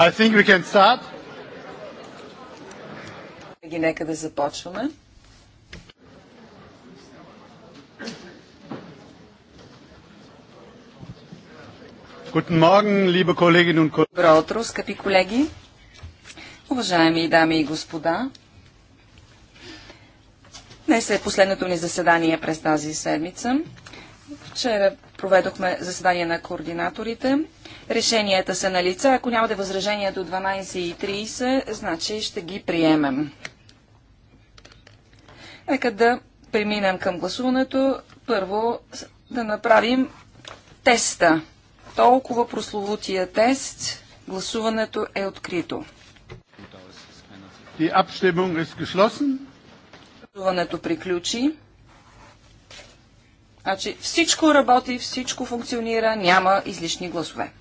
I think we can start. нека да започваме. Guten Morgen, liebe Kolleginnen und Kollegen. Добро утро, скъпи колеги, уважаеми дами и господа. Днес е последното ни заседание през тази седмица. Вчера проведохме заседание на координаторите Решенията са на лица. Ако нямате възражения до 12.30, значи ще ги приемем. Нека да преминем към гласуването. Първо да направим теста. Толкова прословутия тест. Гласуването е открито. Гласуването приключи. Значи всичко работи, всичко функционира, няма излишни гласове.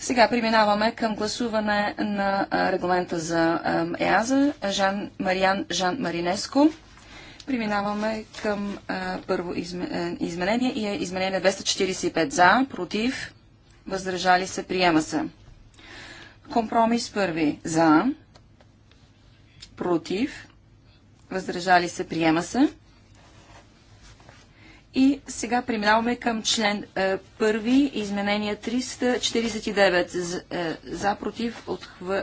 Сега преминаваме към гласуване на регламента за ЕАЗа, Жан Мариан Жан Маринеско. Преминаваме към първо изменение и е изменение 245 за, против, въздържали се, приема се. Компромис първи за, против, въздържали се, приема се. И сега преминаваме към член 1, е, изменение 349 за, е, за против,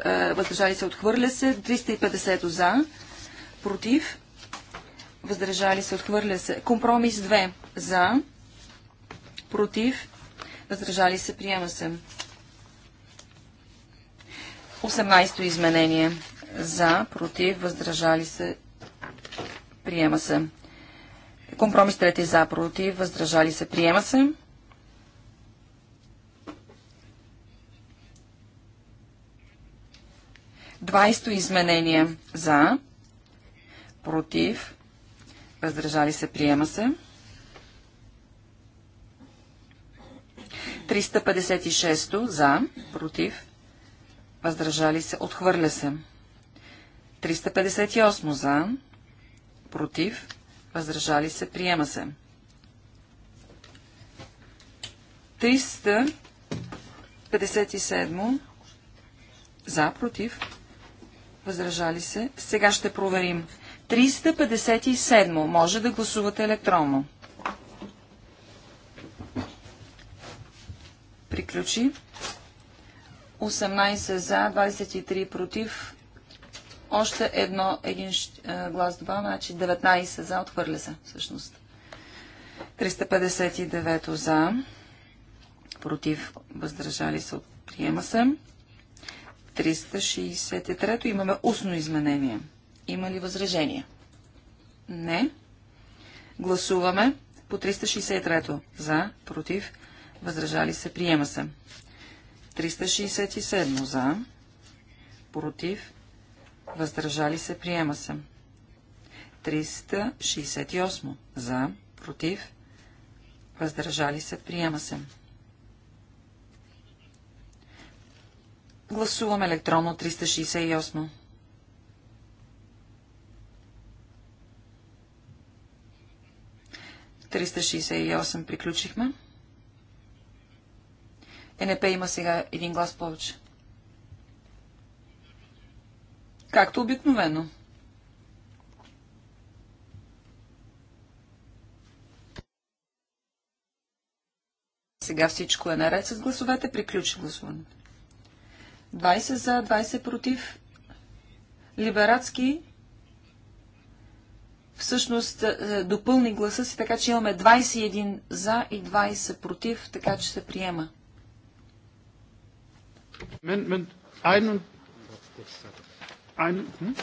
е, въздържали се, отхвърля се, 350 за, против, въздържали се, отхвърля се, компромис 2 за, против, въздържали се, приема се. 18-то изменение за, против, въздържали се, приема се. Компромис трети за, против, въздържали се, приема се. Двайсто изменение за, против, въздържали се, приема се. 356 за, против, въздържали се, отхвърля се. 358 за, против, въздържали се, приема се. 357 за, против, въздържали се. Сега ще проверим. 357 може да гласувате електронно. Приключи. 18 за, 23 против, още едно, един е, глас добавяме, значи 19 за, отхвърля се всъщност. 359 за, против, въздържали се, приема се. 363 имаме устно изменение. Има ли възражение? Не. Гласуваме по 363 за, против, въздържали се, приема се. 367 за, против, въздържали се, приема се. 368 за, против, въздържали се, приема се. Гласувам електронно 368. Триста приключихме. ЕНП има сега един глас повече както обикновено. Сега всичко е наред с гласовете. Приключи гласуване. 20 за, 20 против. Либератски всъщност е, допълни гласа си, така че имаме 21 за и 20 против, така че се приема. мен, айно ein, hm?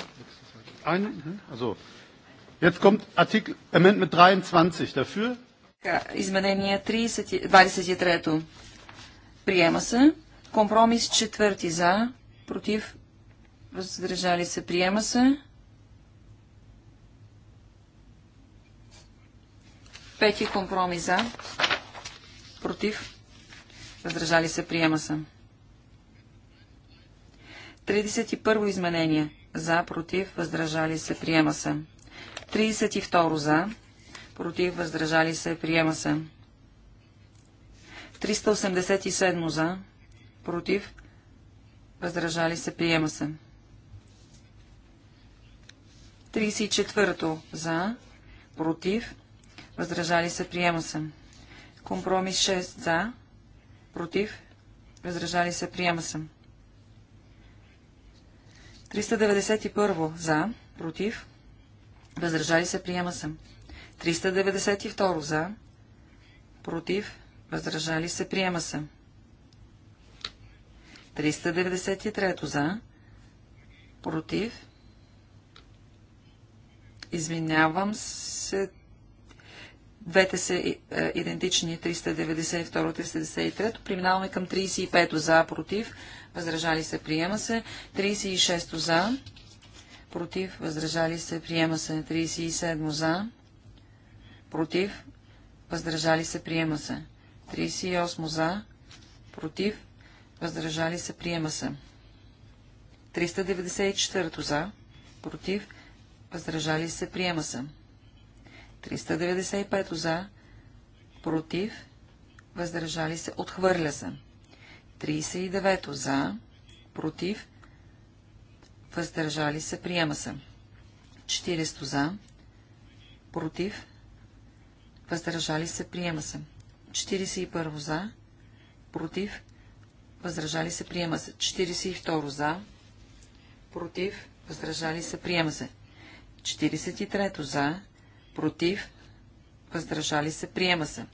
ein, hm? also, jetzt kommt Artikel, Amendment 23 dafür. Изменение 23. Приема се. Компромис четвърти за, против, въздържали се, приема се. Пети компромис за, против, въздържали се, приема се. 31 изменение. За, против, въздържали се, приема се. 32 за, против, въздържали се, приема се. 387 за, против, въздържали се, приема се. 34 за, против, въздържали се, приема се. Компромис 6 за, против, въздържали се, приема се. 391 за, против, въздържали се, приема се. 392 за, против, въздържали се, приема се. 393 за, против, извинявам се, двете са е, идентични 392-393, преминаваме към 35 за, против, въздържали се, приема се. 36 за, против, въздържали се, приема се. 37 за, против, въздържали се, приема се. 38 за, против, въздържали се, приема се. 394 за, против, въздържали се, приема се. 395 за, против, въздържали се, отхвърля се. 39 за, против, въздържали се, приема се. 40 за, против, въздържали се, приема се. 41 за, против, въздържали се, приема се. 42 за, против, въздържали се, приема се. 43 за, против, въздържали се, приема се.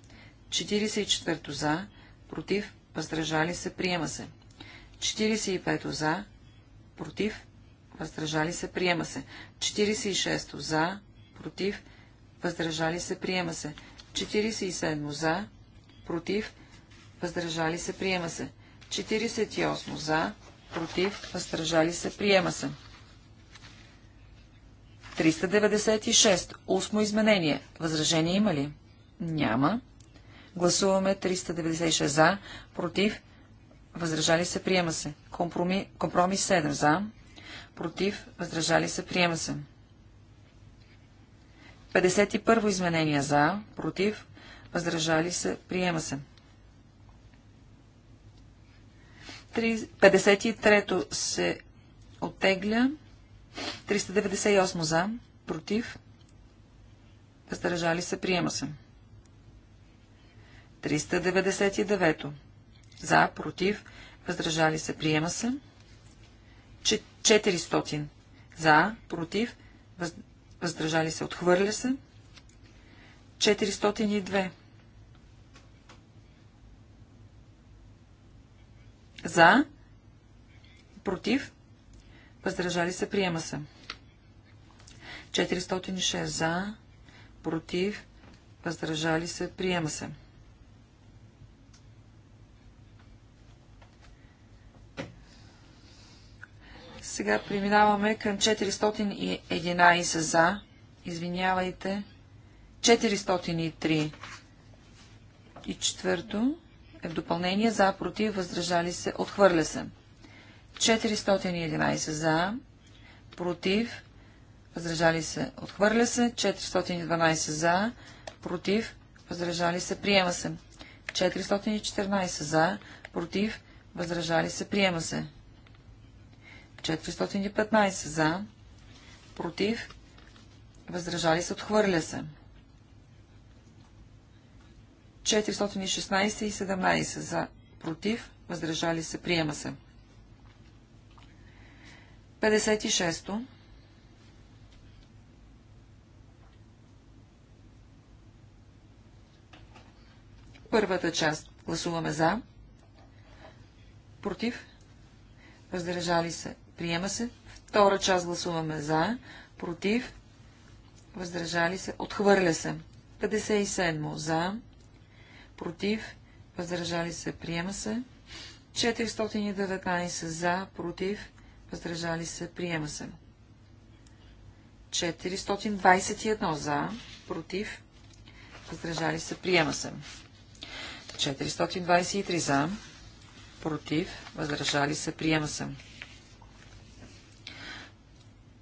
44 за, против, въздържали се, приема се. 45 за, против, въздържали се, приема се. 46 за, против, въздържали се, приема се. 47 за, против, въздържали се, приема се. 48 за, против, въздържали се, приема се. 396. Устно изменение. Възражение има ли? Няма. Гласуваме 396 за, против, въздържали се, приема се. Компроми... Компромис 7 за, против, въздържали се, приема се. 51 изменение за, против, въздържали се, приема се. 53-то се оттегля, 398 за, против, въздържали се, приема се. 399. За, против, въздържали се, приема се. 400. За, против, въздържали се, отхвърля се. 402. За, против, въздържали се, приема се. 406 за, против, въздържали се, приема се. Сега преминаваме към 411 за. Извинявайте. 403. И четвърто е в допълнение за, против, въздържали се, отхвърля се. 411 за, против, въздържали се, отхвърля се. 412 за, против, въздържали се, приема се. 414 за, против, въздържали се, приема се. 415 за, против, въздържали се, отхвърля се. 416 и 17 за, против, въздържали се, приема се. 56-то. Първата част гласуваме за, против, въздържали се, Приема се. Втора част гласуваме за, против, въздържали се, отхвърля се. 57 за, против, въздържали се, приема се. 419 за, против, въздържали се, приема се. 421 за, против, въздържали се, приема се. 423 за, против, въздържали се, приема се.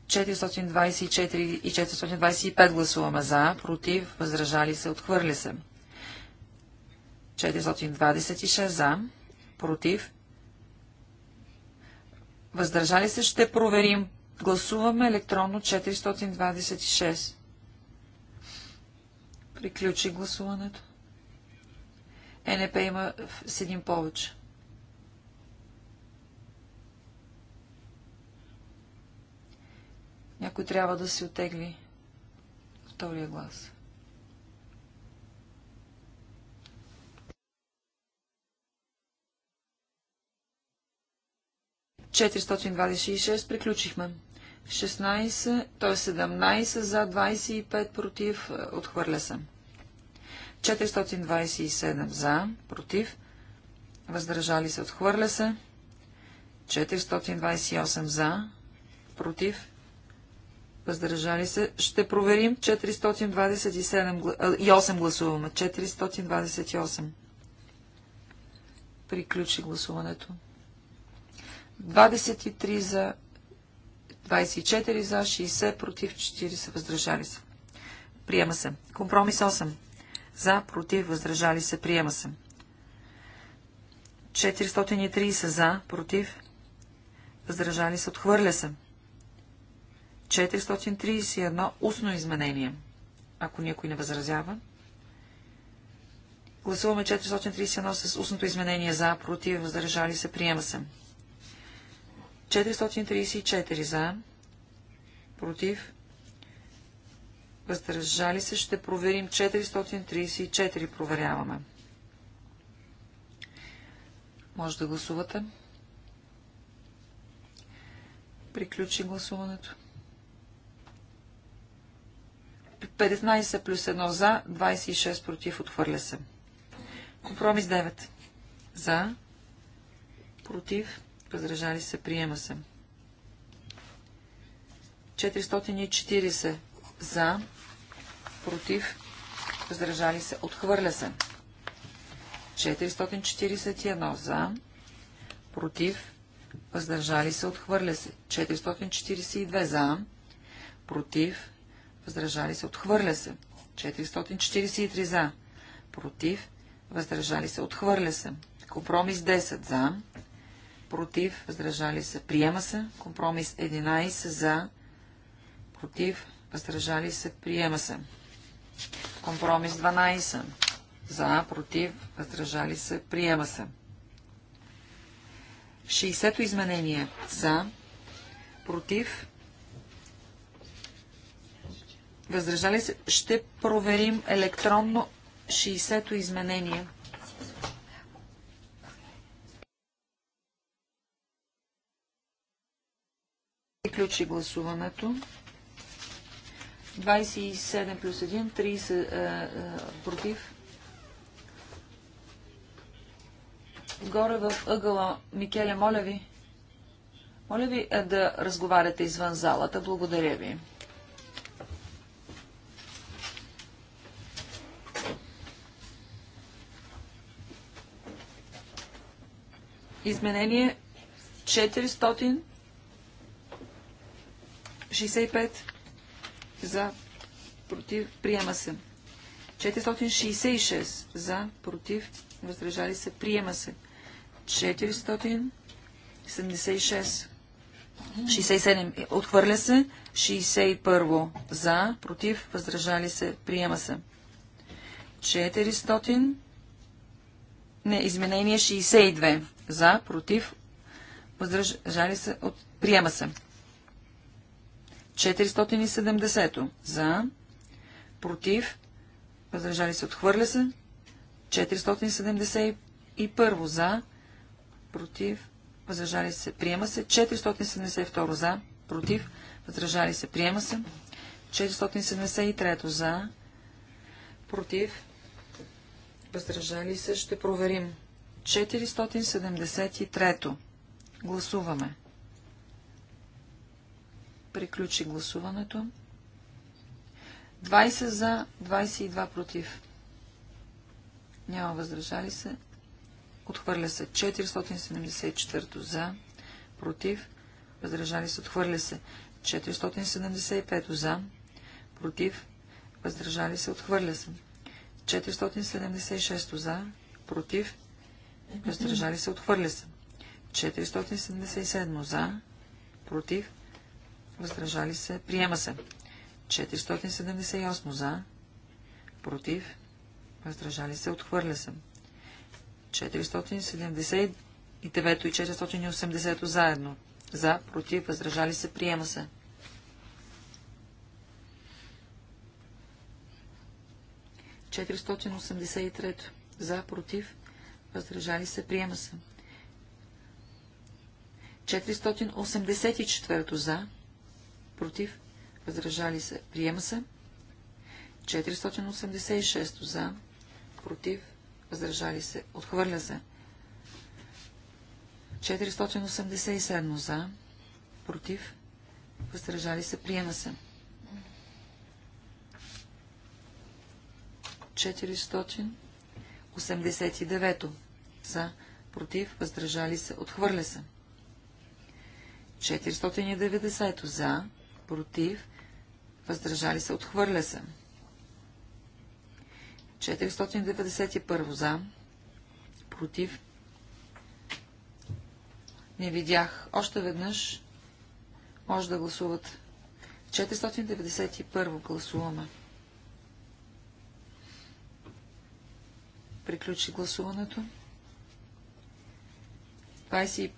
424 и 425 гласуваме за, против, въздържали се, отхвърли се. 426 за, против, въздържали се, ще проверим. Гласуваме електронно 426. Приключи гласуването. Е, НП има с един повече. Някой трябва да си отегли втория глас. Четиристотин приключихме. 16, т.е. 17 за 25 против, е, отхвърля се. 427 за, против, въздържали се, отхвърля се. 428 за, против, въздържали се. Ще проверим 427 и 8 гласуваме. 428. Приключи гласуването. 23 за, 24 за, 60 против, 4 са. въздържали се. Приема се. Компромис 8. За, против, въздържали се. Приема се. 430 за, против, въздържали се. Отхвърля се. 431 устно изменение. Ако някой не възразява. Гласуваме 431 с устното изменение за, против, въздържали се, приема се. 434 за, против, въздържали се, ще проверим 434, проверяваме. Може да гласувате. Приключи гласуването. 15 плюс 1 за, 26 против, отхвърля се. Компромис 9. За, против, възражали се, приема се. 440 за, против, възражали се, отхвърля се. 441 за, против, въздържали се, отхвърля се. 442 за, против, въздържали се, отхвърля се. 443 за, против, въздържали се, отхвърля се. Компромис 10 за, против, въздържали се, приема се. Компромис 11 за, против, въздържали се, приема се. Компромис 12 за, против, въздържали се, приема се. 60-то изменение за, против, Въздържали се? Ще проверим електронно 60-то изменение. Приключи гласуването. 27 плюс 1, 30 е, е, против. Горе в ъгъла. Микеле, моля ви. Моля ви е, да разговаряте извън залата. Благодаря ви. Изменение 465 за против. Приема се. 466 за против. Въздържали се. Приема се. 476 67. Отхвърля се. 61. За. Против. Въздържали се. Приема се. 400. Не, изменение 62 за, против, въздържали се, от... приема се. 470 за, против, въздържали се, отхвърля се. 471 за, против, въздържали се, приема се. 472 за, против, въздържали се, приема се. 473 за, против, въздържали се, ще проверим. 473. Гласуваме. Приключи гласуването. 20 за, 22 против. Няма въздържали се. Отхвърля се 474 за, против. Въздържали се. Отхвърля се 475 за, против. Въздържали се. Отхвърля се. 476 за, против въздържали се, отхвърля се. 477 за, против, въздържали се, приема се. 478 за, против, въздържали се, отхвърля се. 479 и 480 заедно. За, против, въздържали се, приема се. Четиристотин За, против, въздържали се, приема се. 484 за, против, въздържали се, приема се. 486 за, против, въздържали се, отхвърля се. 487 за, против, въздържали се, приема се. 400 89 за, против, въздържали се, отхвърля се. 490 за, против, въздържали се, отхвърля се. 491 за, против, не видях. Още веднъж може да гласуват. 491 гласуваме. Приключи гласуването. 25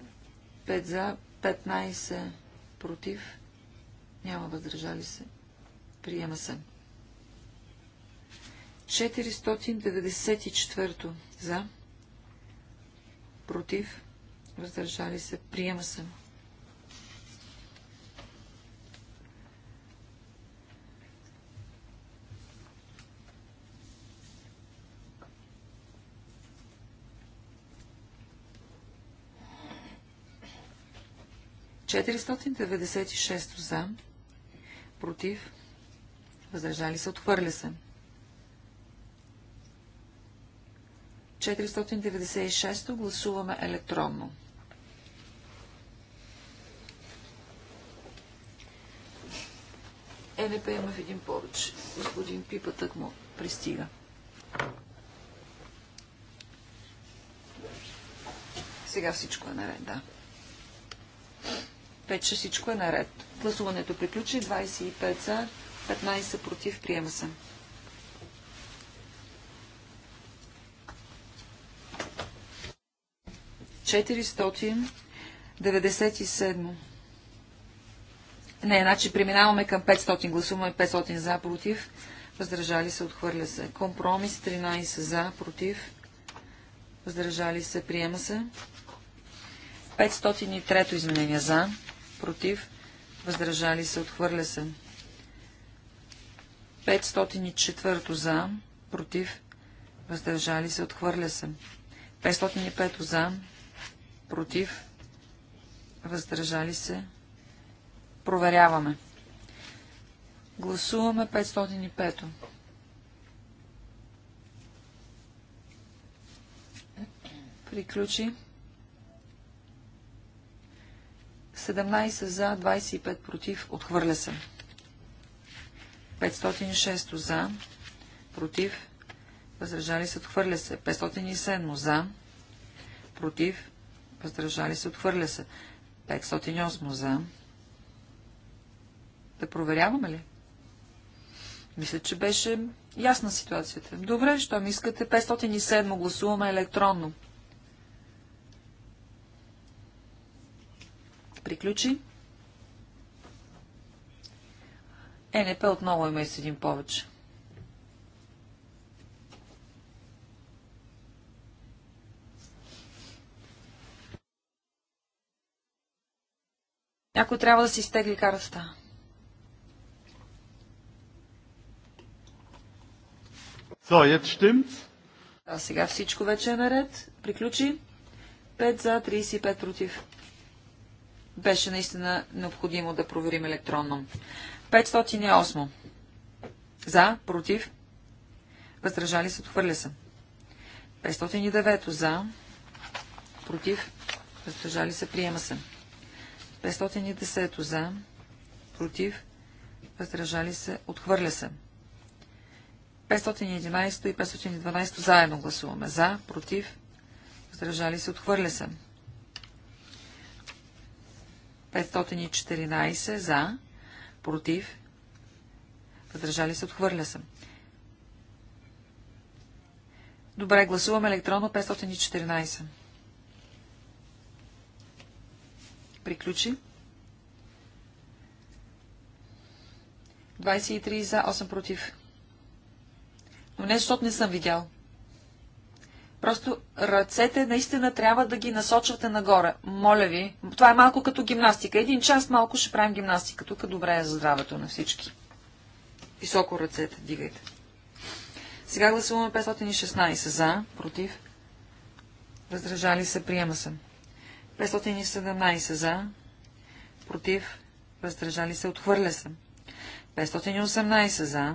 за, 15 против, няма въздържали се. Приема се. 494 за, против, въздържали се. Приема се. 496 за, против, въздържали се, отхвърля се. 496 гласуваме електронно. ЕВП има в един повече. Господин Пипа так му пристига. Сега всичко е наред, да. 5, че всичко е наред. Гласуването приключи. 25 за, 15 против. Приема се. Не, значи преминаваме към 500. Гласуваме 500 за, против. Въздържали се, отхвърля се. Компромис 13 за, против. Въздържали се, приема се. 503 изменение за, против, въздържали се, отхвърля се. 504 за, против, въздържали се, отхвърля се. 505 за, против, въздържали се. Проверяваме. Гласуваме 505. Приключи. 17 за, 25 против, отхвърля се. 506 за, против, въздържали се, отхвърля се. 507 за, против, въздържали се, отхвърля се. 508 за. Да проверяваме ли? Мисля, че беше ясна ситуацията. Добре, щом искате 507 гласуваме електронно. приключи. Е, НП отново има и с един повече. Някой трябва да си изтегли карата. So, А сега всичко вече е наред. Приключи. 5 за, 35 против беше наистина необходимо да проверим електронно. 508. За, против, въздържали се, отхвърля се. 509. За, против, въздържали се, приема се. 510. За, против, въздържали се, отхвърля се. 511 и 512 заедно гласуваме. За, против, въздържали се, отхвърля се. 514 за, против, въздържали се, отхвърля съм. Добре, гласуваме електронно 514. Приключи. 23 за, 8 против. Но не, защото не съм видял. Просто ръцете наистина трябва да ги насочвате нагоре. Моля ви, това е малко като гимнастика. Един час малко ще правим гимнастика. Тук добре е за здравето на всички. Високо ръцете дигайте. Сега гласуваме 516 за, против. Въздържали се, приема се. 517 за, против. Въздържали се, отхвърля се. 518 за,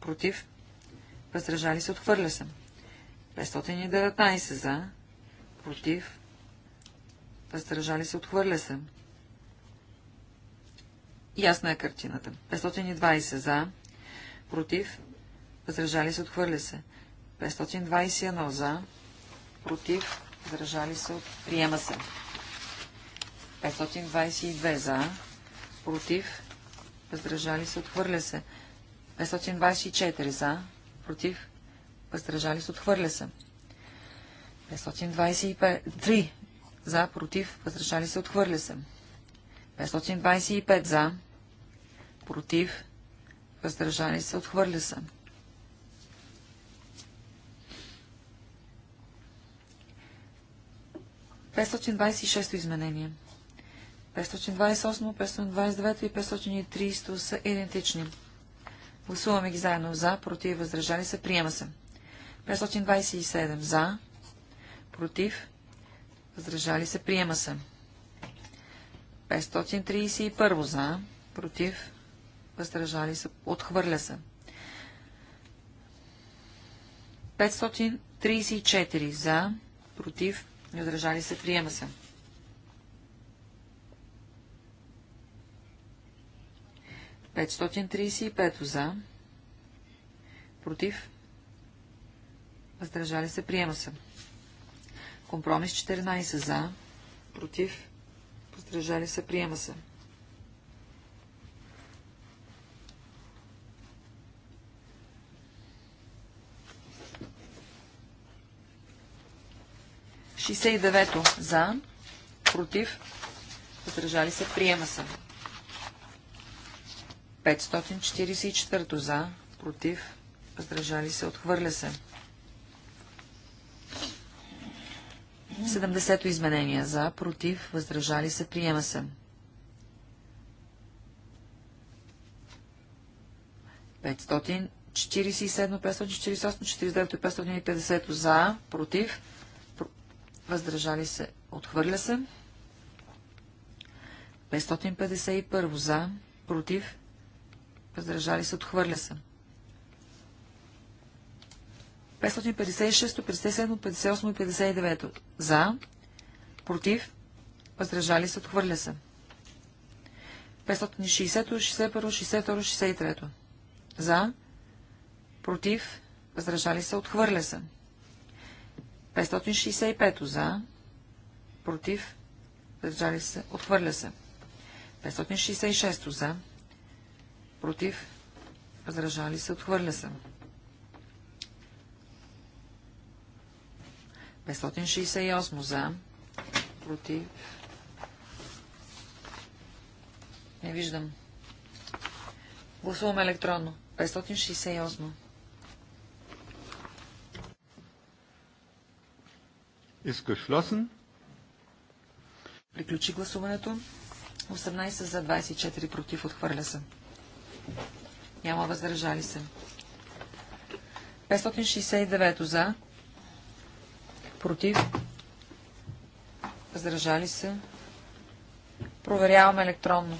против. Въздържали се, отхвърля се. 519 за, против, въздържали се, отхвърля се. Ясна е картината. 520 за, против, въздържали се, отхвърля се. 521 за, против, въздържали се, приема се. 522 за, против, въздържали се, отхвърля се. 524 за, против, въздържали се, отхвърля се. 523 за, против, въздържали се, отхвърля се. 525 за, против, въздържали се, отхвърля се. 526 изменение. 528, 529 и 530 са идентични. Гласуваме ги заедно за, против, въздържали се, приема се. 528. 527 за, против, въздържали се, приема се. 531 за, против, въздържали се, отхвърля се. 534 за, против, въздържали се, приема се. 535 за, против, въздържали се, приема се. Компромис 14 за, против, въздържали се, приема се. Шестдесет девето за, против, въздържали се, приема се. 544 за, против, въздържали се, отхвърля се. 70-то изменение за, против, въздържали се, приема се. 547, петстотин, и 550 за, против, въздържали се, отхвърля се. 551 за, против, въздържали се, отхвърля се. 556, 57, 58 и 59. За. Против. Въздържали се. Отхвърля се. 560, 61, 62, 63. За. Против. Въздържали се. Отхвърля се. 565. За. Против. Въздържали се. Отхвърля се. 566. За. Против. Въздържали се. Отхвърля се. 568 за, против. Не виждам. Гласуваме електронно. 568. Ist Приключи гласуването. 18 за 24 против отхвърля се. Няма въздържали се. 569 за, против, въздържали се. Проверяваме електронно.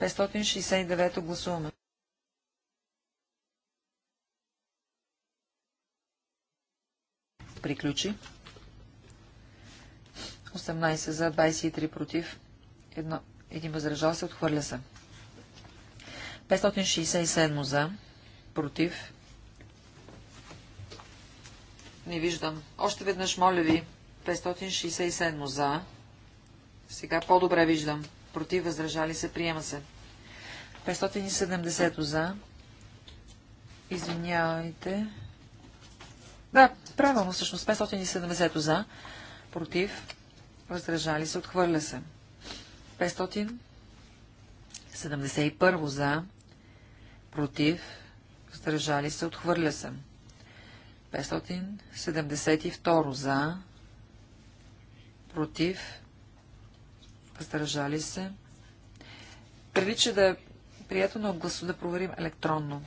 569 гласуваме. Приключи. 18 за, 23 против, Едно, един възражал се, отхвърля се. 567 за, против, не виждам. Още веднъж, моля ви, 567 за. Сега по-добре виждам. Против, възражали се, приема се. 570 за. Извинявайте. Да, правилно всъщност. 570 за. Против. Въздържали се. Отхвърля се. 571 за. Против. Въздържали се. Отхвърля се. 572 за, против, въздържали се. Прилича да е прието, на гласо да проверим електронно.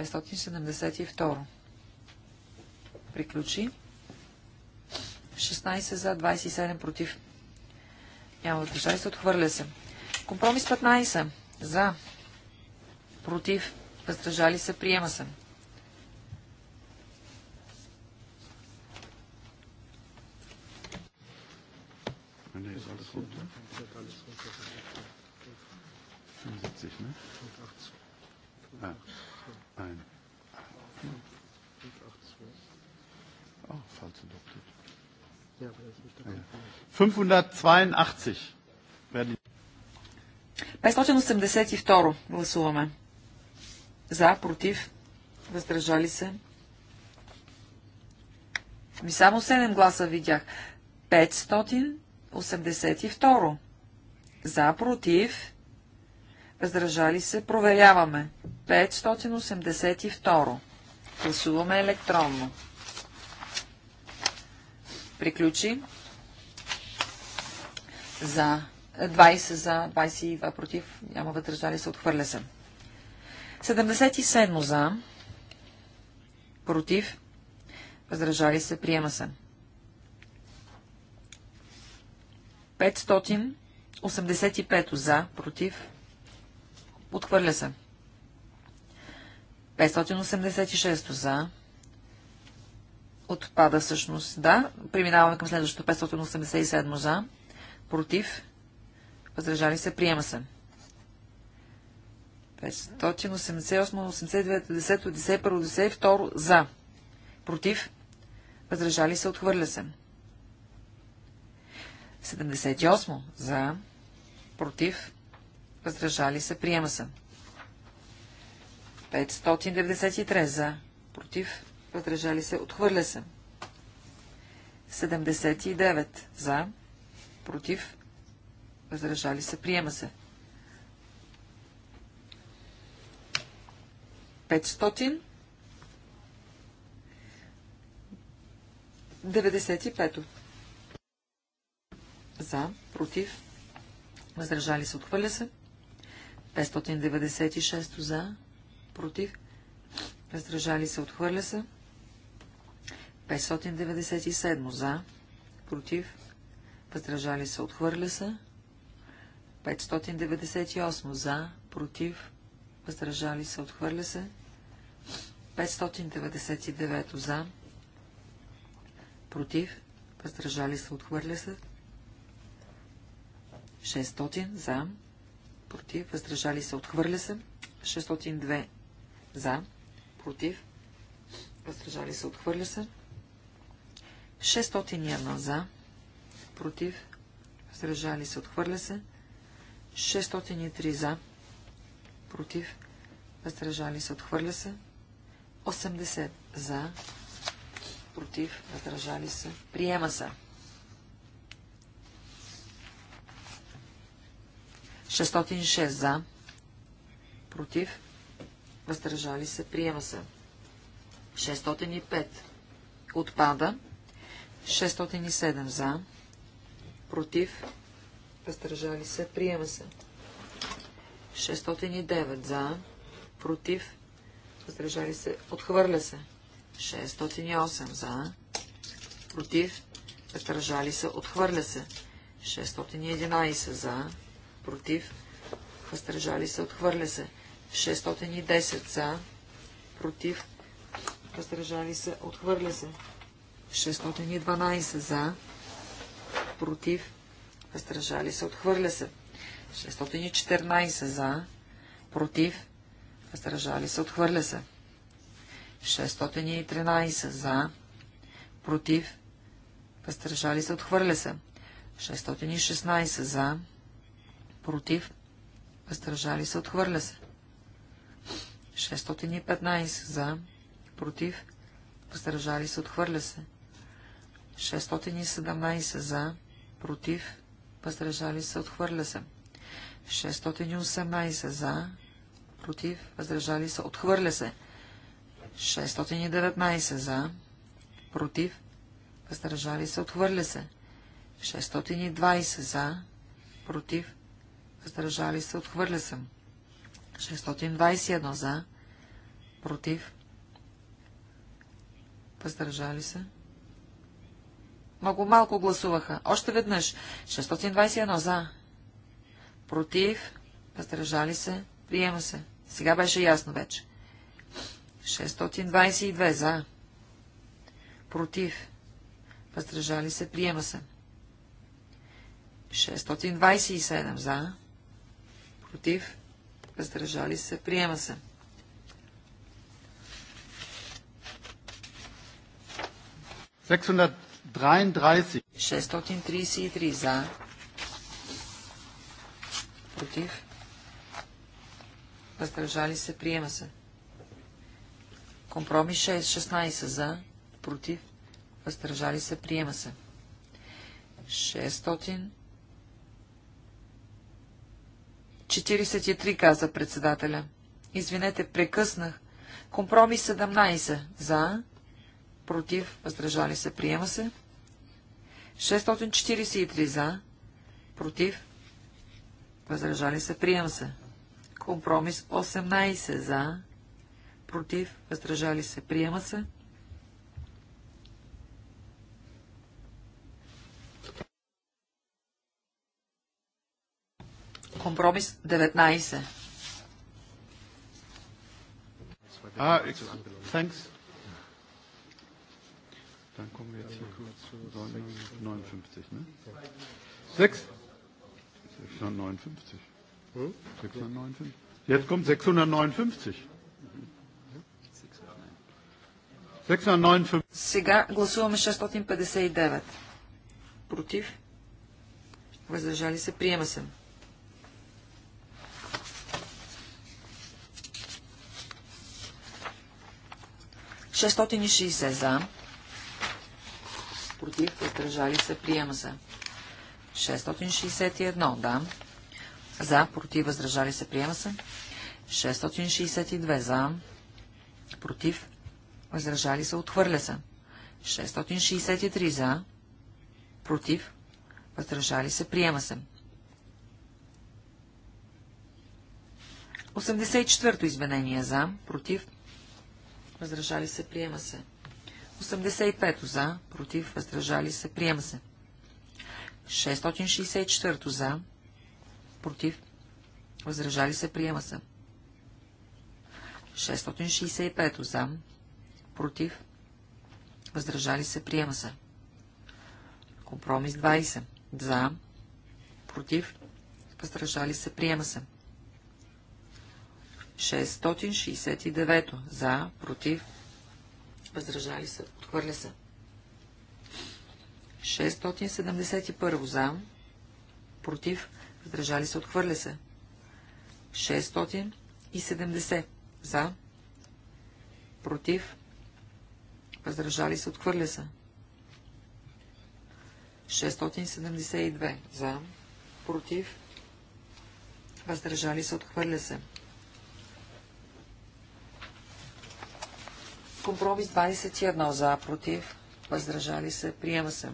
572. Приключи. 16 за, 27 против. Няма въздържали се, отхвърля се. Компромис 15. За. Против. Въздържали се. Приема се. Foto. 75, ne? Ah, ein. Oh, falsch adoptiert. 582. 582 гласуваме. За, против, въздържали се. Ми само 7 гласа видях. 500. 82. За, против, въздържали се, проверяваме. 582. Гласуваме електронно. Приключи. За 20 е, за, 22 против, няма въздържали се, отхвърля се. 77 за, против, въздържали се, приема се. 585 за, против, отхвърля се. 586 за, отпада всъщност, да. Преминаваме към следващото 587 за, против, въздържали се, приема се. 588, 89, 10, 10, 1, 10, 2 за, против, въздържали се, отхвърля се. 589 78 за, против, въздържали се, приема се. 593 за, против, въздържали се, отхвърля се. 79 за, против, въздържали се, приема се. 500 95 за, против, въздържали се, отхвърля се. 596 за, против, въздържали се, отхвърля се. 597 за, против, въздържали се, отхвърля се. 598 за, против, въздържали се, отхвърля се. 599 за, против, въздържали се, отхвърля се. 599 600 за, против, въздържали се, отхвърля се. 602 за, против, въздържали се, отхвърля се. 601 за, против, въздържали се, отхвърля се. 603 за, против, въздържали се, отхвърля се. 80 за, против, въздържали се, приема се. 606 за, против, въздържали се, приема се. 605 отпада. 607 за, против, въздържали се, приема се. 609 за, против, въздържали се, отхвърля се. 608 за, против, въздържали се, отхвърля се. 611 за, против, въздържали се, отхвърля се. 610 за, против, въздържали се, отхвърля се. 612 за, против, въздържали се, отхвърля се. 614 за, против, въздържали се, отхвърля се. 613 за, против, въздържали се, отхвърля се. 616 за, против, въздържали се, отхвърля се. 615 за, против, въздържали се, отхвърля се. 617 за, против, въздържали се, отхвърля се. 618 за, против, въздържали се, отхвърля се. 619 за, против, въздържали се, отхвърля се. 620 за, против, въздържали се, отхвърля се. 621 за, против, въздържали се. Много малко гласуваха. Още веднъж. 621 за, против, въздържали се, приема се. Сега беше ясно вече. 622 за, против, въздържали се, приема се. 627 за, против, въздържали се, приема се. Сексунат 633 за, против, въздържали се, приема се. Компромис 6, 16 за, против, въздържали се, приема се. 600 43, каза председателя. Извинете, прекъснах. Компромис 17. За. Против. Въздържали се. Приема се. 643 за. Против. Въздържали се. Приема се. Компромис 18 за. Против. Въздържали се. Приема се. Компромис 19. Hm? jetzt kommt 659. Сега гласуваме 659. Против? Въздържали се? Приема се. 660 за. Против, въздържали се, приема се. 661, да. За, против, въздържали се, приема се. 662 за. Против, въздържали се, отхвърля се. 663 за. Против, въздържали се, приема се. 84-то изменение за, против, въздържали се, приема се. 85 за, против, въздържали се, приема се. 664 за, против, въздържали се, приема се. 665 за, против, въздържали се, приема се. Компромис 20 за, против, въздържали се, приема се. 669 за, против, въздържали се, отхвърля се. 671 за, против, въздържали се, отхвърля се. 670 за, против, въздържали се, отхвърля се. 672 за, против, въздържали се, отхвърля се. 673 Компромис 21 за, против, въздържали се, приема се.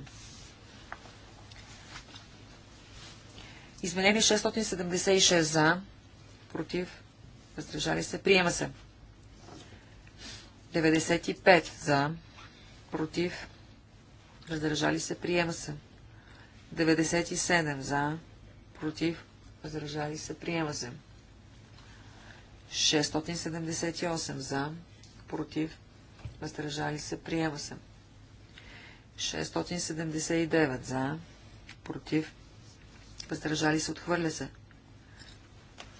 Изменение 676 за, против, въздържали се, приема се. 95 за, против, въздържали се, приема се. 97 за, против, въздържали се, приема се. 678 за, против, въздържали се, приема се. 679 за, против, въздържали се, отхвърля се.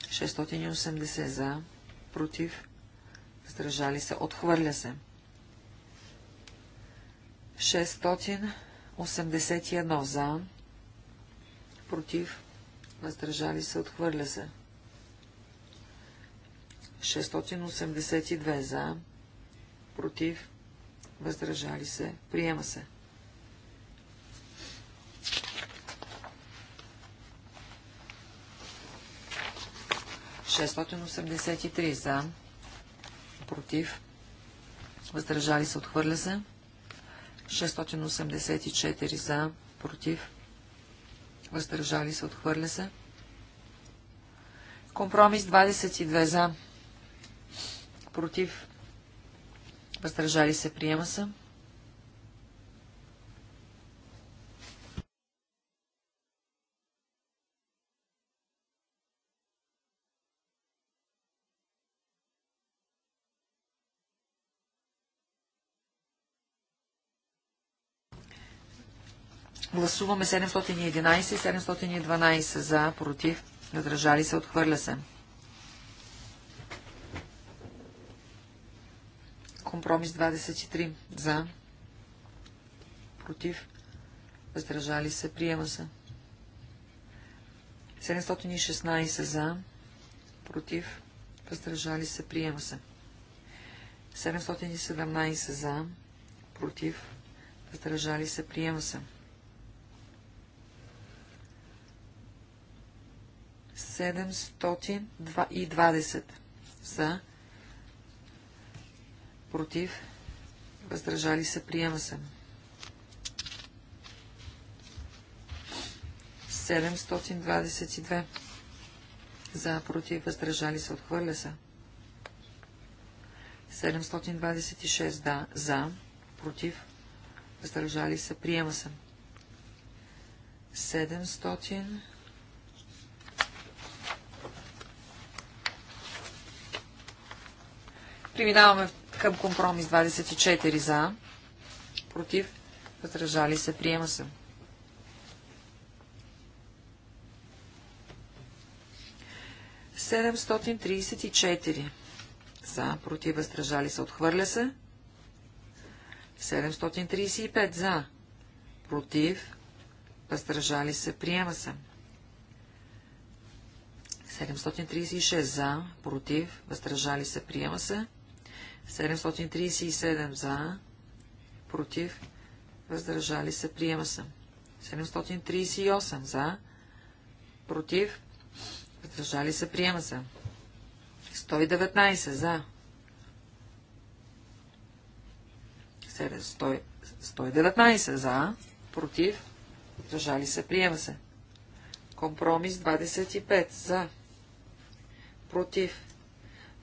680 за, против, въздържали се, отхвърля се. 681 за, против, въздържали се, отхвърля се. 682 за, против, въздържали се, приема се. Шестотен за, против, въздържали се, отхвърля се. 684 за, против, въздържали се, отхвърля се. Компромис 22 за, против, Въздържали се, приема се. Гласуваме 711 и 712 за, против, въздържали се, отхвърля се. Компромис 23. За. Против. Въздържали се. Приема се. 716 за. Против. Въздържали се. Приема се. 717 за. Против. Въздържали се. Приема се. 720 за против, въздържали се, приема се. 722 за, против, въздържали се, отхвърля се. 726 да, за, против, въздържали се, приема се. 700 Преминаваме към компромис 24 за, против, въздържали се, приема се. Седемстотин за, против, въздържали се, отхвърля се. 735 за, против, въздържали се, приема се. 736 за, против, въздържали се, приема се. 737 за, против, въздържали се, приема се. 738 за, против, въздържали се, приема се. 119 за. 119 за, против, въздържали се, приема се. Компромис 25 за, против,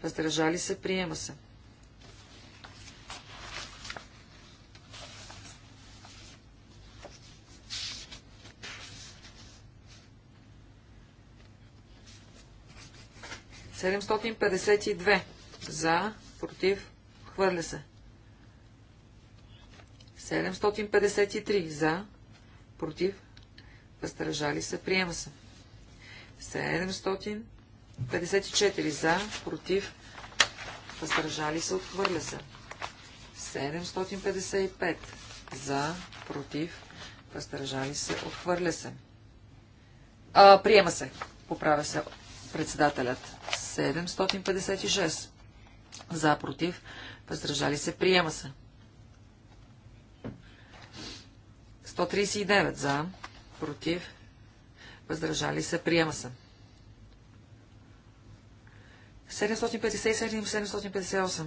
въздържали се, приема се. 752 за, против, хвърля се. 753 за, против, въздържали се, приема се. 754 за, против, въздържали се, отхвърля се. 755 за, против, въздържали се, отхвърля се. А, приема се, поправя се. Председателят 756. За, против, въздържали се, приема се. 139 за, против, въздържали се, приема се. 757-758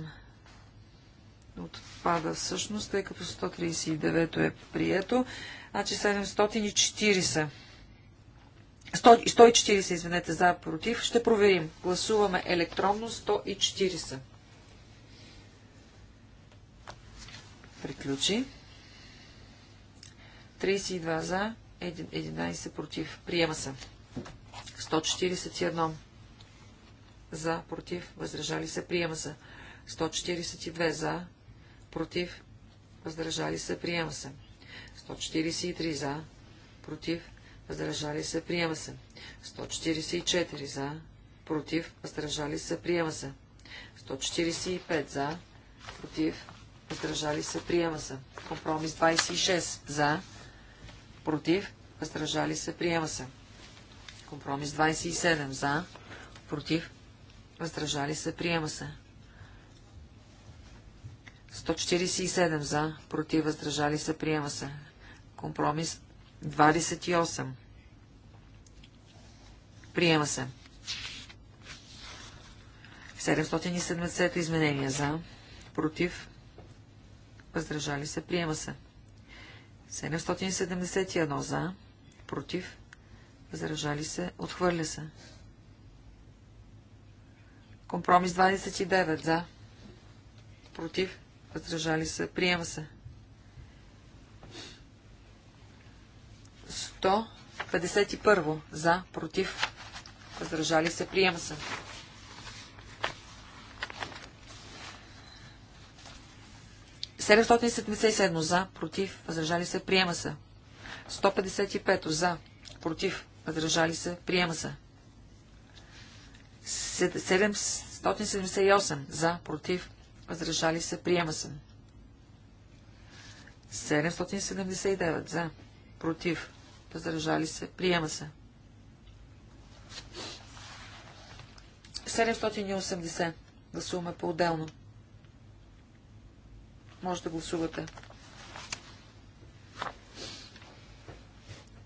отпада всъщност, тъй като 139 е прието, значи 740 140, извинете, за, против. Ще проверим. Гласуваме електронно 140. Приключи. 32 за, 11 против. Приема се. 141 за, против, въздържали се, приема се. 142 за, против, въздържали се, приема се. 143 за, против, въздържали се, приема се. 144 за, против, въздържали се, приема се. 145 за, против, въздържали се, приема се. Компромис 26 за, против, въздържали се, приема се. Компромис 27 за, против, въздържали се, приема се. 147 за, против, въздържали се, приема се. Компромис 28. Приема се. 770 изменения за, против, въздържали се, приема се. 771 за, против, въздържали се, отхвърля се. Компромис 29 за, против, въздържали се, приема се. 151 за, против, въздържали се, приема се. Седемстотин за, против, въздържали се, приема се. 155 за, против, въздържали се, приема се. 778 за, против, въздържали се, приема се. 779 за, против, Възражали се, приема се. 780. Гласуваме по-отделно. Може да гласувате.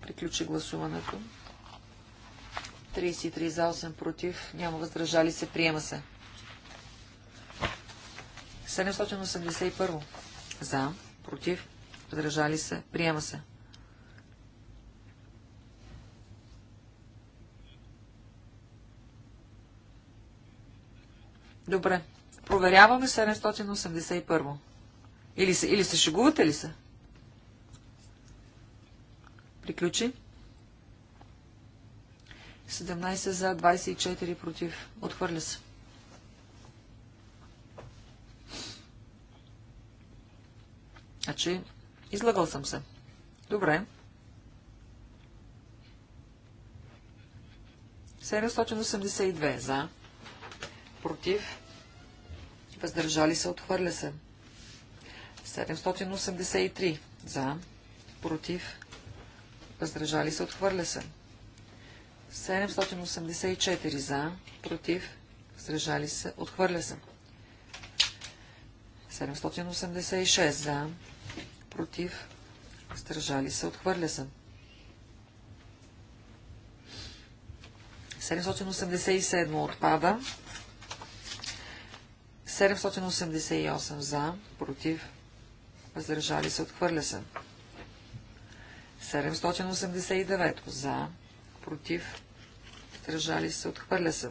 Приключи гласуването. 33 за 8 против. Няма въздържали се. Приема се. 781. За. Против. Въздържали се. Приема се. 782. Добре. Проверяваме 781. Или се, или се шегувате ли са? Приключи. 17 за, 24 против. Отхвърля се. Значи, излагал съм се. Добре. 782 за против, въздържали се, отхвърля се. 783 за, против, въздържали се, отхвърля се. 784 за, против, въздържали се, отхвърля се. 786 за, против, въздържали се, отхвърля се. 787 отпада, 788 за, против, въздържали се, отхвърля се. 789 за, против, въздържали се, отхвърля се.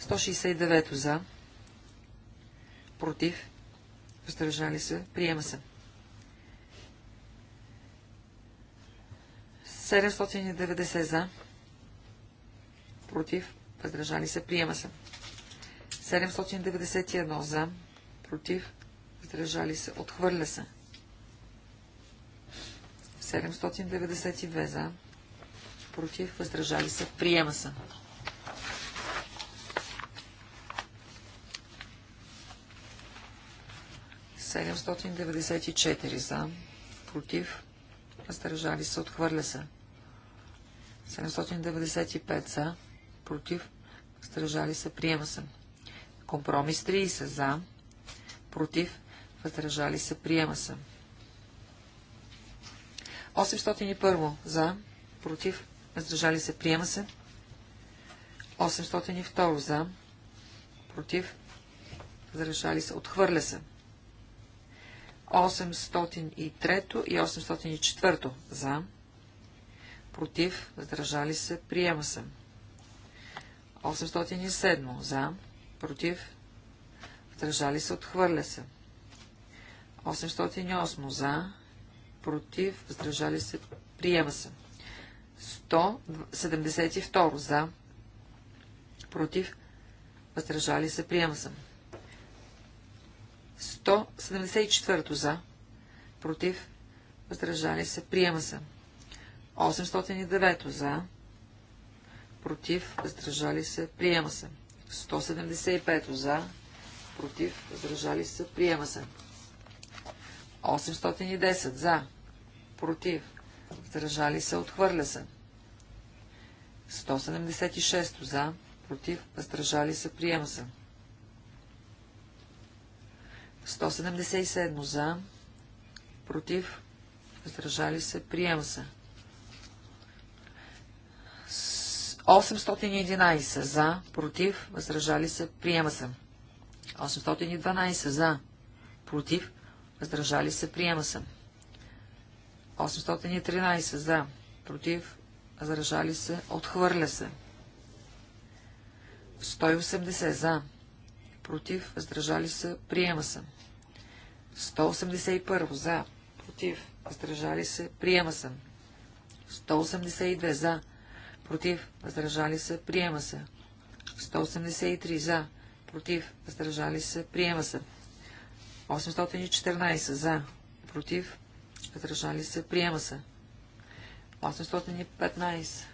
169 за, против, въздържали се, приема се. 790 за, против, въздържали се, приема се. 791 за, против, въздържали се, отхвърля се. 792 за, против, въздържали се, приема се. Седемстотин за, против, въздържали се, отхвърля се. 795 за, против, въздържали се, приема се. Компромис 30 за, против, въздържали се, приема се. 801 за, против, въздържали се, приема се. 802 за, против, въздържали се, отхвърля се. 803 и 804 за, против, въздържали се, приема се. 807 за, против, въздържали се, отхвърля се. 808 за, против, въздържали се, приема се. 172 за, против, въздържали се, приема се. 174 за, против, въздържали се, приема се. 809 за, против, въздържали се, приема се. 175 за, против, въздържали се, приема се. 810 за, против, въздържали се, отхвърля се. 176 за, против, въздържали се, приема се. 177 за, против, въздържали се, приема се. 811 за, против, въздържали се, приема се. 812 за, против, въздържали се, приема се. 813 за, против, възражали се, отхвърля се. 180 за, против, въздържали се, приема се. 181 за, против, въздържали се, приема се. 182 за, против, въздържали се, приема се. 183 за, против, въздържали се, приема се. 814 за, против, въздържали се, приема се. 815.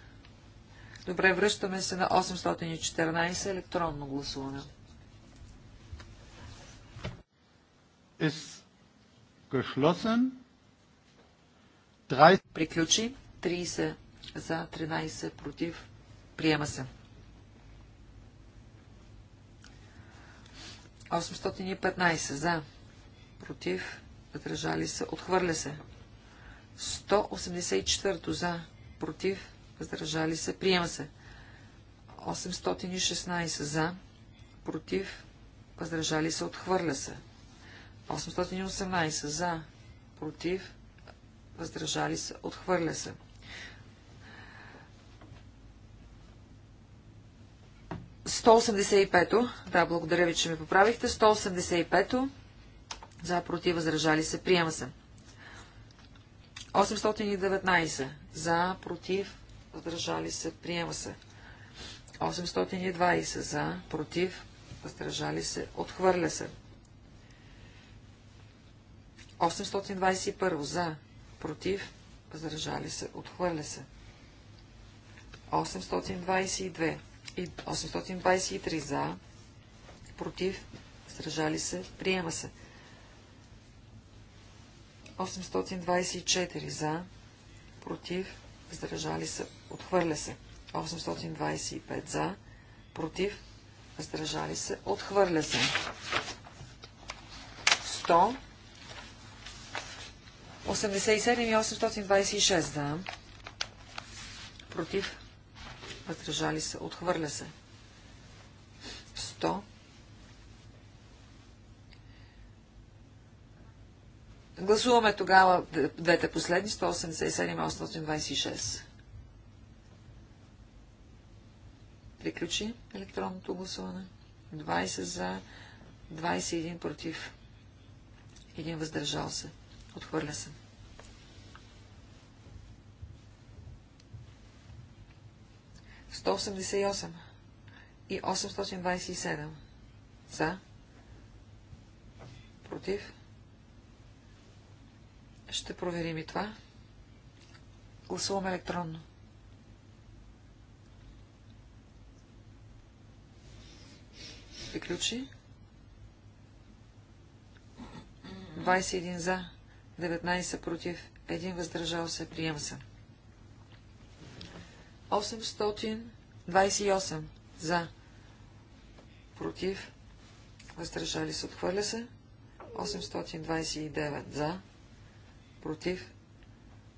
Добре, връщаме се на 814 електронно гласуване. Is geschlossen. Приключи. 30 за 13 против. Приема се. 815 за против. Въздържали се. Отхвърля се. 184 за против. Въздържали се. Приема се. 816 за против. Въздържали се. Отхвърля се. 818 за против. Въздържали се. Отхвърля се. 185-то. Да, благодаря ви, че ме поправихте. 185-то. За, против, възражали се. Приема се. 819. За, против, възражали се. Приема се. 820. За, против, възражали се. Отхвърля се. 821. За, против, възражали се. Отхвърля се. 822 и 823 за, против, сражали се, приема се. 824 за, против, въздържали се, отхвърля се. 825 за, против, въздържали се, отхвърля се. 100, 87 и 826 за, против, въздържали се, отхвърля се. 100. Гласуваме тогава двете последни, 187 и 826. Приключи електронното гласуване. 20 за, 21 против, 1 въздържал се. Отхвърля се. 188 и 827. За. Против. Ще проверим и това. Гласуваме електронно. Приключи. 21 за, 19 против, 1 въздържал се, приема се. 828 за, против, въздържали се, отхвърля се. 829 за, против,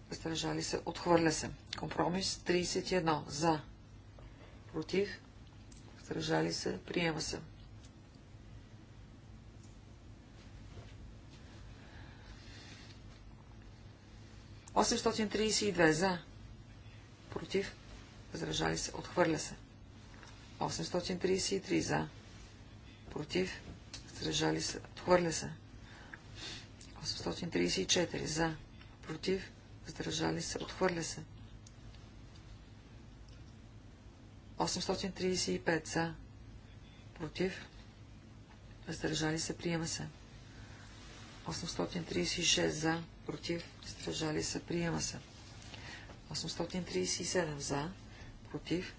въздържали се, отхвърля се. Компромис 31 за, против, въздържали се, приема се. Осемстотин за, против, въздържали се, отхвърля се. 833 за, против, въздържали се, отхвърля се. 834 за, против, въздържали се, отхвърля се. 835 за, против, въздържали се, приема се. 836 за, против, въздържали се, приема се. 837 за, против,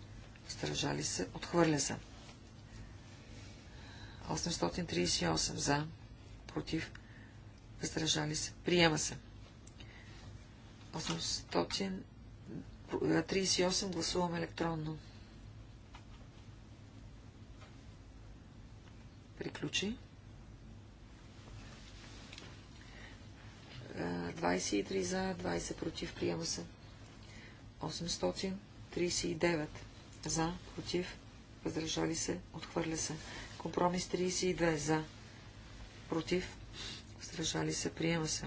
стражали се, отхвърля се. 838 за, против, въздържали се, приема се. 838 гласувам електронно. Приключи. 23 за, 20 против, приема се. 800. 39 за, против, въздържали се, отхвърля се. Компромис 32 за, против, въздържали се, приема се.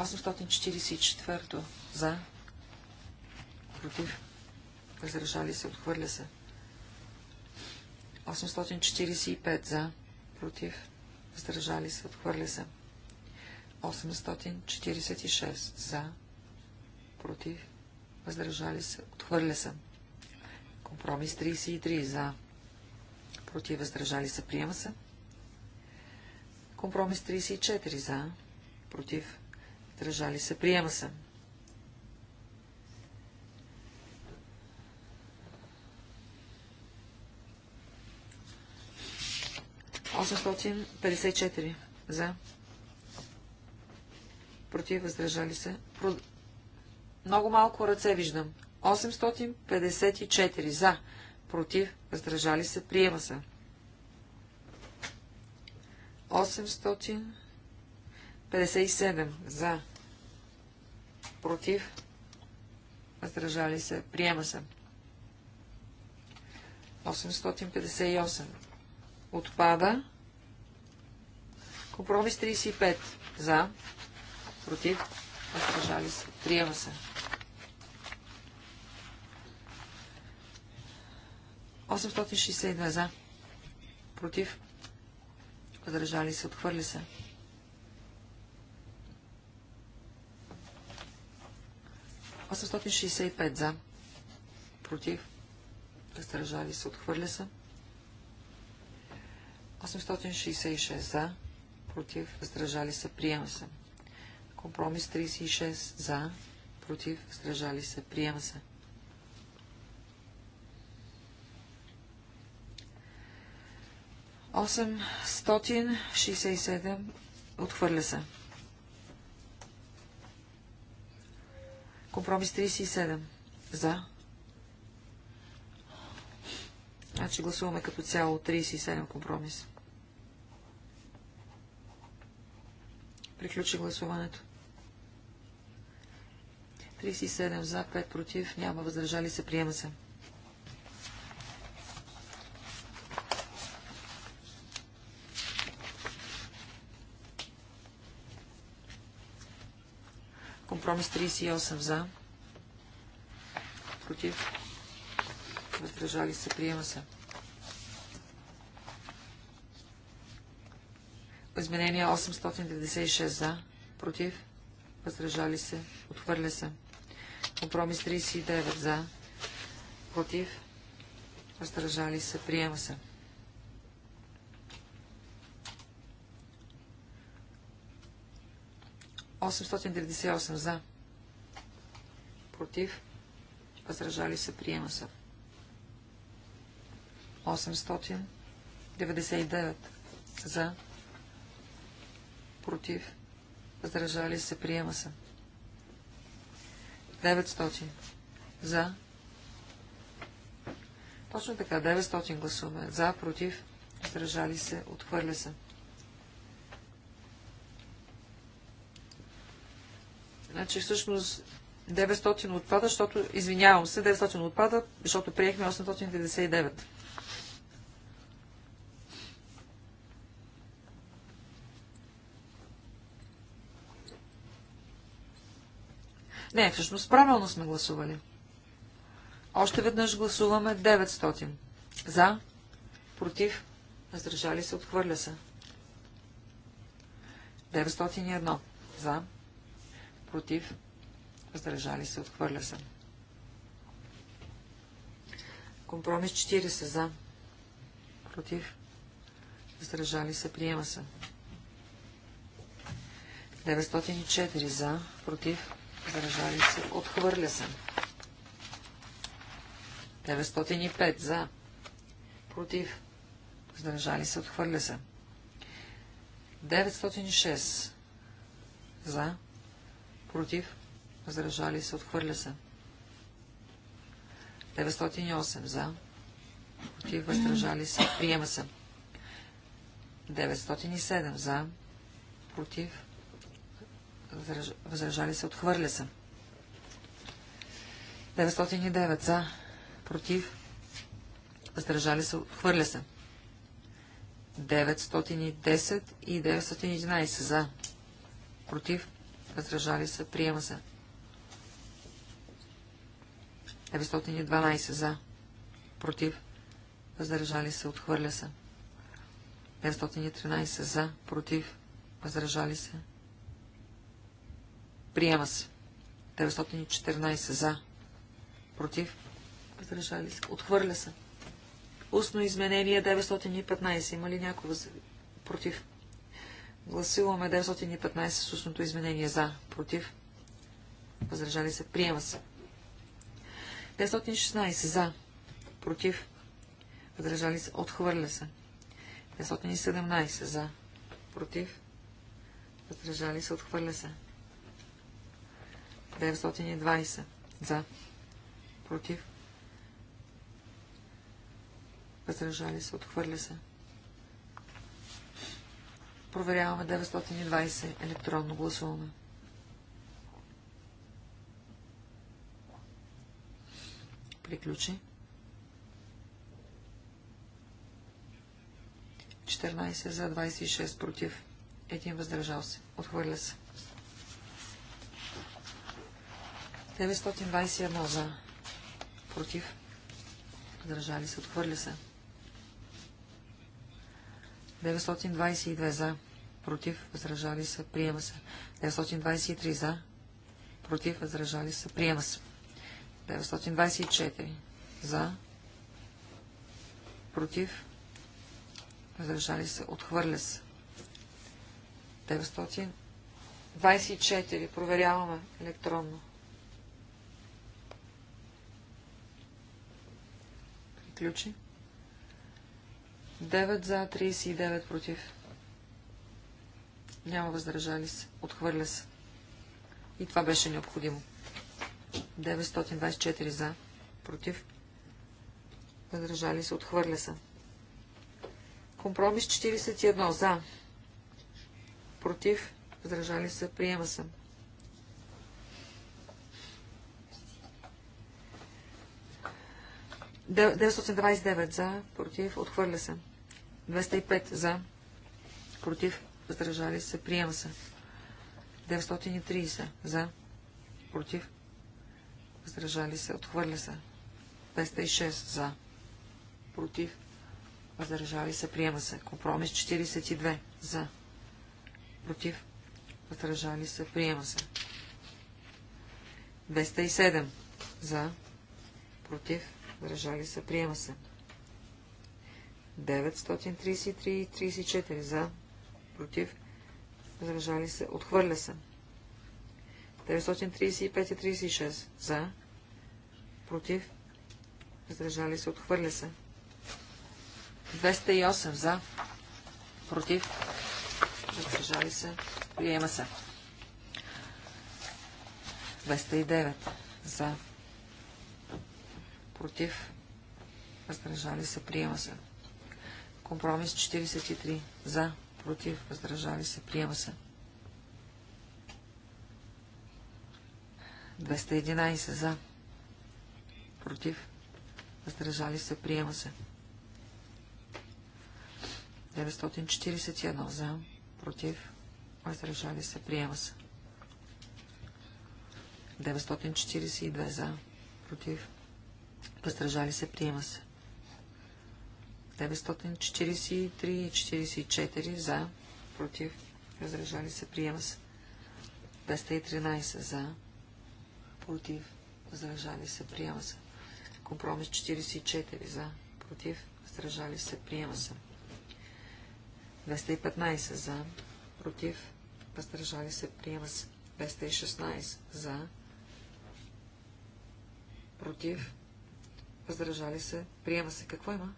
Осемстотин за, против, въздържали се, отхвърля се. 845 за, против, въздържали се, отхвърля се. 846 за, против, въздържали се, отхвърля се. Компромис 33 за, против, въздържали се, приема се. Компромис 34 за, против, въздържали се, приема се. 854 за. Против, въздържали се. Про... Много малко ръце виждам. 854 за. Против, въздържали се. Приема се. 857 за. Против, въздържали се. Приема се. 858 Отпада. Компромис 35. За. Против. Въздържали се. Приема се. 862 за. Против. Въздържали се. Отхвърли се. 865 за. Против. Въздържали се. Отхвърля се. 866 за, против, въздържали се, приема се. Компромис 36 за, против, въздържали се, приема се. 867, отхвърля се. Компромис 37 за. Значи гласуваме като цяло 37 компромис. Приключи гласуването. 37 за, 5 против, няма въздържали се, приема се. Компромис 38 за, против, въздържали се, приема се. Изменение 896 за, против, въздържали се, отхвърля се. Компромис 39 за, против, въздържали се, приема се. Осемстотин за. Против. Възражали се. Приема се. 899 за против, въздържали се, приема се. 900 за. Точно така, 900 гласуваме. За, против, въздържали се, отхвърля се. Значи всъщност 900 отпада, защото, извинявам се, 900 отпада, защото приехме 899. Не, всъщност правилно сме гласували. Още веднъж гласуваме 900. За, против, въздържали се, отхвърля се. 901. За, против, въздържали се, отхвърля се. Компромис 40. За, против, въздържали се, приема се. 904. За, против, Държали се, отхвърля се. 905 за, против, въздържали се, отхвърля се. 906 за, против, въздържали се, отхвърля се. 908 за, против, въздържали се, приема се. 907 за, против, Възражали се, отхвърля се. 909 за, против, въздържали се, отхвърля се. 910 и 911 за, против, въздържали се, приема се. 912 за, против, въздържали се, отхвърля се. 913 за, против, въздържали се, Приема се. 914 за. Против. Въздържали се. Отхвърля се. Устно изменение 915. Има ли някой въз... против? Гласуваме 915 с устното изменение за. Против. Въздържали се. Приема се. 916 за. Против. Въздържали се. Отхвърля се. 917 за. Против. Въздържали се. Отхвърля се. 920 за, против, въздържали се, отхвърля се. Проверяваме 920 електронно гласуване. Приключи. 14 за 26 против. Един въздържал се. Отхвърля се. 921 за. Против. Държали се. Отхвърля се. 922 за. Против. възражали се. Приема се. 923 за. Против. възражали се. Приема се. 924 за. Против. възражали се. Отхвърля се. 924. Проверяваме електронно. 924. приключи. 9 за, 39 против. Няма въздържали се. Отхвърля се. И това беше необходимо. 924 за, против. Въздържали се. Отхвърля се. Компромис 41 за, против. Въздържали се. Приема се. 929 за, против, отхвърля се. 205 за, против, въздържали се, приема се. 930 за, против, въздържали се, отхвърля се. 206 за, против, въздържали се, приема се. Компромис 42 за, против, въздържали се, приема се. 207 за, против, Държали се, приема се. 933 и 34 за, против, Държали се, отхвърля се. 935 и 36 за, против, въздържали се, отхвърля се. 208 за, против, въздържали се, приема се. 209 за, против, въздържали се, приема се. Компромис 43 за, против, въздържали се, приема се. 211 за, против, въздържали се, приема се. 941 за, против, въздържали се, приема се. 942 за, против, Въздържали се, приема се. 943 44 за, против, въздържали се, приема се. 213 за, против, въздържали се, приема се. Компромис 44 за, против, въздържали се, приема се. 215 за, против, въздържали се, приема се. 216 за, против, Въздържали се. Приема се. Какво има?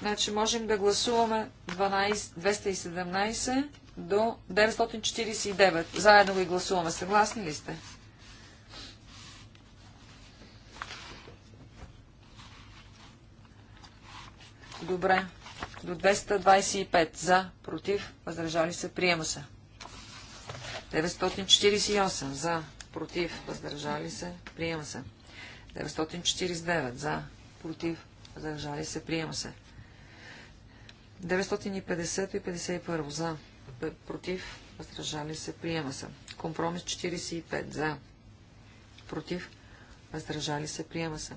Значи можем да гласуваме 12, 217 до 949. Заедно ги гласуваме. Съгласни ли сте? Добре до 225 за, против, въздържали се, приема се. 948 за, против, въздържали се, приема се. 949 за, против, въздържали се, приема се. 950 и 51 за, против, въздържали се, приема се. Компромис 45 за, против, въздържали се, приема се.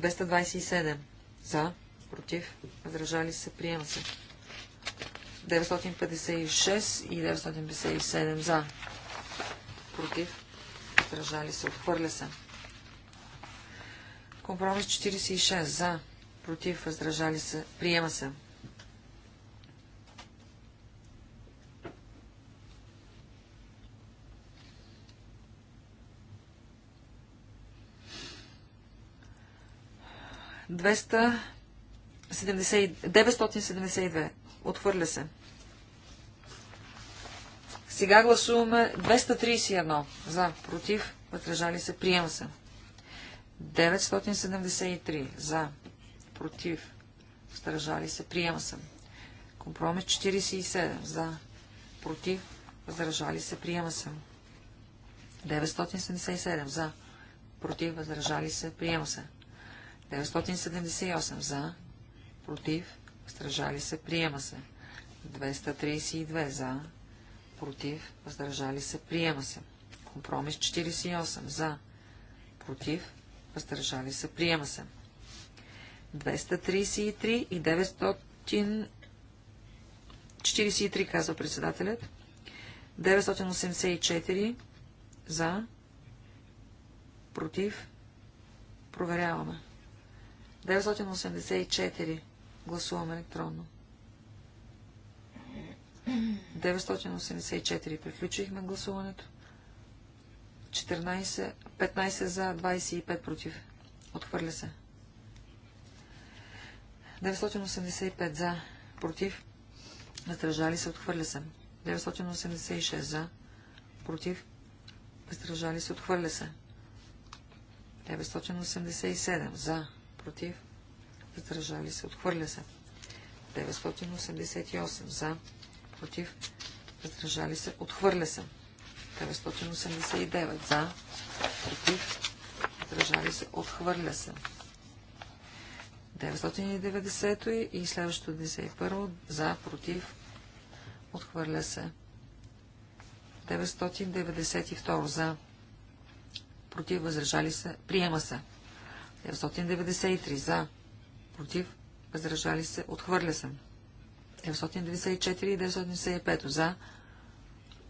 227 за, против, въздържали се, приема се. 956 и 957 за, против, въздържали се, отхвърля се. Компромис 46 за, против, въздържали се, приема се. Двеста 972. Отхвърля се. Сега гласуваме 231. За, против, Вътрежали се, приема се. 973. За, против, въздържали се, приема се. Компромис 47. За, против, въздържали се, приема се. 977. За, против, въздържали се, приема се. 978. За, против, въздържали се, приема се. 232 за, против, въздържали се, приема се. Компромис 48 за, против, въздържали се, приема се. 233 и 943, казва председателят. 984 за, против, проверяваме. 984 Гласуваме електронно. 984 приключихме гласуването. 14, 15 за, 25 против. Отхвърля се. 985 за, против. Въздържали се, отхвърля се. 986 за, против. Въздържали се, отхвърля се. 987 за, против въздържали се, отхвърля се. 988 за, против, въздържали се, отхвърля се. 989 за, против, въздържали се, отхвърля се. 990 и следващото 91 за, против, отхвърля се. 992 за, против, възражали се, приема се. 993 за, против, въздържали се, отхвърля се. 994 и 975 за,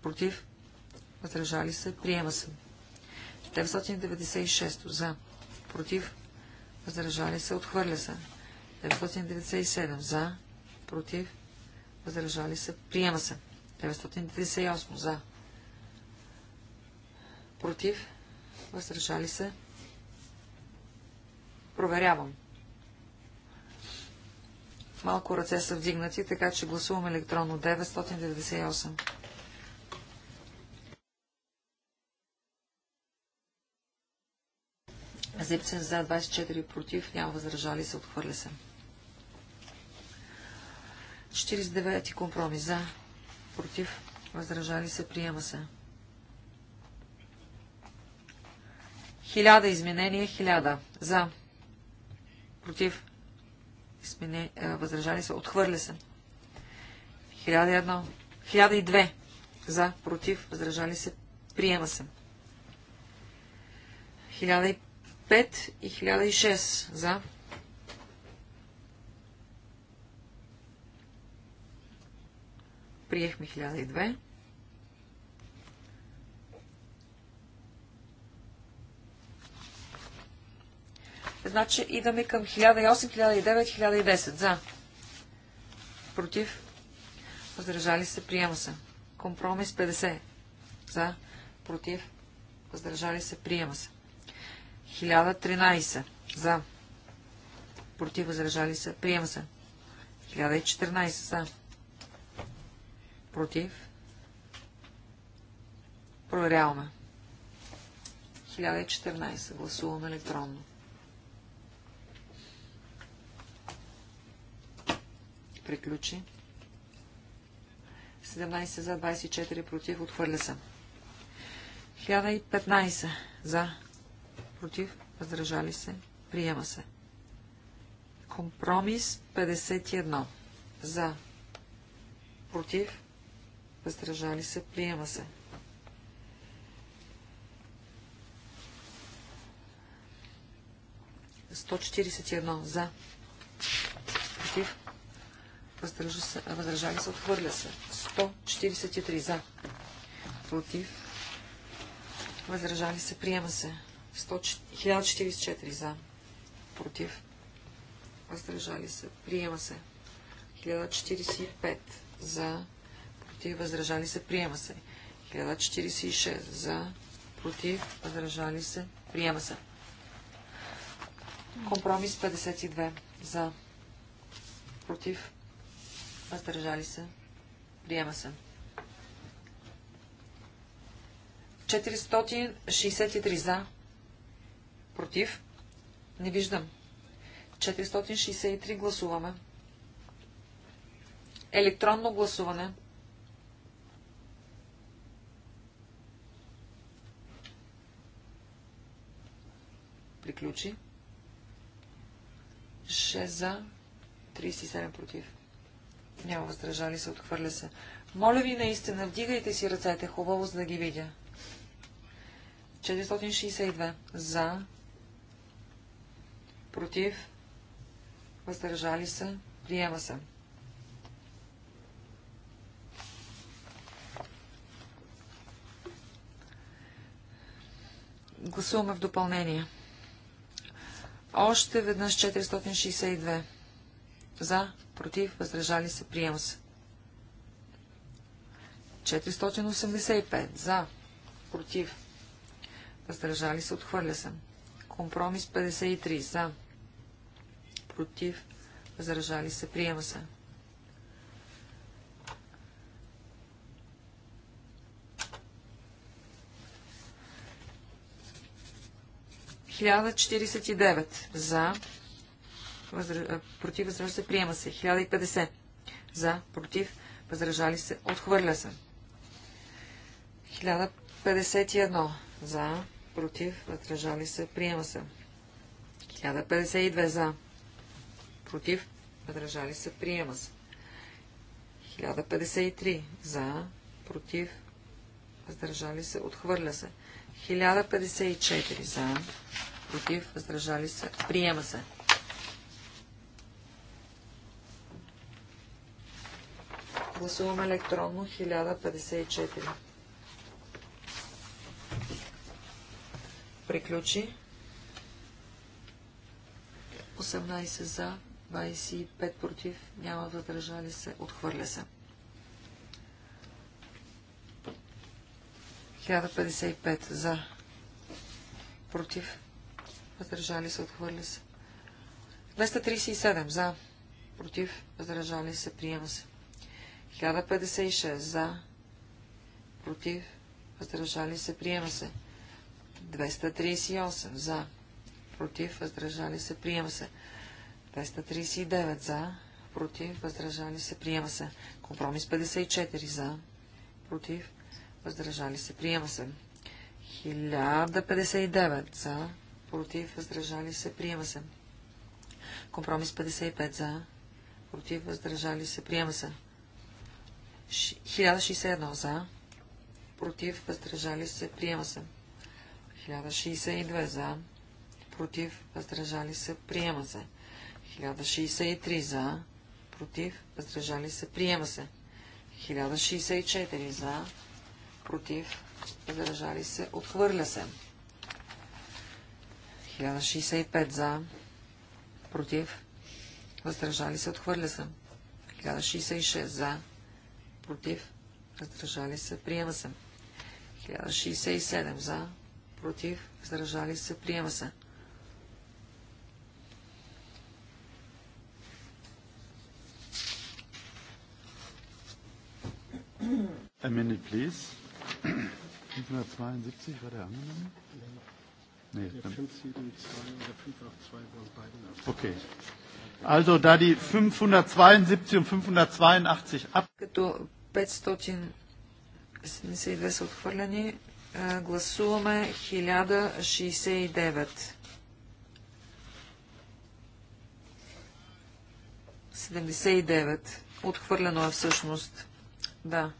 против, въздържали се, приема се. 996 за, против, въздържали се, отхвърля се. 997 за, против, въздържали се, приема се. 998 за, против, въздържали се, проверявам. Малко ръце са вдигнати, така че гласувам електронно 998. Зипцен за 24 против, няма възражали се, отхвърля се. 49 компромис за, против, възражали се, приема се. 1000 изменения, 1000 за, против, Измене, възражали се. Отхвърля се. 1001. 1002. За, против, възражали се. Приема се. 1005 и 1006. За. Приехме 1002. Значи идаме към 1008, 1009, 1010. За. Против. Въздържали се. Приема се. Компромис 50. За. Против. Въздържали се. Приема се. 1013. За. Против. Въздържали се. Приема се. 1014. За. Против. Проверяваме. 1014. Гласуваме електронно. Приключи. 17 за, 24 против. Отхвърля се. 1015 за, против. Въздържали се. Приема се. Компромис 51 за, против. Въздържали се. Приема се. 141 за. Против въздържали се, отхвърля се. 143 за, против, въздържали се, приема се. 1044 за, против, въздържали се, приема се. 1045 за, против, въздържали се, приема се. 1046 за, против, въздържали се, приема се. Компромис 52 за, против, Въздържали се. Приема се. 463 за. Против. Не виждам. 463 гласуваме. Електронно гласуване. Приключи. 6 за, 37 против. Няма въздържали се, отхвърля се. Моля ви наистина, вдигайте си ръцете, хубаво, за да ги видя. 462. За. Против. Въздържали се. Приема се. Гласуваме в допълнение. Още веднъж 462. За против, въздържали се, приема се. 485 за, против, въздържали се, отхвърля се. Компромис 53 за, против, въздържали се, приема се. Хиляда за, против, въздържали се, приема се. 1050 за, против, възражали се, отхвърля се. 1051 за, против, възражали се, приема се. 1052 за, против, възражали се, приема се. 1053 за, против, въздържали се, отхвърля се. 1054 за, против, въздържали се, приема се. Гласуваме електронно 1054. Приключи. 18 за, 25 против, няма въздържали се, отхвърля се. 1055 за, против, въздържали се, отхвърля се. 237 за, против, въздържали се, приема се. 1056 за, против, въздържали се, приема се. 238 за, против, въздържали се, приема се. 239 за, против, въздържали се, приема се. Компромис 54 за, против, въздържали се, приема се. 1059 за, против, въздържали се, приема се. Компромис 55 за, против, въздържали се, приема се. 1061 за, против, въздържали се, приема се. 1062 за, против, въздържали се, приема се. 1063 за, против, въздържали се, приема се. 1064 за, против, въздържали се, отхвърля се. 1065 за, против, въздържали се, отхвърля се. 1066 за, против, въздържали се, приема се. 1067 за, против, въздържали се, приема се. A minute, please. 572 war der angenommen? Nee. Der 572 582 waren beide. Okay. Also da die 572 und 582 ab. са отхвърлени, гласуваме девет. Отхвърлено е всъщност. Да.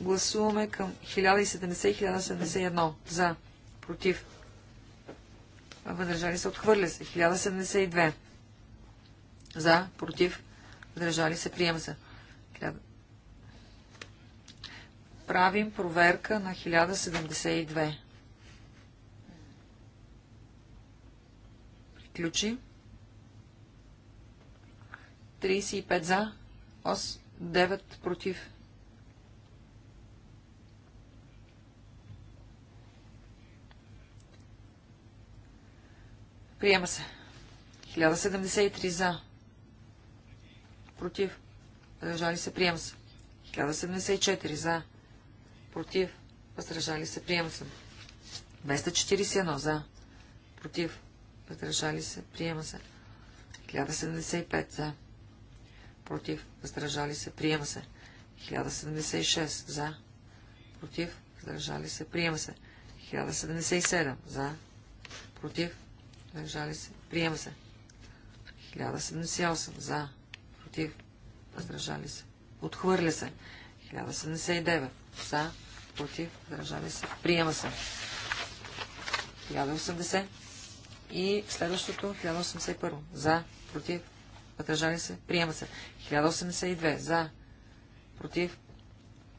Гласуваме към 1070 и 1071. За. Против въздържали се, отхвърля се. 1072 за, против, въздържали се, приема се. Правим проверка на 1072. Приключим. 35 за, 8, 9 против. Приема се. 1073 за. Против. Въздържали се. Приема се. 1074 за. Против. Въздържали се. Приема се. 241 за. Против. Въздържали се. Приема се. 1075 за. Против. Въздържали се. Приема се. 1076 за. Против. Въздържали се. Приема се. 1077 за. Против въздържали се, приема се. 1078 за, против, въздържали се, отхвърля се. 1079 за, против, въздържали се, приема се. 1080 и следващото 1081 за, против, въздържали се, приема се. 1082 за, против,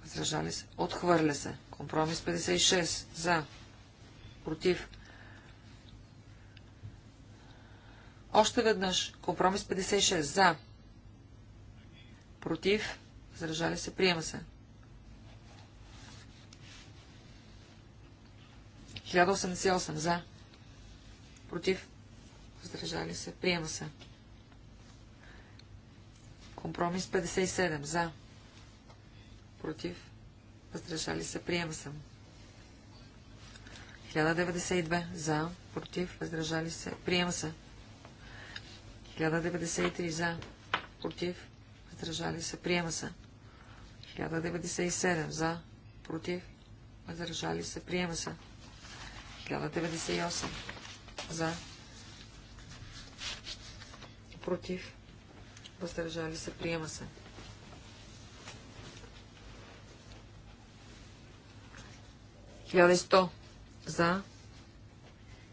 въздържали се, отхвърля се. Компромис 56 за, против, Още веднъж. Компромис 56. За. Против. Заражали се. Приема се. 1088. За. Против. Въздържали се. Приема се. Компромис 57. За. Против. Въздържали се. Приема се. 1092. За. Против. Въздържали се. Приема се. 1093. 1093 за, против, въздържали се, приема се. 1097 за, против, въздържали се, приема се. 1098 за, против, въздържали се, приема се. 1100 за,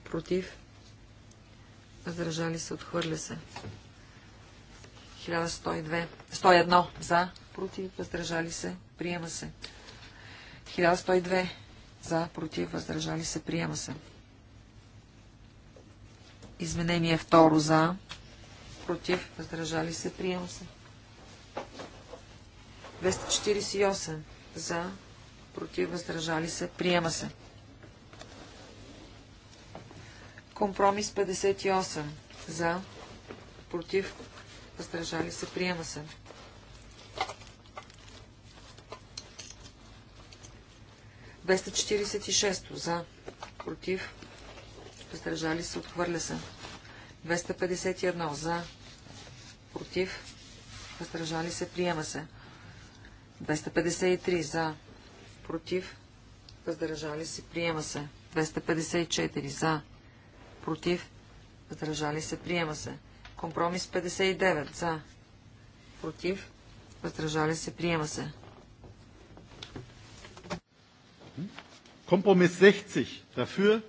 против, въздържали се, отхвърля се. 1102, 101 за, против, въздържали се, приема се. 1102 за, против, въздържали се, приема се. Изменение второ за, против, въздържали се, приема се. 248 за, против, въздържали се, приема се. 249. Компромис 58. За. Против. Въздържали се. Приема се. 46. за. Против. Въздържали се. Отхвърля се. 251 за. Против. Въздържали се. Приема се. 253 за. Против. Въздържали се. Приема се. 254 за против, въздържали се, приема се. Компромис 59 за, против, въздържали се, приема се. Компромис 60 дафür.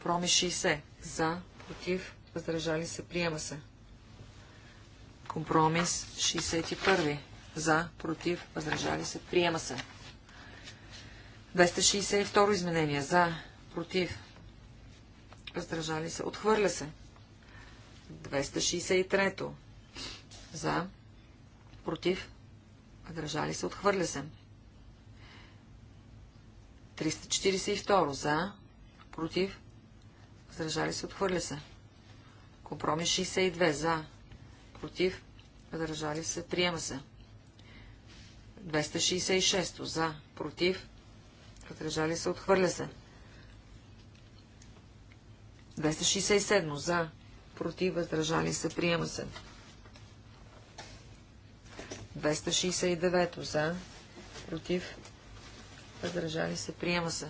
Компромис 60 за, против, въздържали се, приема се. Компромис 61 за, против, въздържали се, приема се. 262 изменения. за, против, Въздържали се. Отхвърля се. 263. За. Против. Въздържали се. Отхвърля се. 342. За. Против. Въздържали се. Отхвърля се. Компромис 62. За. Против. Въздържали се. Приема се. 266. За. Против. Въздържали се. Отхвърля се. 267 за, против, въздържали се, приема се. 269 за, против, въздържали се, приема се.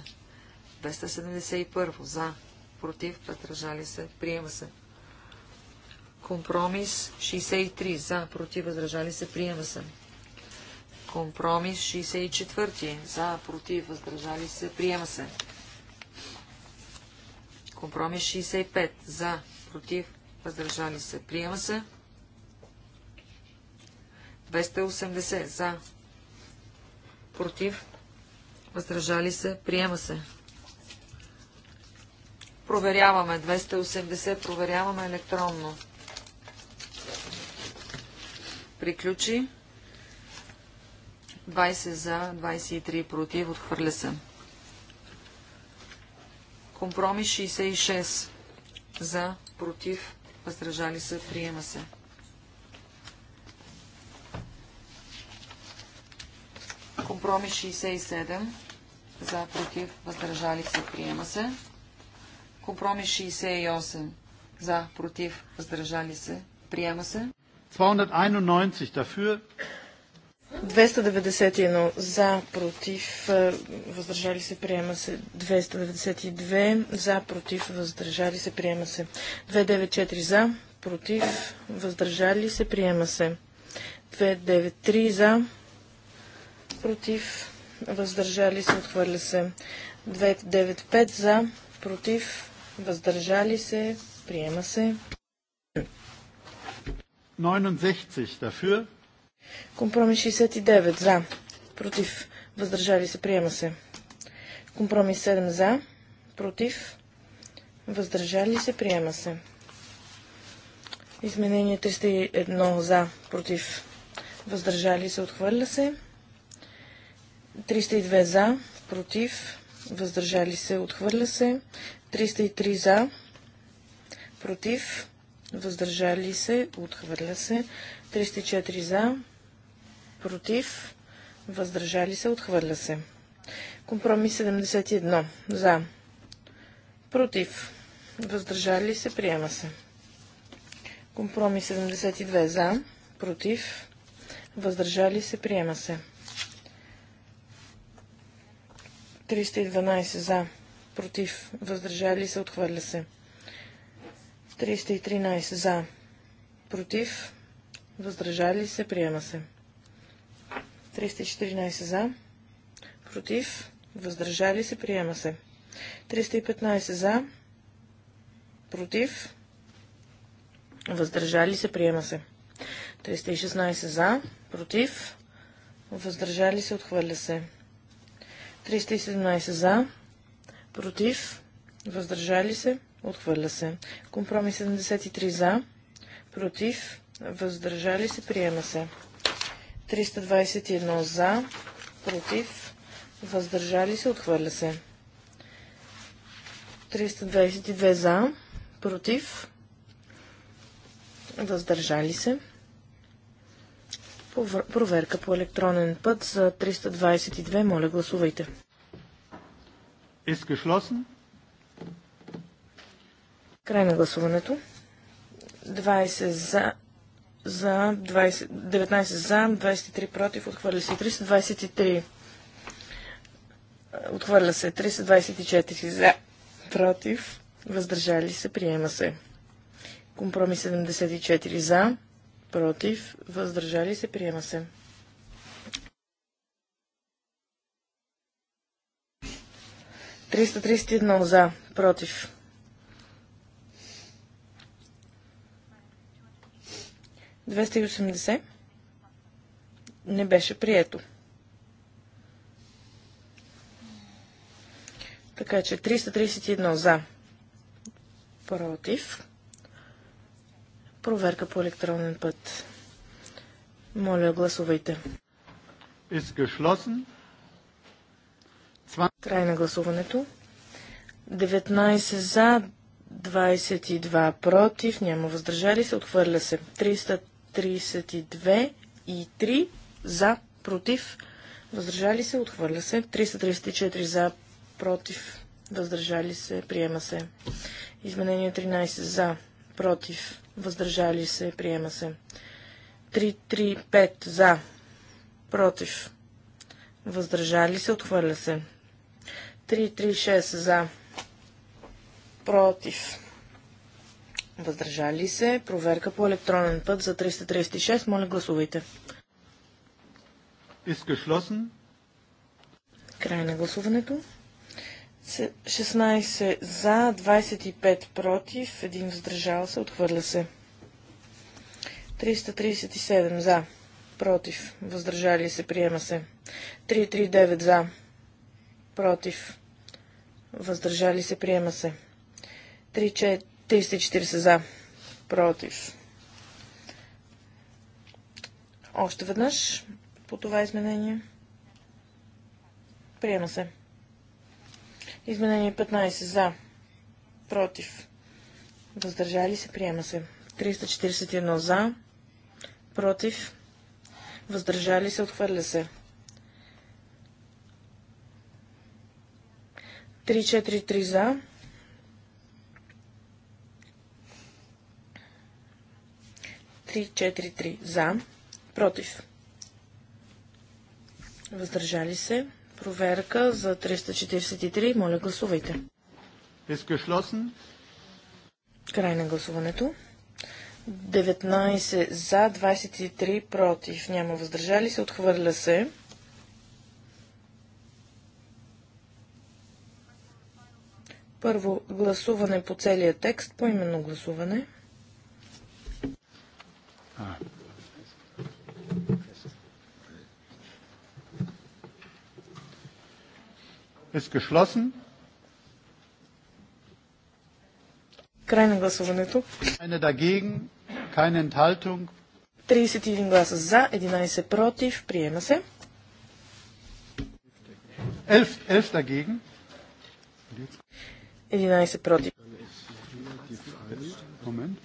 271 за, против, въздържали се, приема се. Компромис 63 за, против, въздържали се, приема се. Компромис 64 за, против, въздържали се, приема се. Компромис 65. За, против, въздържали се. Приема се. 280. За, против, въздържали се. Приема се. Проверяваме. 280. Проверяваме електронно. Приключи. 20 за, 23 против. Отхвърля се. Компромис 66. За, против, въздържали се, приема се. Компромис 67. За, против, въздържали се, приема се. Компромис 68. За, против, въздържали се, приема се. 291 Дафюр. 291 за, против, въздържали се, приема се. 292 за, против, въздържали се, приема се. 294 за, против, въздържали се, приема се. 293 за, против, въздържали се, отхвърля се. 295 за, против, въздържали се, приема се. 69 дафюр. Компромис 69 за. Против. Въздържали се. Приема се. Компромис 7 за. Против. Въздържали се. Приема се. Изменение 301 за. Против. Въздържали се. Отхвърля се. 302 за. Против. Въздържали се. Отхвърля се. 303 за. Против. Въздържали се. Отхвърля се. 304 за против, въздържали се, отхвърля се. Компромис 71 за, против, въздържали се, приема се. Компромис 72 за, против, въздържали се, приема се. 312 за, против, въздържали се, отхвърля се. 313 за, против, въздържали се, приема се. 314 за, против, въздържали се, приема се. 315 за, против, въздържали се, приема се. 316 за, против, въздържали се, отхвърля се. 317 за, против, въздържали се, отхвърля се. Компромис 73 за, против, въздържали се, приема се. 321 за, против, въздържали се, отхвърля се. 322 за, против, въздържали се. Проверка по електронен път за 322. Моля, гласувайте. Изгешлосен. Край на гласуването. 20 за, за 20, 19 за, 23 против, отхвърля се 323. Отхвърля се 324 за, против, въздържали се, приема се. Компромис 74 за, против, въздържали се, приема се. Триста за, против, 280 не беше прието. Така че 331 за, против. Проверка по електронен път. Моля, гласувайте. Край на гласуването. 19 за, 22 против, няма въздържали се, отхвърля се. 300 32 и 3 за, против, въздържали се, отхвърля се. 334 за, против, въздържали се, приема се. Изменение 13 за, против, въздържали се, приема се. 335 за, против, въздържали се, отхвърля се. 336 за, против, въздържали се. Проверка по електронен път за 336. Моля, гласувайте. Изгешлосен. Край на гласуването. 16 за, 25 против, 1 въздържал се, отхвърля се. 337 за, против, въздържали се, приема се. 339 за, против, въздържали се, приема се. 340 за. Против. Още веднъж по това изменение. Приема се. Изменение 15 за. Против. Въздържали се. Приема се. 341 за. Против. Въздържали се. Отхвърля се. 343 за 343 за, против. Въздържали се. Проверка за 343. Моля, гласувайте. Изгешлосен. Край на гласуването. 19 за, 23 против. Няма въздържали се. Отхвърля се. Първо гласуване по целия текст, по именно гласуване. Ist geschlossen. Край на гласуването. 31 гласа за, 11 против. Приема се. 11 dagegen. 11 против. Moment.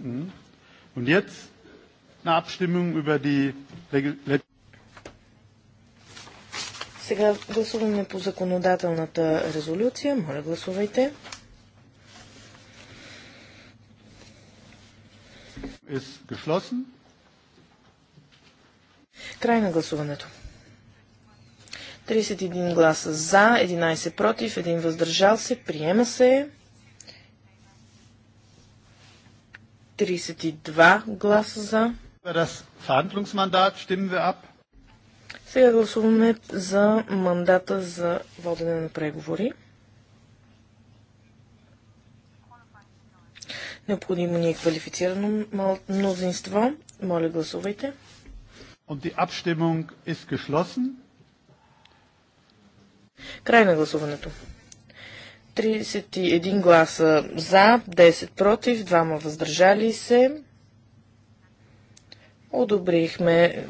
Mhm. Und jetzt eine Abstimmung über die Сега гласуваме по законодателната резолюция. Моля, гласувайте. geschlossen. Край на гласуването. 31 гласа за, 11 против, 1 въздържал се. Приема се. 32 гласа за. Сега гласуваме за мандата за водене на преговори. Необходимо ни е квалифицирано мнозинство. Моля, гласувайте. Und die Abstimmung ist geschlossen. Край на гласуването. 31 гласа за, 10 против, 2 въздържали се. Одобрихме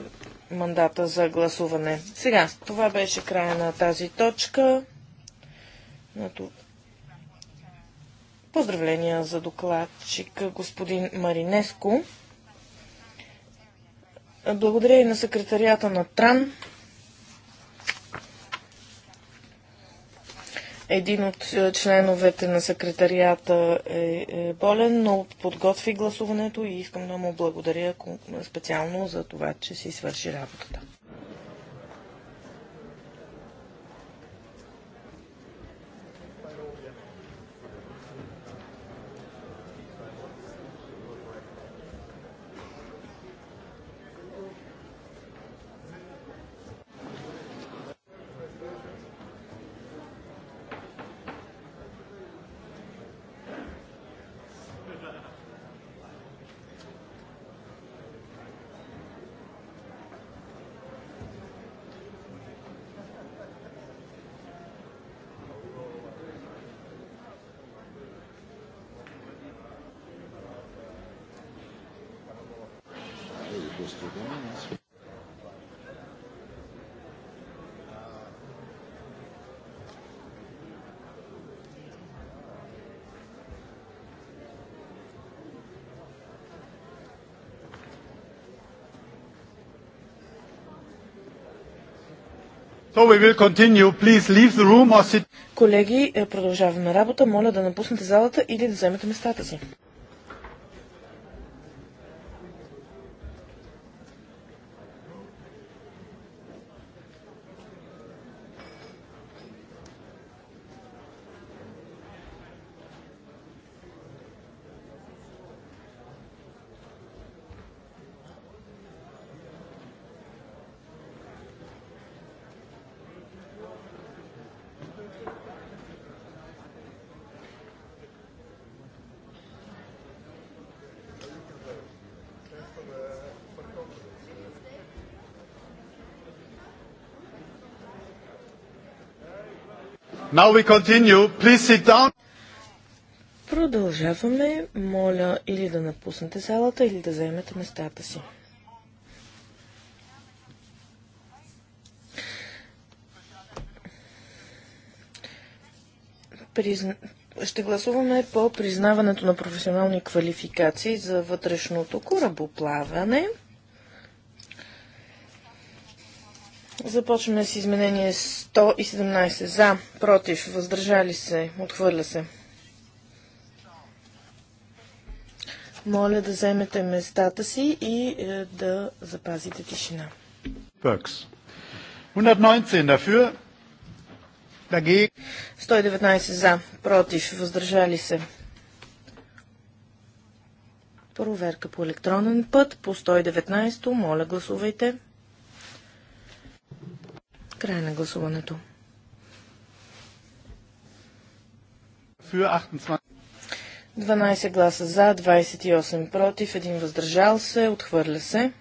мандата за гласуване. Сега, това беше края на тази точка. Поздравления за докладчик господин Маринеско. Благодаря и на секретарията на Тран. Един от е, членовете на секретарията е, е болен, но подготви гласуването и искам да му благодаря специално за това, че си свърши работата. So Колеги, е, продължаваме работа. Моля да напуснете залата или да вземете местата си. Now we continue. Please sit down. Продължаваме. Моля или да напуснете залата, или да заемете местата си. Призна... Ще гласуваме по признаването на професионални квалификации за вътрешното корабоплаване. Започваме с изменение 117. За, против, въздържали се, отхвърля се. Моля да вземете местата си и е, да запазите тишина. 119 119 за, против, въздържали се. Проверка по електронен път по 119. Моля, гласувайте. Край на гласуването. 12 гласа за, 28 против, 1 въздържал се, отхвърля се.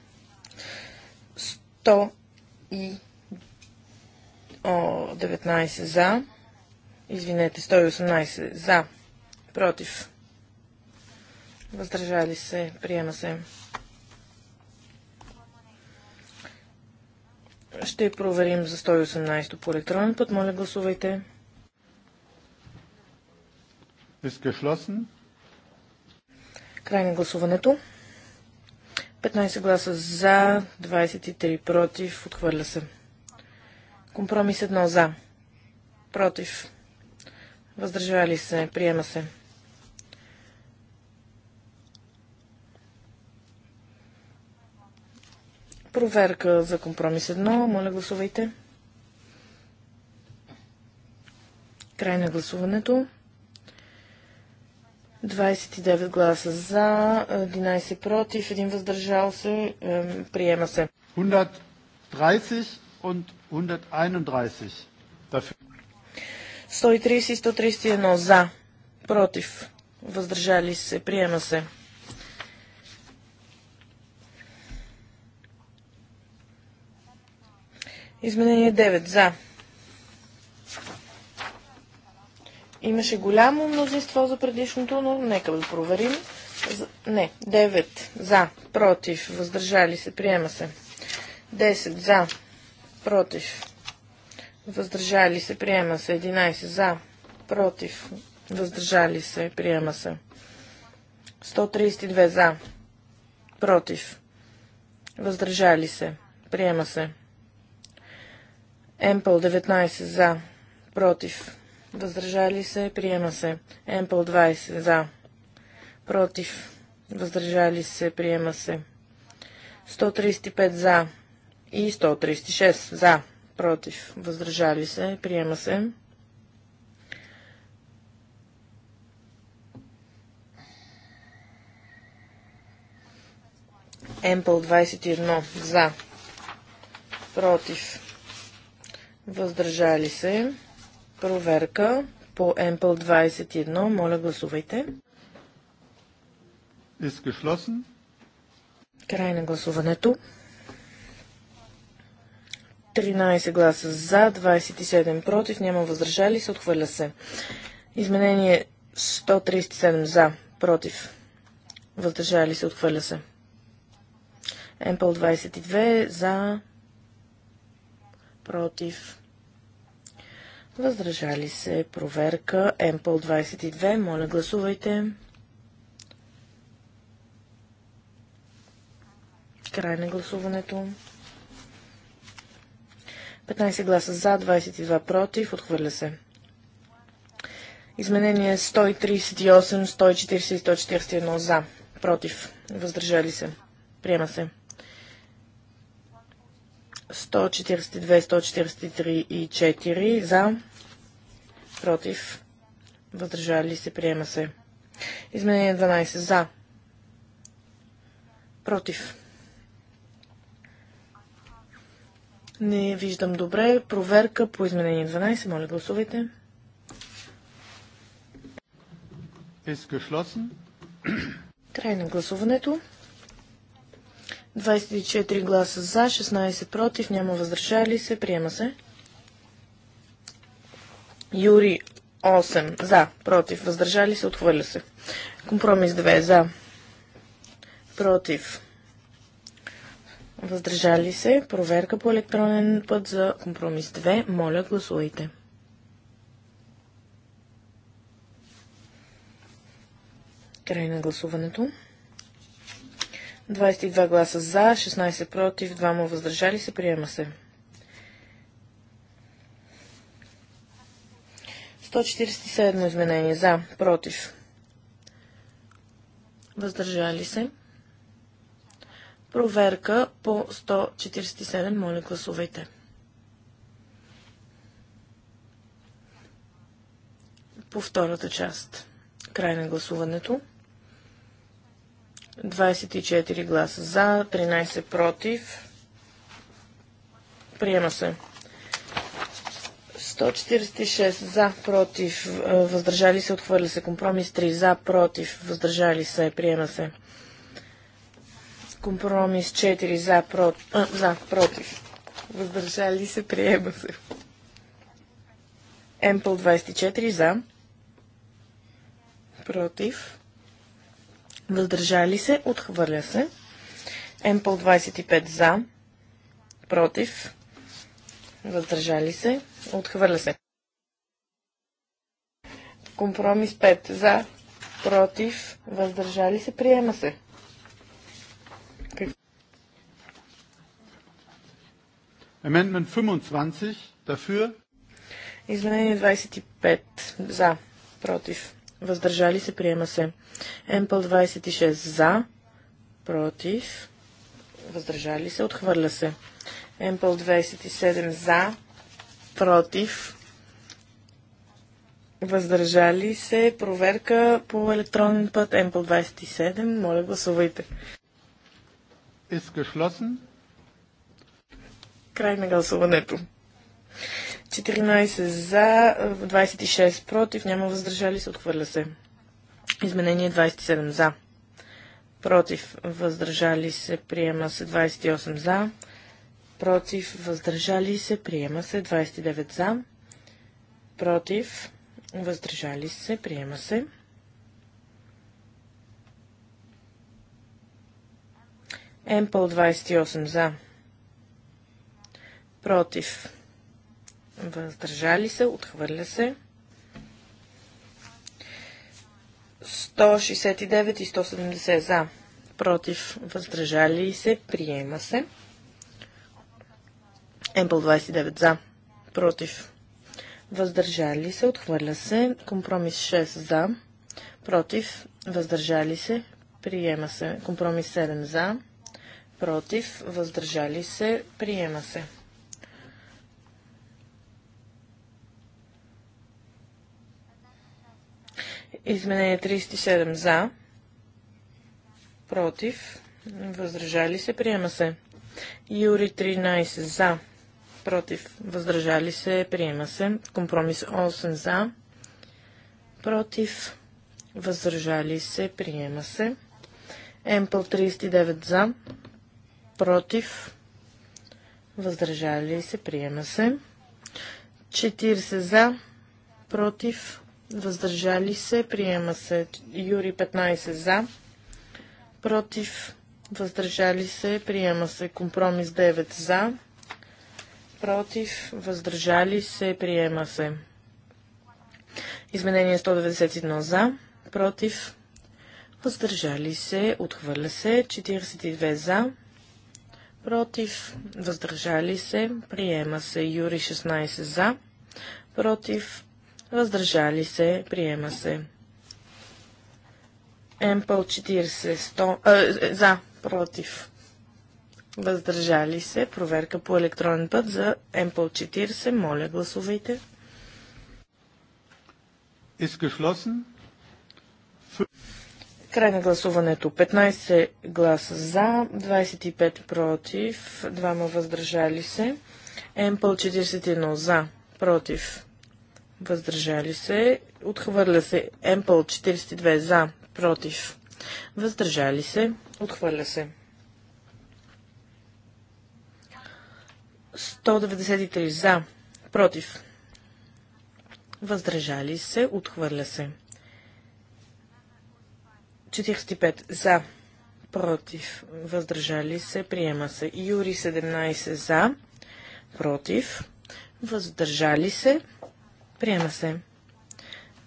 100. 19 за, извинете, 118 за, против, въздържали се, приема се. Ще проверим за 118 по електронен път. Моля, гласувайте. Край на гласуването. 15 гласа за, 23 против. Отхвърля се. Компромис 1 за. Против. Въздържали се. Приема се. Проверка за компромис 1. Моля, гласувайте. Край на гласуването. 29 гласа за, 11 против, 1 въздържал се. Приема се. 130 und 131. 130 и 131 за, против, въздържали се, приема се. Изменение 9. За. Имаше голямо мнозинство за предишното, но нека да проверим. Не. 9. За. Против. Въздържали се. Приема се. 10. За. Против. Въздържали се. Приема се. 11. За. Против. Въздържали се. Приема се. 132 за. Против. Въздържали се. Приема се. Емпъл 19 за, против, въздържали се, приема се. Емпъл 20 за, против, въздържали се, приема се. 135 за и 136 за, против, въздържали се, приема се. Емпъл 21 за, против, въздържали се. Проверка по МПЛ 21. Моля, гласувайте. Край на гласуването. 13 гласа за, 27 против, няма въздържали се, отхвърля се. Изменение 137 за, против, въздържали се, отхвърля се. МПЛ 22 за, против, въздържали се, проверка, МПЛ 22, моля гласувайте. Край на гласуването. 15 гласа за, 22 против, отхвърля се. Изменение 138, 140 и 141 за, против, въздържали се, приема се. 142, 143 и 4 за, против, въздържали се, приема се. Изменение 12 за, против. Не виждам добре. Проверка по изменение 12. Моля, гласувайте. Край на гласуването. 24 гласа за, 16 против, няма въздържали се, приема се. Юри 8 за, против, въздържали се, отхвърля се. Компромис 2 за, против, въздържали се. Проверка по електронен път за компромис 2. Моля, гласувайте. Край на гласуването. 22 гласа за, 16 против, 2 му въздържали се, приема се. 147 изменение за, против, въздържали се. Проверка по 147, моля гласувайте. По втората част. Край на гласуването. 24 гласа за, 13 против. Приема се. 146 за, против, е, въздържали се, отхвърля се. Компромис 3 за, против, въздържали се, приема се. Компромис 4 за, против, а, за, против. Въздържали се, приема се. Емпл 24 за, против, въздържали се, отхвърля се. МПЛ 25 за, против, въздържали се, отхвърля се. Компромис 5 за, против, въздържали се, приема се. Amendment 25 dafür. Изменение 25 за, против, въздържали се, приема се. МПЛ 26 за, против, въздържали се, отхвърля се. МПЛ 27 за, против, въздържали се, проверка по електронен път МПЛ 27, моля гласувайте. Край на гласуването. 14 за, 26 против, няма въздържали се, отхвърля се. Изменение 27 за. Против, въздържали се, приема се 28 за. Против, въздържали се, приема се 29 за. Против, въздържали се, приема се. Емпъл 28 за. Против, въздържали се, отхвърля се. 169 и 170 за, против, въздържали се, приема се. Емпл 29 за, против, въздържали се, отхвърля се. Компромис 6 за, против, въздържали се, приема се. Компромис 7 за, против, въздържали се, приема се. Изменение 37 за, против, въздържали се, приема се. Юри 13 за, против, въздържали се, приема се. Компромис 8 за, против, въздържали се, приема се. Емпъл 39 за, против, въздържали се, приема се. 40 за, против, въздържали се, приема се. Юри 15 за, против, въздържали се, приема се. Компромис 9 за, против, въздържали се, приема се. Изменение 191 за, против, въздържали се, отхвърля се, 42 за, против, въздържали се, приема се, Юри 16 за, против, въздържали се, приема се. МПЛ 40, 100, за, против, въздържали се, проверка по електронен път за МПЛ 40, моля гласувайте. Изгешлосен. Край на гласуването. 15 гласа за, 25 против, 2 въздържали се. МПЛ 41 за, против, въздържали се, отхвърля се. МПЛ 42 за, против, въздържали се, отхвърля се. 193 за, против, въздържали се, отхвърля се. 45 за, против, въздържали се, приема се. Юри 17 за, против, въздържали се, Приема се.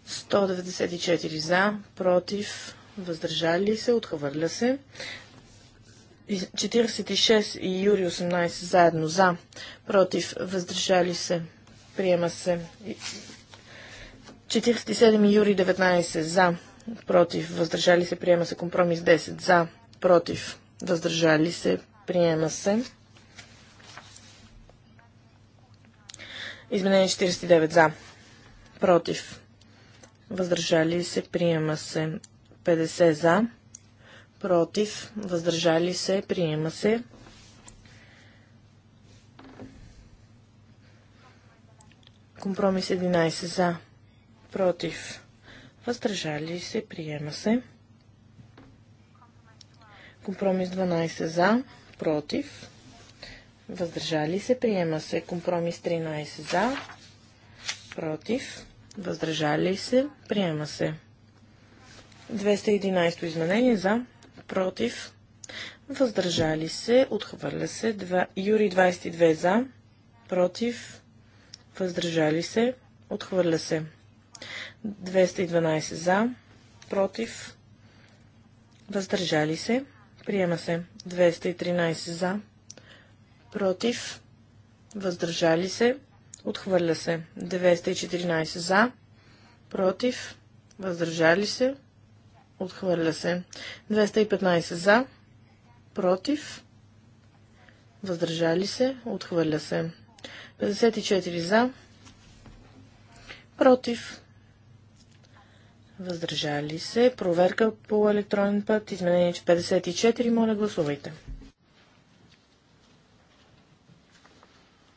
194 за, против, въздържали се, отхвърля се. 46 и Юри 18 заедно за, против, въздържали се, приема се. 47 и Юри 19 за, против, въздържали се, приема се. Компромис 10 за, против, въздържали се, приема се. Изменение 49 за, против, въздържали се, приема се 50 за, против, въздържали се, приема се. Компромис 11 за, против, въздържали се, приема се. Компромис 12 за, против, въздържали се, приема се. Компромис 13 за, против, въздържали се, приема се. 211 изменение за, против, въздържали се, отхвърля се. юри 22 за, против, въздържали се, отхвърля се. 212 за, против, въздържали се, приема се. 213 за, против, въздържали се, Отхвърля се. 914 за. Против. Въздържали се. Отхвърля се. 215 за. Против. Въздържали се. Отхвърля се. 54 за. Против. Въздържали се. Проверка по електронен път. Изменение 54. Моля, гласувайте.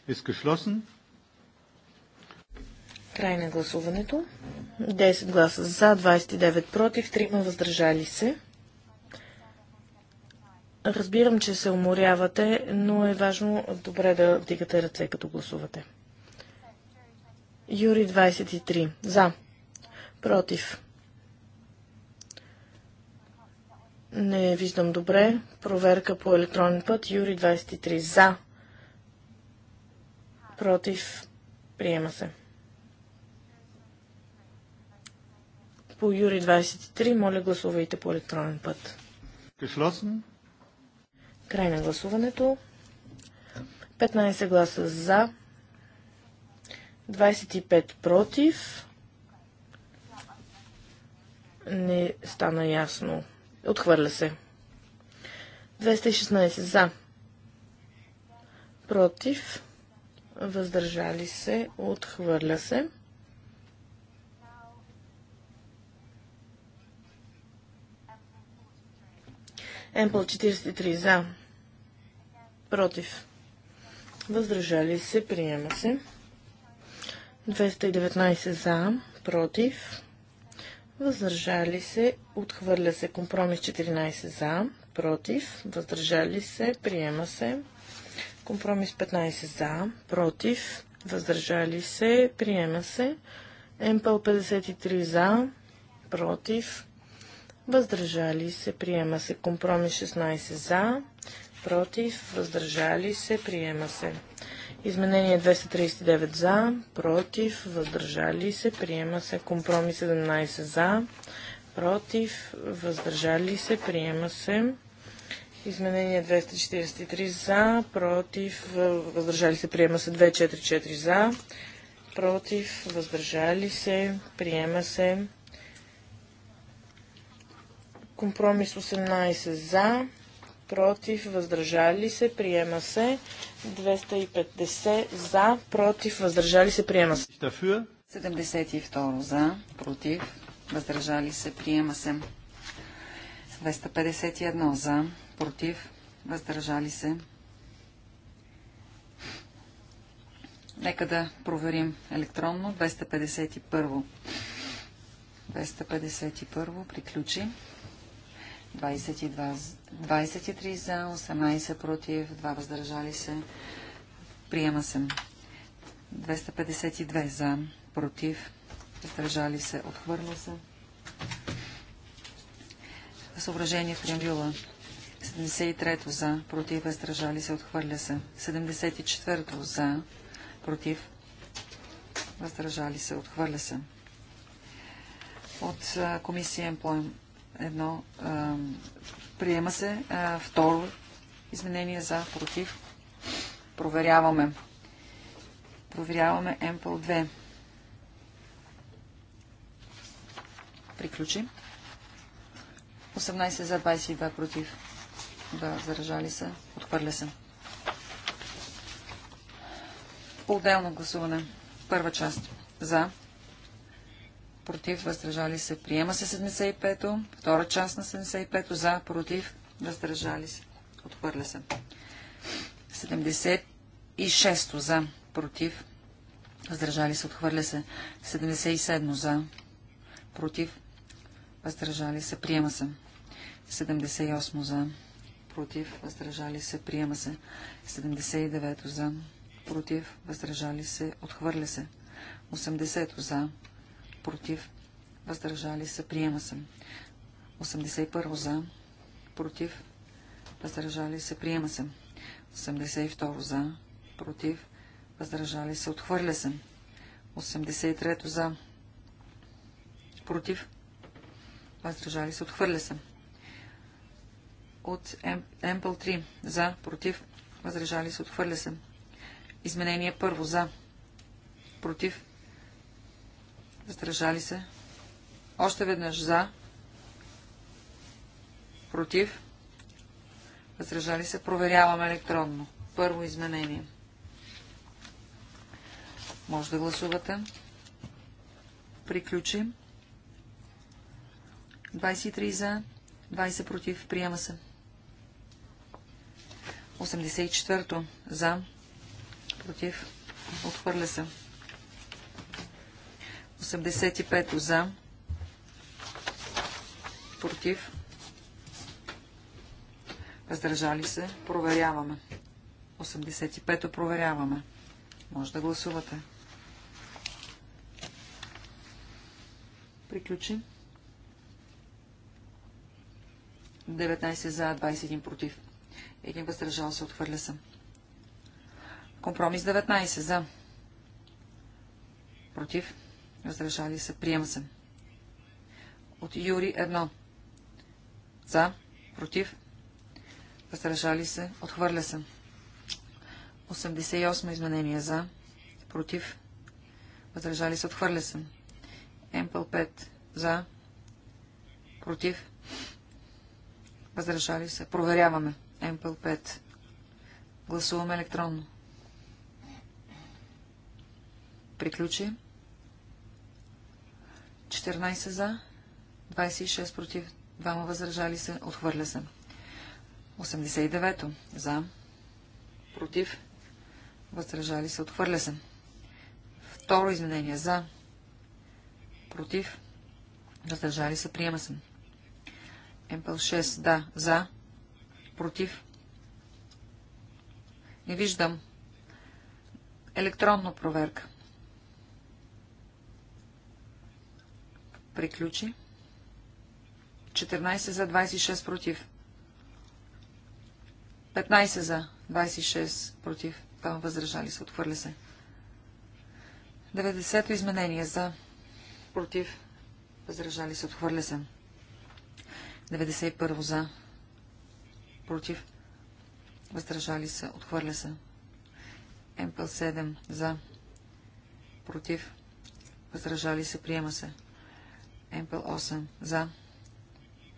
Изкъшлосен. Край на гласуването. 10 гласа за, 29 против, 3 въздържали се. Разбирам, че се уморявате, но е важно добре да вдигате ръце, като гласувате. Юри 23. За. Против. Не виждам добре. Проверка по електронен път. Юри 23. За. Против. Приема се. по Юри 23. Моля, гласувайте по електронен път. Geschlossen. Край на гласуването. 15 гласа за, 25 против. Не стана ясно. Отхвърля се. 216 за. Против. Въздържали се. Отхвърля се. МПЛ 43 за. Против. Въздържали се. Приема се. 219 за. Против. Въздържали се. Отхвърля се. Компромис 14 за. Против. Въздържали се. Приема се. Компромис 15 за. Против. Въздържали се. Приема се. МПЛ 53 за. Против въздържали се, приема се. Компромис 16 за, против, въздържали се, приема се. Изменение 239 за, против, въздържали се, приема се. Компромис 17 за, против, въздържали се, приема се. Изменение 243 за, против, въздържали се, приема се 244 за, против, въздържали се, приема се. Компромис 18 за, против, въздържали се, приема се. 250 за, против, въздържали се, приема се. 72 за, против, въздържали се, приема се. 251 за, против, въздържали се. Нека да проверим електронно. 251. 251 приключи. 22, 23 за, 18 против, 2 въздържали се. Приема се. 252 за, против, въздържали се, отхвърля се. Съображение в преамбюла. 73 за, против, въздържали се, отхвърля се. 74 за, против, въздържали се, отхвърля се. От комисия Employment едно а, приема се а, второ изменение за против. Проверяваме. Проверяваме МПЛ 2. Приключи. 18 за 22 против. Да, заражали се. Отхвърля се. По отделно гласуване. Първа част. За против, въздържали се, приема се 75-то, втора част на 75-то, за, против, въздържали се, отхвърля се. 76-то за, против, въздържали се, отхвърля се. 77-то за, против, въздържали се, приема се. 78 за, против, въздържали се, приема се. 79 за, против, въздържали се, отхвърля се. 80 за, против, въздържали се, приема се. 81 за, против, въздържали се, приема се. 82 за, против, въздържали се, отхвърля се. 83 за, против, въздържали се, отхвърля се. От Емпл 3 за, против, въздържали се, отхвърля се. Изменение първо за, против, Въздържали се. Още веднъж за. Против. Въздържали се. Проверяваме електронно. Първо изменение. Може да гласувате. Приключим. 23 за, 20 против. Приема се. 84 за, против. Отхвърля се. 85 за, против, въздържали се, проверяваме. 85-то проверяваме. Може да гласувате. Приключим. 19 за, 21 против. Един въздържал се, отхвърля се. Компромис 19 за. Против. Въздържали се. Приема се. От Юри едно. За. Против. Въздържали се. Отхвърля се. 88 изменение. За. Против. Въздържали се. Отхвърля се. МПЛ 5. За. Против. Въздържали се. Проверяваме. МПЛ 5. Гласуваме електронно. Приключи. 14 за, 26 против, 2 възражали се, отхвърля се. 89 за, против, въздържали се, отхвърля се. Второ изменение за, против, въздържали се, приема се. МПЛ 6 да, за, против. Не виждам. Електронна проверка. Приключи. 14 за, 26 против. 15 за, 26 против. Там възражали се, отхвърля се. 90-то изменение за, против, Възражали се, отхвърля се. 91 за, против, въздържали се, отхвърля се. МПЛ 7 за, против, въздържали се, приема се. Емпел 8. За.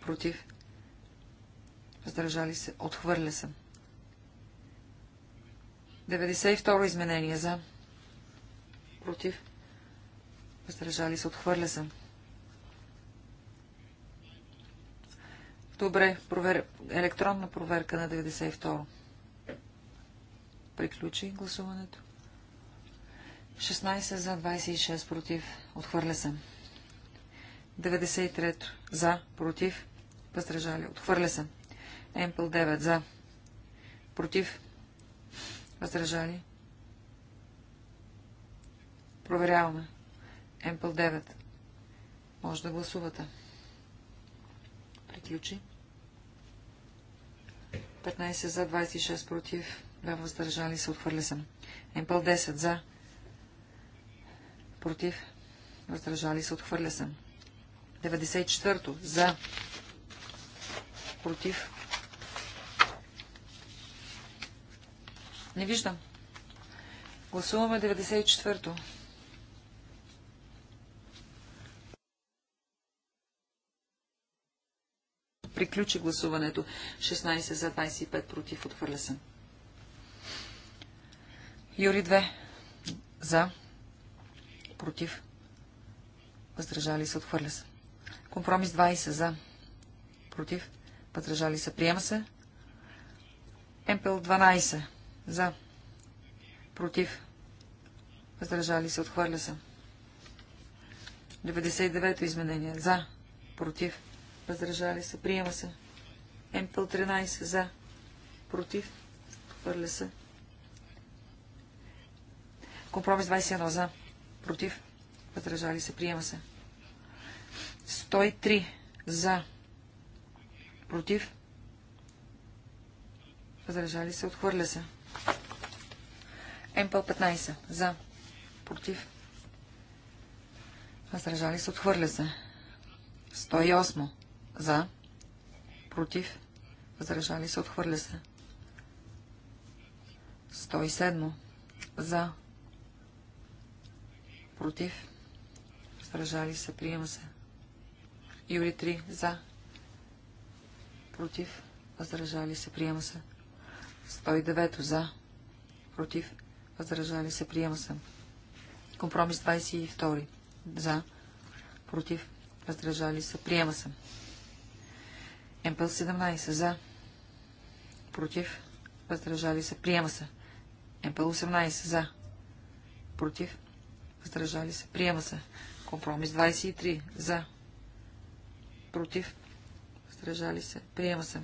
Против. Въздържали се. Отхвърля се. 92 изменение. За. Против. Въздържали се. Отхвърля се. Добре. Провер... Електронна проверка на 92. Приключи гласуването. 16 за 26 против. Отхвърля съм. 93 за, против, въздържали, отхвърля се. МПЛ 9 за, против, въздържали. Проверяваме. МПЛ 9. Може да гласувате. Приключи. 15 за, 26 против, 2 въздържали се, отхвърля съм. Емпъл 10 за, против, въздържали се, отхвърля съм. 94-то. За. Против. Не виждам. Гласуваме 94-то. Приключи гласуването. 16 за 25 против. Отхвърля се. Юри 2. За. Против. Въздържали се. Отхвърля се. Компромис 20 за. Против. Въздържали се. Приема се. МПЛ 12 за. Против. Въздържали се. Отхвърля се. 99 изменение. За. Против. Въздържали се. Приема се. МПЛ 13 за. Против. отхвърля се. Компромис 21 за. Против. Въздържали се. Приема се. 103 за, против, Възражали се, отхвърля се. МПЛ 15 за, против, Възражали се, отхвърля се. 108 за, против, Възражали се, отхвърля се. 107 за, против, Възражали се, приема се. Юри 3 за. Против. Въздържали се. Приема се. 109 за. Против. Въздържали се. Приема се. Компромис 22 за. Против. Въздържали се. Приема се. МПЛ 17 за. Против. Въздържали се. Приема се. МПЛ 18 за. Против. Въздържали се. Приема се. Компромис 23 за против, въздържали се, приема се.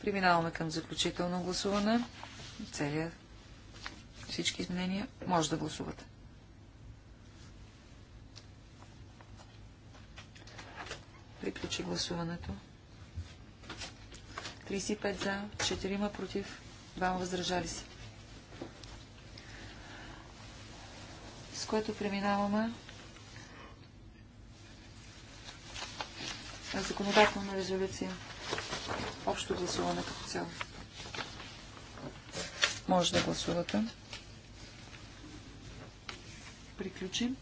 Преминаваме към заключително гласуване. Целият всички изменения може да гласувате. Приключи гласуването. 35 за, 4 против, 2 въздържали се. което преминаваме е законодателна резолюция. Общо гласуване като цяло. Може да гласувате. Приключим.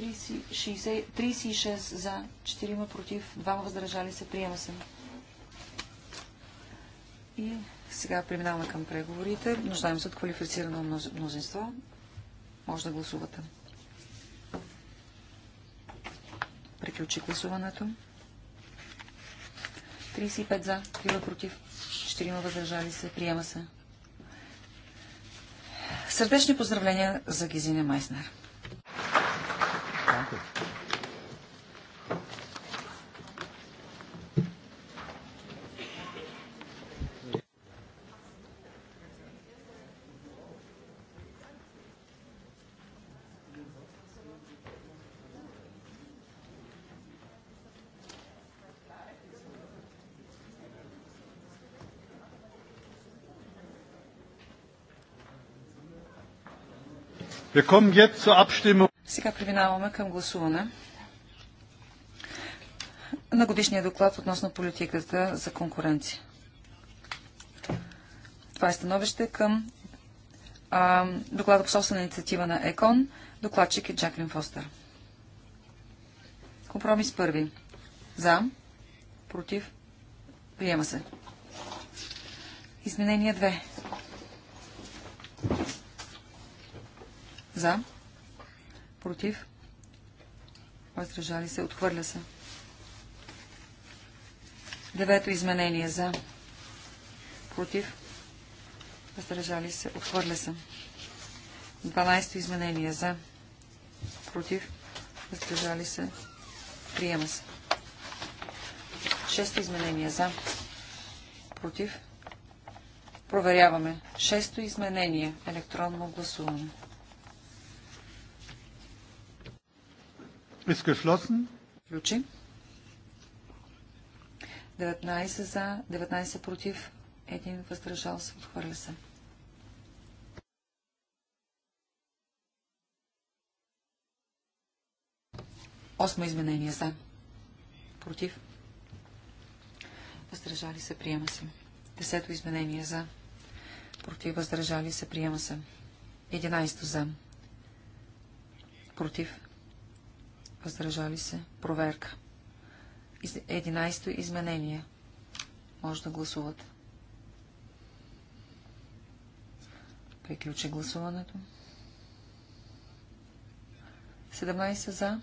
36 за, 4 против, 2 въздържали се, приема се. И сега преминаваме към преговорите. Нуждаем се от квалифицирано мнозинство. Може да гласувате. Приключи гласуването. 35 за, 3 против, 4 въздържали се. Приема се. Сърдечни поздравления за Гизиня Майснер. Thank you. Сега преминаваме към гласуване на годишния доклад относно политиката за конкуренция. Това е становище към а, доклада по собствена инициатива на ЕКОН. Докладчик е Джаклин Фостер. Компромис първи. За. Против. Приема се. Изменение две. За. Против. Въздържали се. Отхвърля се. Девето изменение. За. Против. Въздържали се. Отхвърля се. Дванайсто изменение. За. Против. Въздържали се. Приема се. Шесто изменение. За. Против. Проверяваме. Шесто изменение. Електронно гласуване. Ist Включи. 19 за, 19 против, 1 въздържал се, отхвърля се. Осмо изменение за. Против. Въздържали се, приема се. Десето изменение за. Против, въздържали се, приема се. Единайсто за. Против въздържали се, проверка. 11-то изменение. Може да гласуват. Приключи гласуването. 17 за,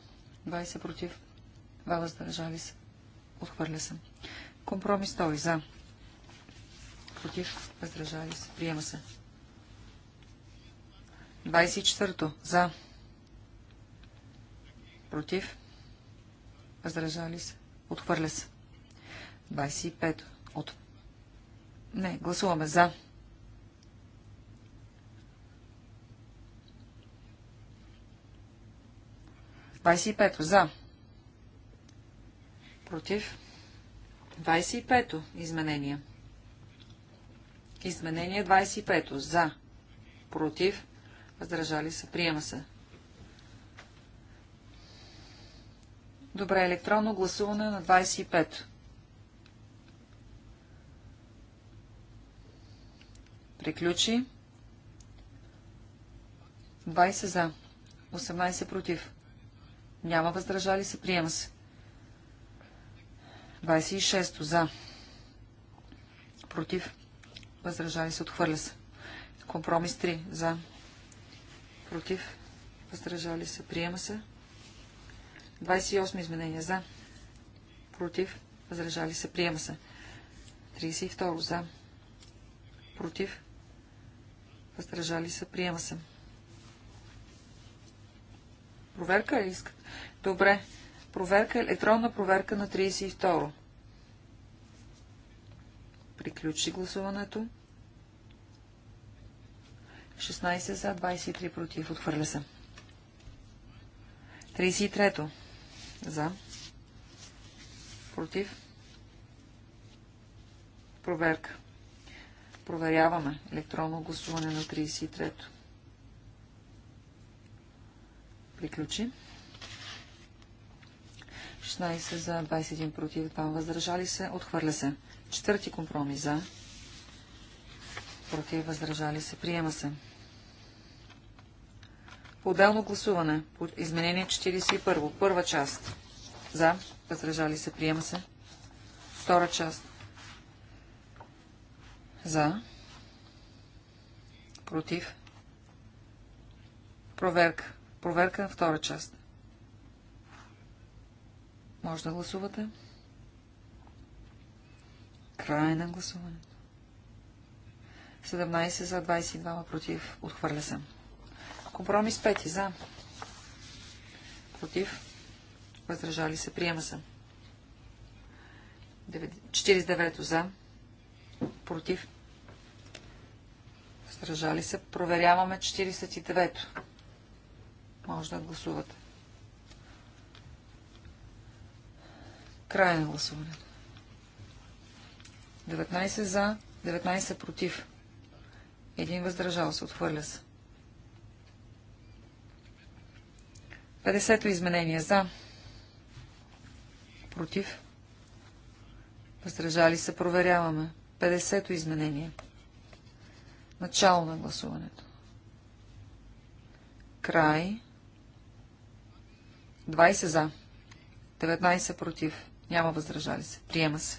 20 против, 2 въздържали се. Отхвърля се. Компромис той за. Против, въздържали се. Приема се. 24 за против, въздържали се, отхвърля се. 25 от... Не, гласуваме за. Двадесет и пето. За. Против. 25 пето. изменение. Изменение 25 пето. За. Против. Въздържали се. Приема се. Добре, електронно гласуване на 25. Приключи. 20 за. 18 против. Няма въздържали се. Приема се. 26 за. Против. Въздържали се. Отхвърля се. Компромис 3 за. Против. Въздържали се. Приема се. 28 изменения за. Против. възражали се. Приема се. 32 за. Против. Въздържали се. Приема се. Проверка ли искат? Добре. Проверка, електронна проверка на 32. Приключи гласуването. 16 за, 23 против. Отхвърля се. 33-то. За. Против. Проверка. Проверяваме електронно гласуване на 33-то. Приключи. 16 за, 21 против, 2 въздържали се, отхвърля се. Четвърти компромис за, против, въздържали се, приема се. Поделно гласуване. Изменение 41. Първа част. За. Въздържали се. Приема се. Втора част. За. Против. Проверка. Проверка. Втора част. Може да гласувате. Край на гласуването. 17 за 22 против. Отхвърля се. Компромис 5 за. Против. Въздържали се. Приема се. 49 за. Против. Въздържали се. Проверяваме 49-то. Може да гласувате. Край на гласуването. 19 за, 19 против. Един въздържал се. Отхвърля се. 50-то изменение за. Против. Въздържали се. Проверяваме. 50-то изменение. Начало на гласуването. Край. 20 за. 19 против. Няма въздържали се. Приема се.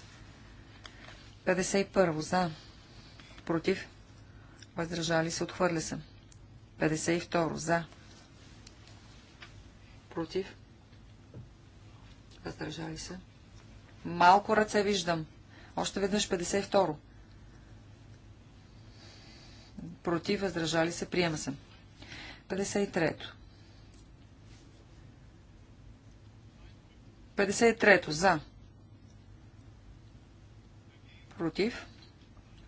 51 за. Против. Въздържали се. Отхвърля се. 52 за Против. Въздържали се. Малко ръце виждам. Още веднъж 52. Против. Въздържали се. Приема се. 53 53-то. За. Против.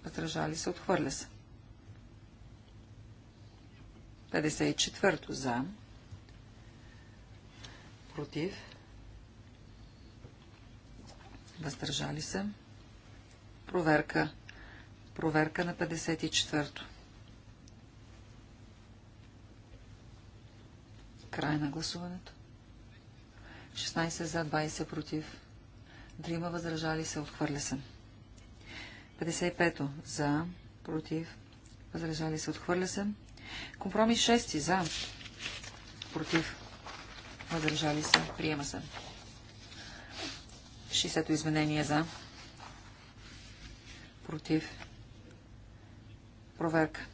Въздържали се. Отхвърля се. 54-то. За против, въздържали се. Проверка. Проверка на 54-то. Край на гласуването. 16 за, 20 против. Дрима въздържали се, отхвърля се. 55 за, против, въздържали се, отхвърля се. Компромис 6 за, против, въздържали се, приема се. 60-то изменение за, против, проверка.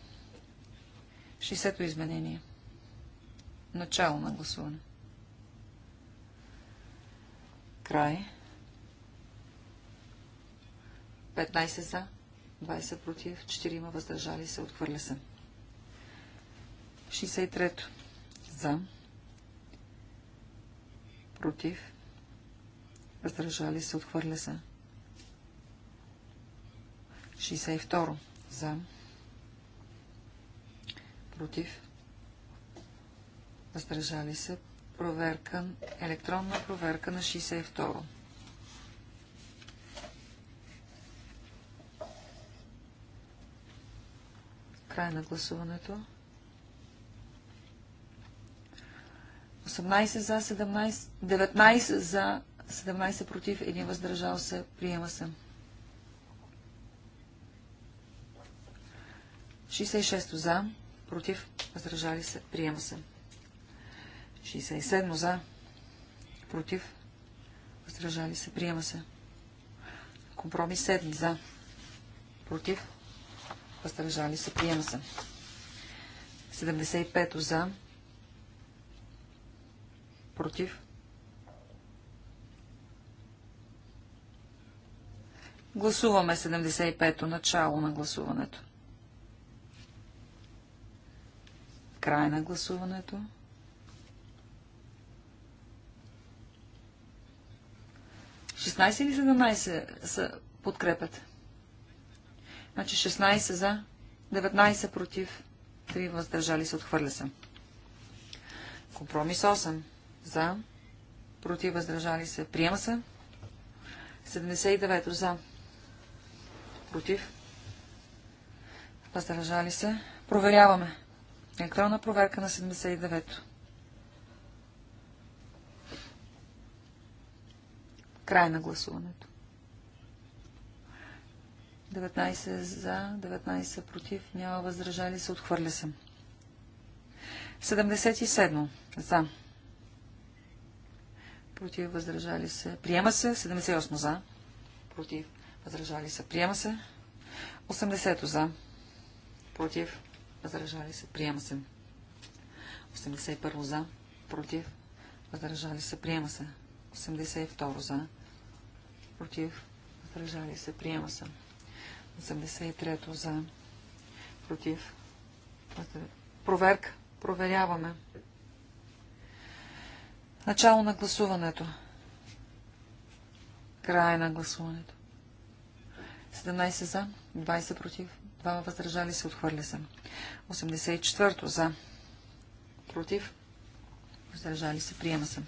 60-то изменение. Начало на гласуване. Край. 15 за, 20 против, 4 въздържали се, отхвърля се. 63-то. За против, въздържали се, отхвърля се. 62 за, против, въздържали се, проверка, електронна проверка на 62 Край на гласуването. 18 за, 17, 19 за, 17 против, 1 въздържал се, приема се. 66 за, против, въздържали се, приема се. 67 за, против, въздържали се, приема се. Компромис 7 за, против, въздържали се, приема се. 75 за, Против. Гласуваме 75-то начало на гласуването. Край на гласуването. Шестнайсет или 17 са подкрепят? Значи 16 за, 19 против, 3 въздържали се, отхвърля се. Компромис 8 за, против, въздържали се, приема се. 79 за, против, въздържали се. Проверяваме. Електронна проверка на 79-то. Край на гласуването. 19 за, 19 против, няма въздържали се, отхвърля съм. 77 за против, въздържали се, приема се, 78 за, против, въздържали се, приема се, 80 за, против, въздържали се, приема се, 81 за, против, въздържали се, приема се, 82 за, против, въздържали се, приема се, 83 за, против, въздържали се, проверка, проверяваме. Начало на гласуването. Край на гласуването. 17 за, 20 против, 2 въздържали се, отхвърля се. 84 за, против, въздържали се, приема се.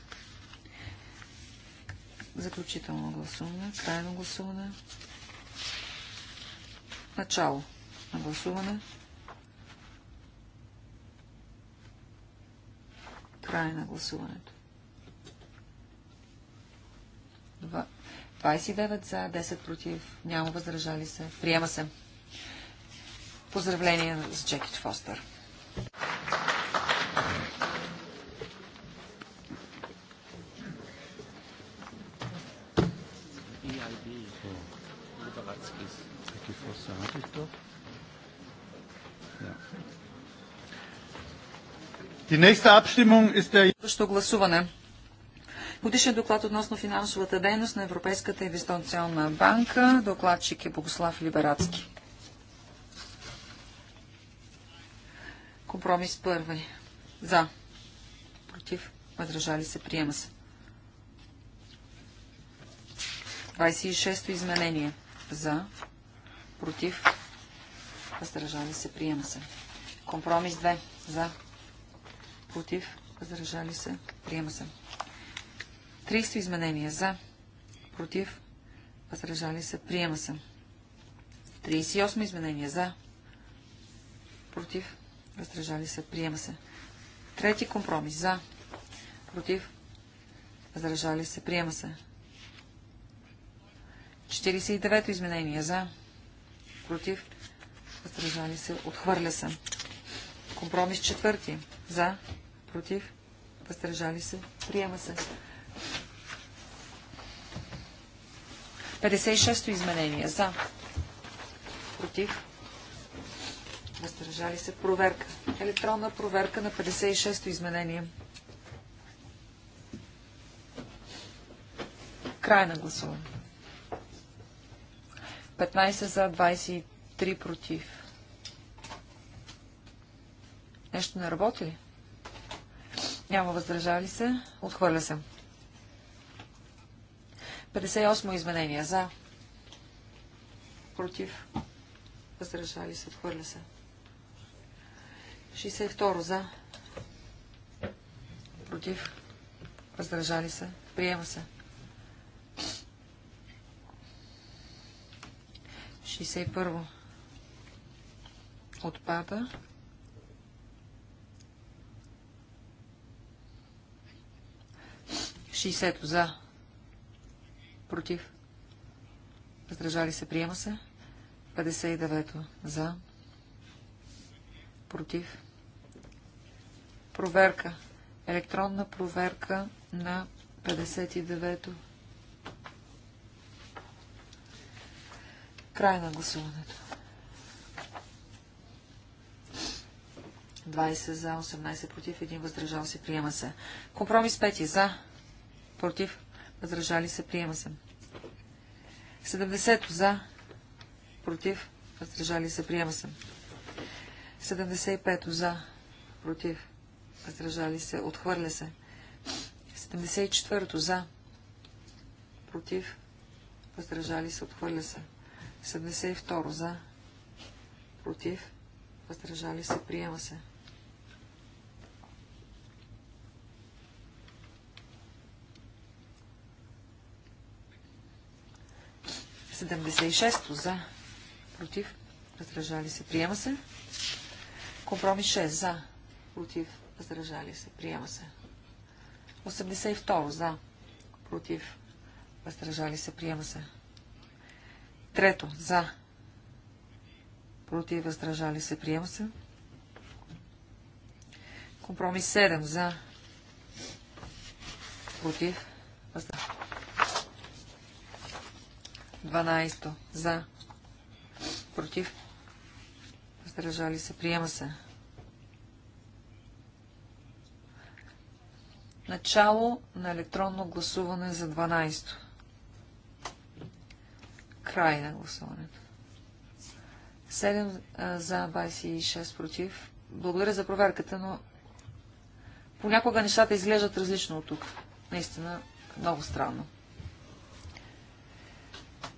Заключително гласуване, крайно гласуване, начало на гласуване, край на гласуването. 29 за, 10 против, няма възражали се. Приема се. Поздравление за Джекич Фостър. Die nächste Abstimmung ist der... Гласуване Годишен доклад относно финансовата дейност на Европейската инвестиционна банка. Докладчик е Богослав Либерацки. Компромис първи. За. Против. Въздържали се. Приема се. 26-то изменение. За. Против. Въздържали се. Приема се. Компромис 2. За. Против. Въздържали се. Приема се. 30 изменения за, против, въздържали се, приема се. 38 изменения за, против, въздържали се, приема се. Трети компромис за, против, въздържали се, приема се. 49-то изменение за, против, въздържали се, отхвърля се. Компромис четвърти за, против, въздържали се, приема се. 56-то изменение. За. Против. Въздържали се. Проверка. Електронна проверка на 56-то изменение. Край на гласуване. 15 за, 23 против. Нещо не работи ли? Няма въздържали се. Отхвърля се. 58 изменение. За. Против. Въздържали се. Отхвърля се. 62 за. Против. Въздържали се. Приема се. 61 отпада. 60 за. Против. Въздържали се. Приема се. 59-то. За. Против. Проверка. Електронна проверка на 59-то. Край на гласуването. 20 за, 18 против, 1 въздържал се, приема се. Компромис 5 за, против, Въздържали се. Приема се. 70 за. Против. Въздържали се. Приема се. 75 за. Против. Въздържали се. Отхвърля се. 74 за. Против. Въздържали се. Отхвърля се. 72 за. Против. Въздържали се. Приема се. 76 за, против, въздържали се, приема се. Компромис 6 за, против, въздържали се, приема се. 82 за, против, въздържали се, приема се. Трето, за, против, въздържали се, приема се. Компромис 7 за, против, въздържали се. 12 за, против, въздържали се, приема се. Начало на електронно гласуване за 12. Край на гласуването. 7 за, 26 против. Благодаря за проверката, но понякога нещата изглеждат различно от тук. Наистина, много странно.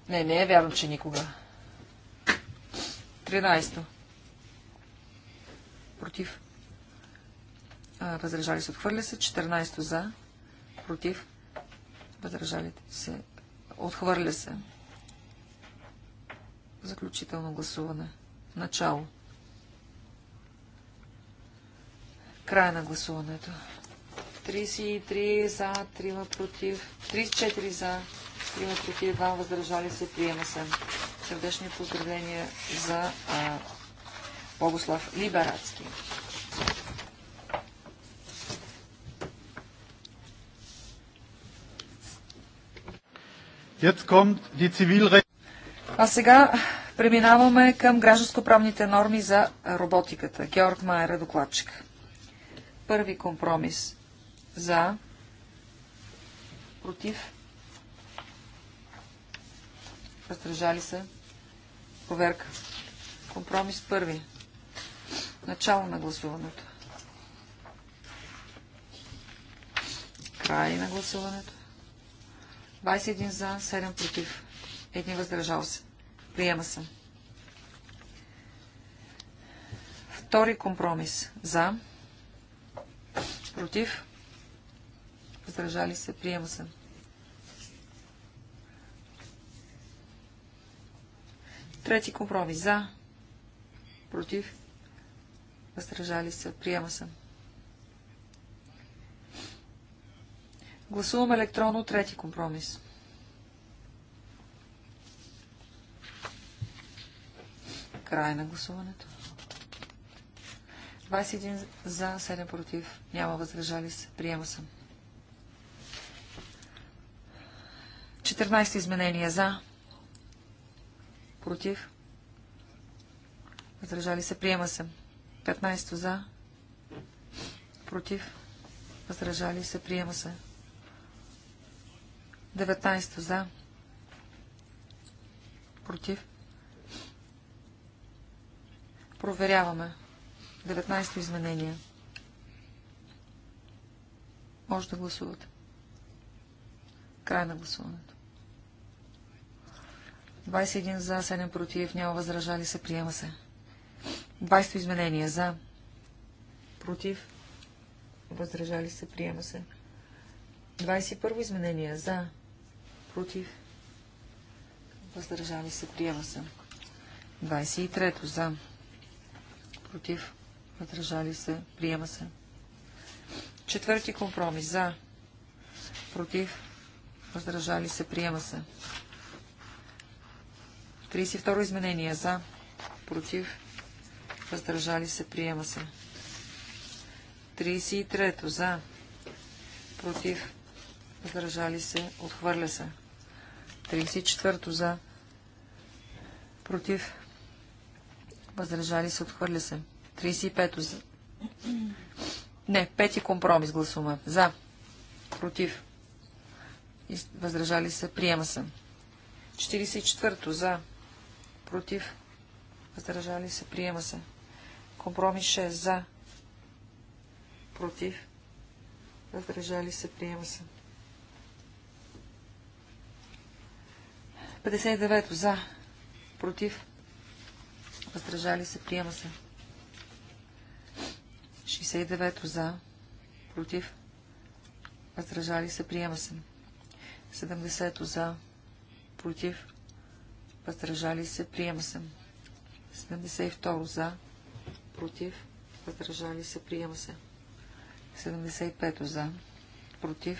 Не, не е вярно, че никога. 13. Против. възражали се. Отхвърля се. 14 за. Против. Възражали се. Отхвърля се. Заключително гласуване. Начало. Края на гласуването. 33 за, 3 против, 34 за, 3 против, 2 въздържали се, приема се. Сърдечни поздравления за а, Богослав Либерацки. А сега преминаваме към гражданско-правните норми за роботиката. Георг Майер е докладчик. Първи компромис за против въздържали се, проверка. Компромис първи. Начало на гласуването. Край на гласуването. 21 за, 7 против. Един въздържал се. Приема се. Втори компромис. За. Против. Въздържали се. Приема се. Трети компромис. За. Против. Въздържали се. Приема се. Гласувам електронно трети компромис. Край на гласуването. 21 за, 7 против. Няма възражали се. Приема съм. 14 изменения за, против, въздържали се, приема се. 15 за, против, въздържали се, приема се. 19 за, против. Проверяваме. 19 изменение. Може да гласувате. Край на гласуването. 21 за, 7 против, няма възражали се, приема се. 20 изменение за, против, въздържали се, приема се. 21 изменение за, против, въздържали се, приема се. 23 за, против, въздържали се, приема се. Четвърти компромис за, против, въздържали се, приема се. 32 изменение. За. Против. Въздържали се. Приема се. 33 За. Против. Въздържали се. Отхвърля се. 34 За. Против. Въздържали се. Отхвърля се. 35 За. Не, пети компромис гласуваме. За. Против. Въздържали се. Приема се. 44 За против, въздържали се, приема се. Компромис 6 за, против, въздържали се, приема се. 59 за, против, въздържали се, приема се. 69 за, против, въздържали се, приема се. 70 за, против, въздържали се, приема се. 72 за, против, въздържали се, приема се. 75 за, против,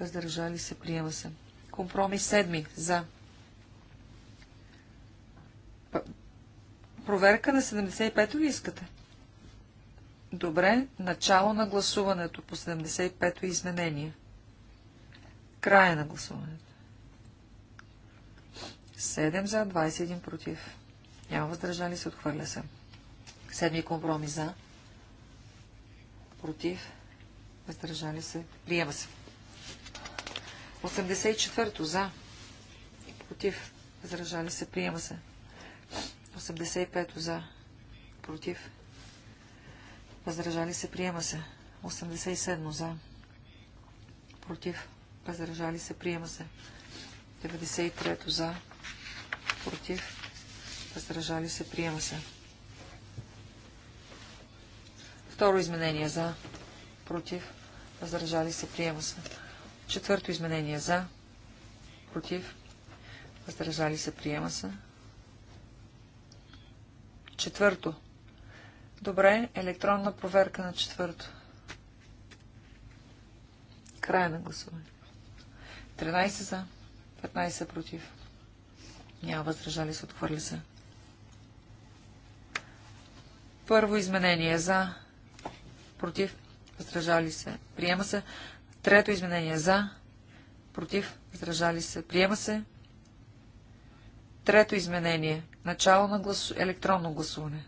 въздържали се, приема се. Компромис 7 за. проверка на 75-то ли искате? Добре, начало на гласуването по 75-то изменение. Края на гласуването. 7 за, 21 против. Няма въздържали се, отхвърля се. Седми компромис за, против, въздържали се, приема се. 84-то за, против, въздържали се, приема се. 85-то за, против, въздържали се, приема се. 87 за, против, въздържали се, приема се. 93 за, против, въздържали се, приема се. Второ изменение за, против, въздържали се, приема се. Четвърто изменение за, против, въздържали се, приема се. Четвърто. Добре, електронна проверка на четвърто. Край на гласуване. 13 за, 15 против. Няма въздържали се, отхвърля се. Първо изменение за, против, въздържали се, приема се. Трето изменение за, против, въздържали се, приема се. Трето изменение. Начало на гласу... електронно гласуване.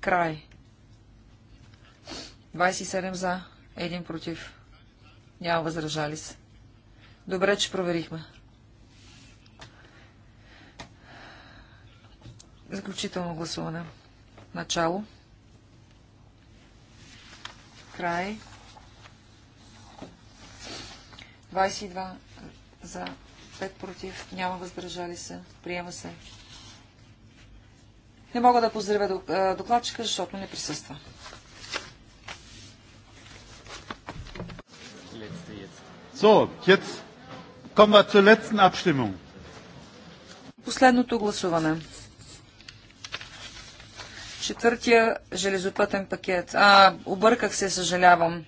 Край. 27 за, 1 против. Няма възражали се. Добре, че проверихме. Заключително гласуване. Начало. Край. 22 за 5 против. Няма въздържали се. Приема се. Не мога да поздравя докладчика, защото не присъства. So, jetzt Последното гласуване. Четвъртия железопътен пакет. А, обърках се, съжалявам.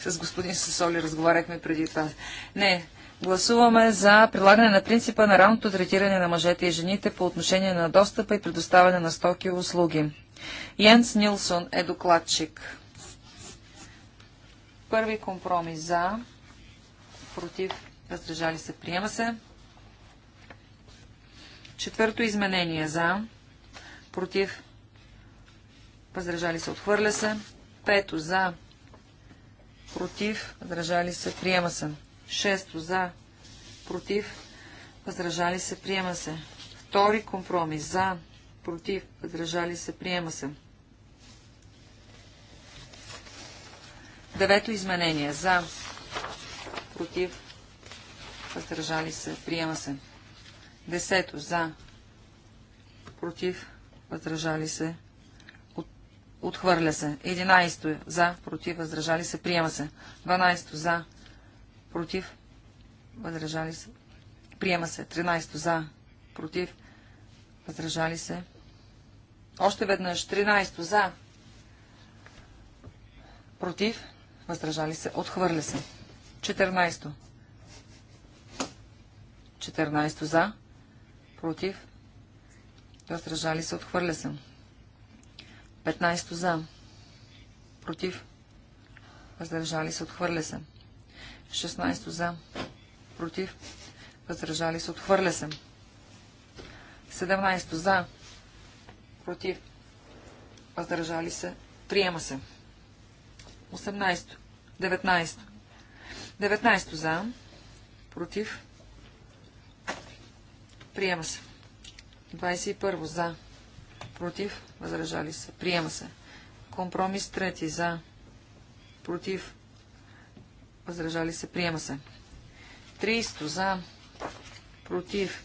С господин Сесоли разговаряхме преди това. Не, Гласуваме за прилагане на принципа на равното третиране на мъжете и жените по отношение на достъпа и предоставяне на стоки и услуги. Йенс Нилсон е докладчик. Първи компромис за, против, въздържали се, приема се. Четвърто изменение за, против, въздържали се, отхвърля се. Пето за, против, въздържали се, приема се. Шесто за, против, въздържали се, приема се. Втори компромис за, против, въздържали се, приема се. Девето изменение. За, против, въздържали се, приема се. Десето. За, против, въздържали се, от, отхвърля се. Единайсто. За, против, въздържали се, приема се. Дванайсто. За, против, въздържали се, приема се. Тринайсто. За, против, въздържали се Въздържали се. Още веднъж. 13 за. Против. Въздържали се. Отхвърля се. 14. 14 за. Против. Въздържали се. Отхвърля се. 15 за. Против. Въздържали се. Отхвърля се. 16 за. Против. Въздържали се. Отхвърля се. 17 за, против, въздържали се, приема се. 18, 19, 19 за, против, приема се. 21 за, против, възражали се, приема се. Компромис 3 за, против, възражали се, приема се. 30 за, против,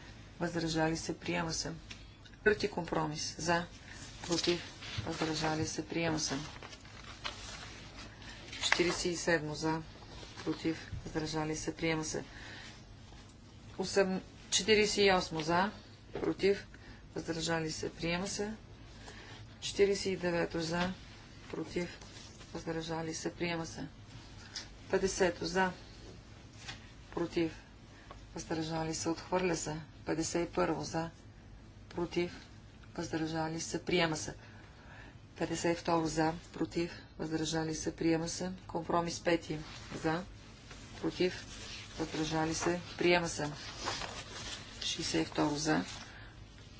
въздържали се, приема се. Трети компромис. За, против, въздържали се, приема се. 47 за, против, въздържали се, приема се. 48 за, против, въздържали се, приема се. 49 за, против, въздържали се, приема се. 50 за, против, въздържали се, отхвърля се. 51 за, против, въздържали се, приема се. 52 за, против, въздържали се, приема се. Компромис 5 за, против, въздържали се, приема се. 62 за,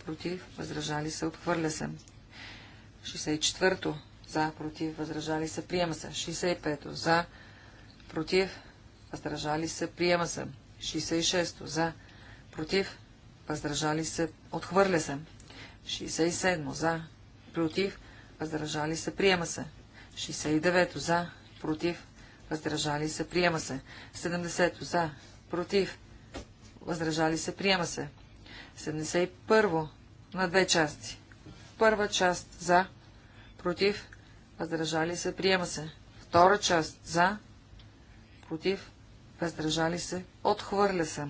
против, въздържали се, отхвърля се. 64 за, против, въздържали се, приема се. 65 за, против, въздържали се, приема се. 66 за, против, въздържали се, отхвърля се. 67 за, против, въздържали се, приема се. 69 за, против, въздържали се, приема се. 70 за, против, въздържали се, приема се. 71 на две части. Първа част за, против, въздържали се, приема се. Втора част за, против, въздържали се, отхвърля се.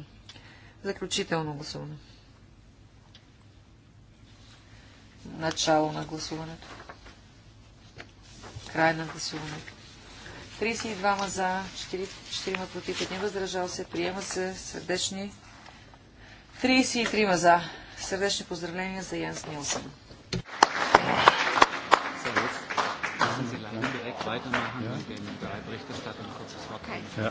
Заключително гласуване. Начало на гласуването. Край на гласуването. 32 за, 4, ма против, 1 въздържал се. Приема се сърдечни 33 за. Сърдечни поздравления за Янс Нилсън. weitermachen ja. dem Berichterstatter ein kurzes Wort. Okay. Ja.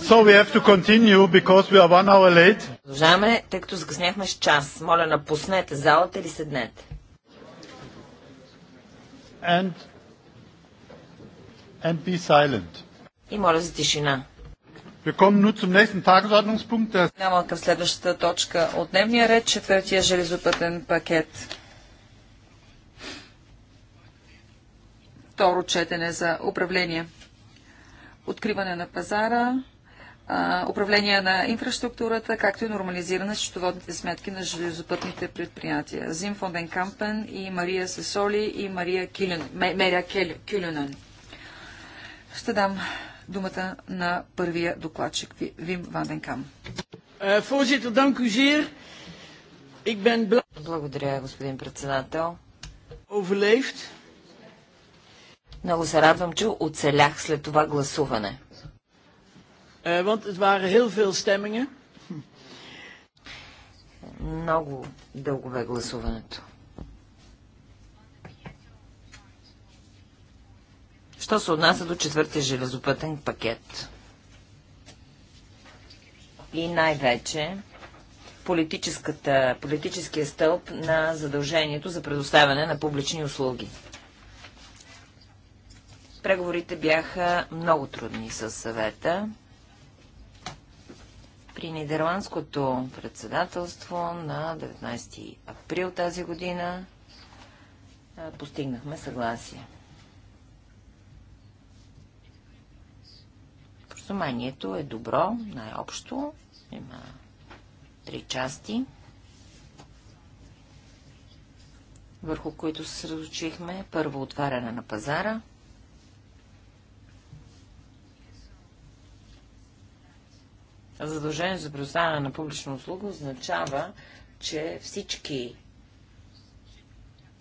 So we have to continue because we are one hour late. Продължаваме, тъй като закъсняхме с час. Моля, напуснете залата или седнете. And, and be silent. И моля за тишина. Няма към следващата точка от дневния ред, четвъртия железопътен пакет. Второ четене за управление откриване на пазара, управление на инфраструктурата, както и нормализиране на счетоводните сметки на железопътните предприятия. Зим Фонден Кампен и Мария Сесоли и Мария Килюн, Мерия Килюнен. Ще дам думата на първия докладчик Вим Ванденкам. Е, Благодаря, господин председател. Overleefd. Много се радвам, че оцелях след това гласуване. Е, Много дълго бе гласуването. Що се отнася до четвъртия железопътен пакет? И най-вече политическия стълб на задължението за предоставяне на публични услуги. Преговорите бяха много трудни с съвета. При нидерландското председателство на 19 април тази година постигнахме съгласие. Споразумението е добро, най-общо. Има три части, върху които се съсредоточихме. Първо отваряне на пазара – задължение за предоставяне на публична услуга означава, че всички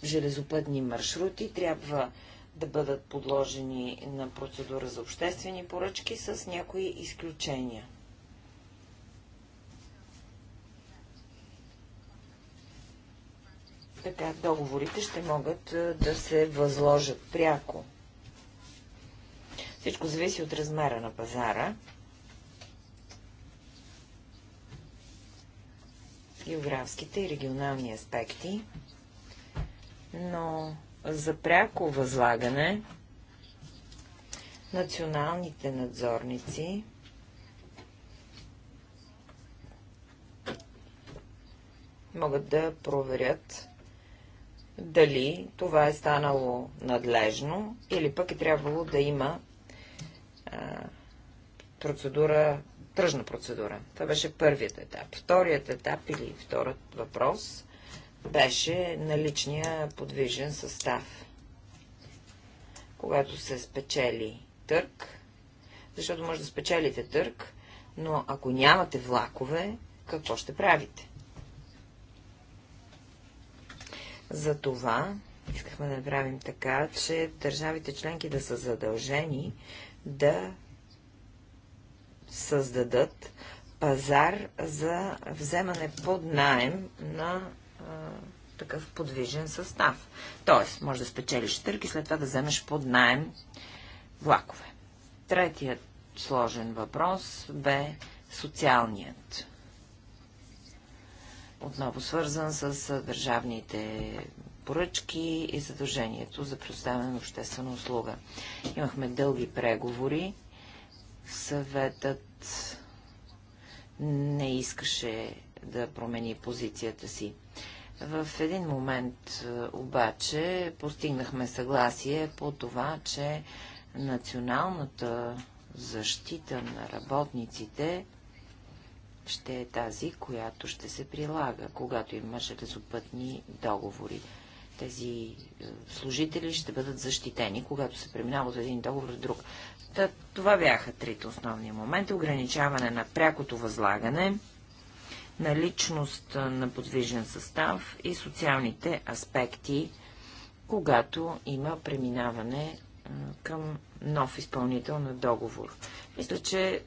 железопътни маршрути трябва да бъдат подложени на процедура за обществени поръчки с някои изключения. Така, договорите ще могат да се възложат пряко. Всичко зависи от размера на пазара географските и регионални аспекти, но за пряко възлагане националните надзорници могат да проверят дали това е станало надлежно или пък е трябвало да има а, процедура тръжна процедура. Това беше първият етап. Вторият етап или вторият въпрос беше наличния подвижен състав. Когато се спечели търк, защото може да спечелите търк, но ако нямате влакове, какво ще правите? Затова искахме да направим така, че държавите членки да са задължени да създадат пазар за вземане под найем на а, такъв подвижен състав. Тоест, може да спечелиш търки, след това да вземеш под найем влакове. Третият сложен въпрос бе социалният. Отново свързан с държавните поръчки и задължението за предоставяне на обществена услуга. Имахме дълги преговори Съветът не искаше да промени позицията си. В един момент е, обаче постигнахме съгласие по това, че националната защита на работниците ще е тази, която ще се прилага, когато има железопътни договори. Тези е, служители ще бъдат защитени, когато се преминава от един договор в друг. Та, това бяха трите основни момента. Ограничаване на прякото възлагане, наличност е, на подвижен състав и социалните аспекти, когато има преминаване е, към нов изпълнител на договор. Мисля, че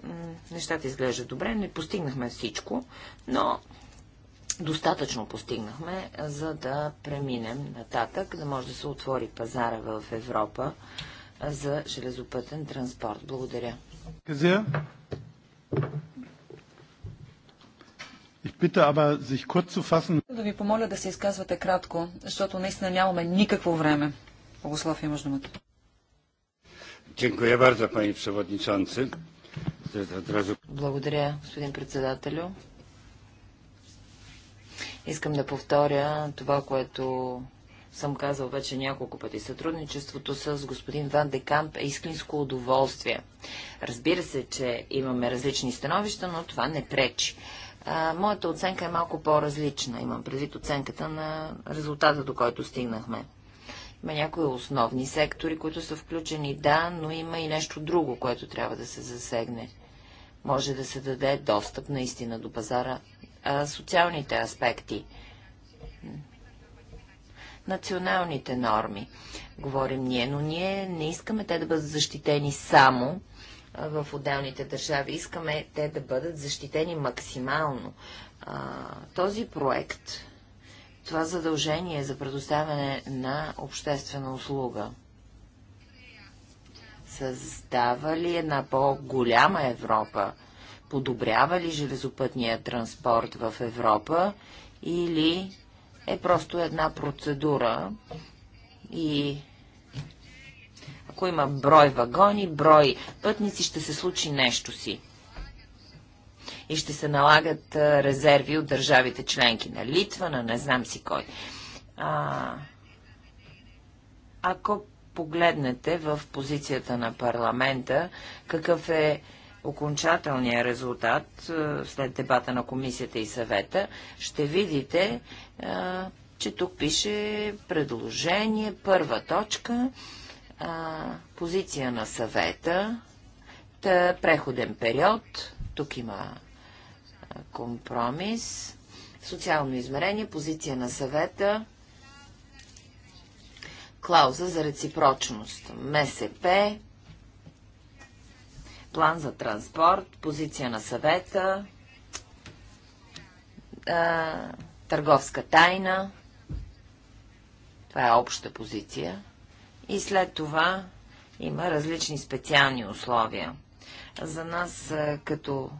нещата изглеждат добре, не постигнахме всичко, но достатъчно постигнахме, за да преминем нататък, да може да се отвори пазара в Европа за железопътен транспорт. Благодаря. Да ви помоля да се изказвате кратко, защото наистина нямаме никакво време. Богослав, имаш думата. Благодаря, господин председателю. Искам да повторя това, което съм казал вече няколко пъти. Сътрудничеството с господин Ван Декамп е истинско удоволствие. Разбира се, че имаме различни становища, но това не пречи. А, моята оценка е малко по-различна. Имам предвид оценката на резултата, до който стигнахме. Има някои основни сектори, които са включени, да, но има и нещо друго, което трябва да се засегне. Може да се даде достъп наистина до пазара социалните аспекти, националните норми, говорим ние, но ние не искаме те да бъдат защитени само в отделните държави. Искаме те да бъдат защитени максимално. този проект, това задължение за предоставяне на обществена услуга, създава ли една по-голяма Европа, подобрява ли железопътния транспорт в Европа или е просто една процедура и ако има брой вагони, брой пътници, ще се случи нещо си. И ще се налагат резерви от държавите членки на Литва, на не знам си кой. А, ако погледнете в позицията на парламента, какъв е окончателния резултат след дебата на комисията и съвета, ще видите, че тук пише предложение, първа точка, позиция на съвета, преходен период, тук има компромис, социално измерение, позиция на съвета, клауза за реципрочност, МСП, план за транспорт, позиция на съвета, а, търговска тайна. Това е обща позиция. И след това има различни специални условия. За нас като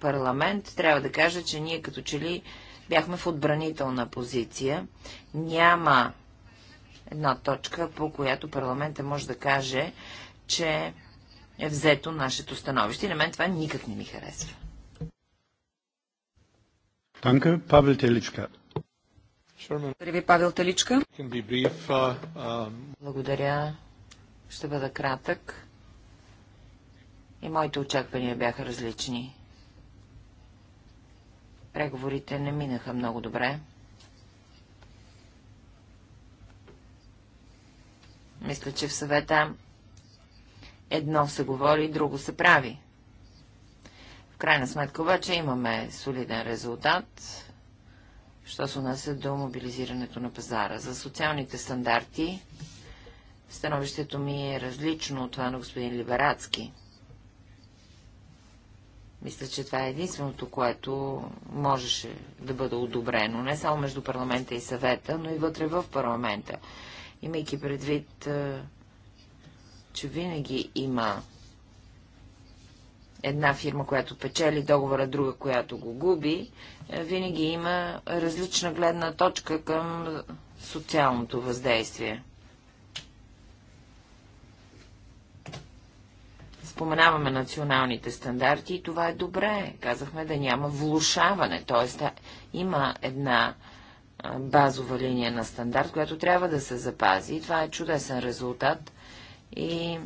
парламент трябва да кажа, че ние като че ли бяхме в отбранителна позиция. Няма една точка, по която парламента може да каже, че е взето нашето становище и на мен това никак не ми харесва. Данка, Павел Теличка. Благодаря ви, Павел Теличка. Uh, um, Благодаря. Ще бъда кратък. И моите очаквания бяха различни. Преговорите не минаха много добре. Мисля, че в съвета едно се говори, друго се прави. В крайна сметка обаче имаме солиден резултат, що се отнася до мобилизирането на пазара. За социалните стандарти становището ми е различно от това на господин Либерацки. Мисля, че това е единственото, което можеше да бъде одобрено, не само между парламента и съвета, но и вътре в парламента, имайки предвид е, че винаги има една фирма, която печели договора, друга, която го губи, е, винаги има различна гледна точка към социалното въздействие. Споменаваме националните стандарти и това е добре. Казахме да няма влушаване, т.е. има една базова линия на стандарт, която трябва да се запази и това е чудесен резултат и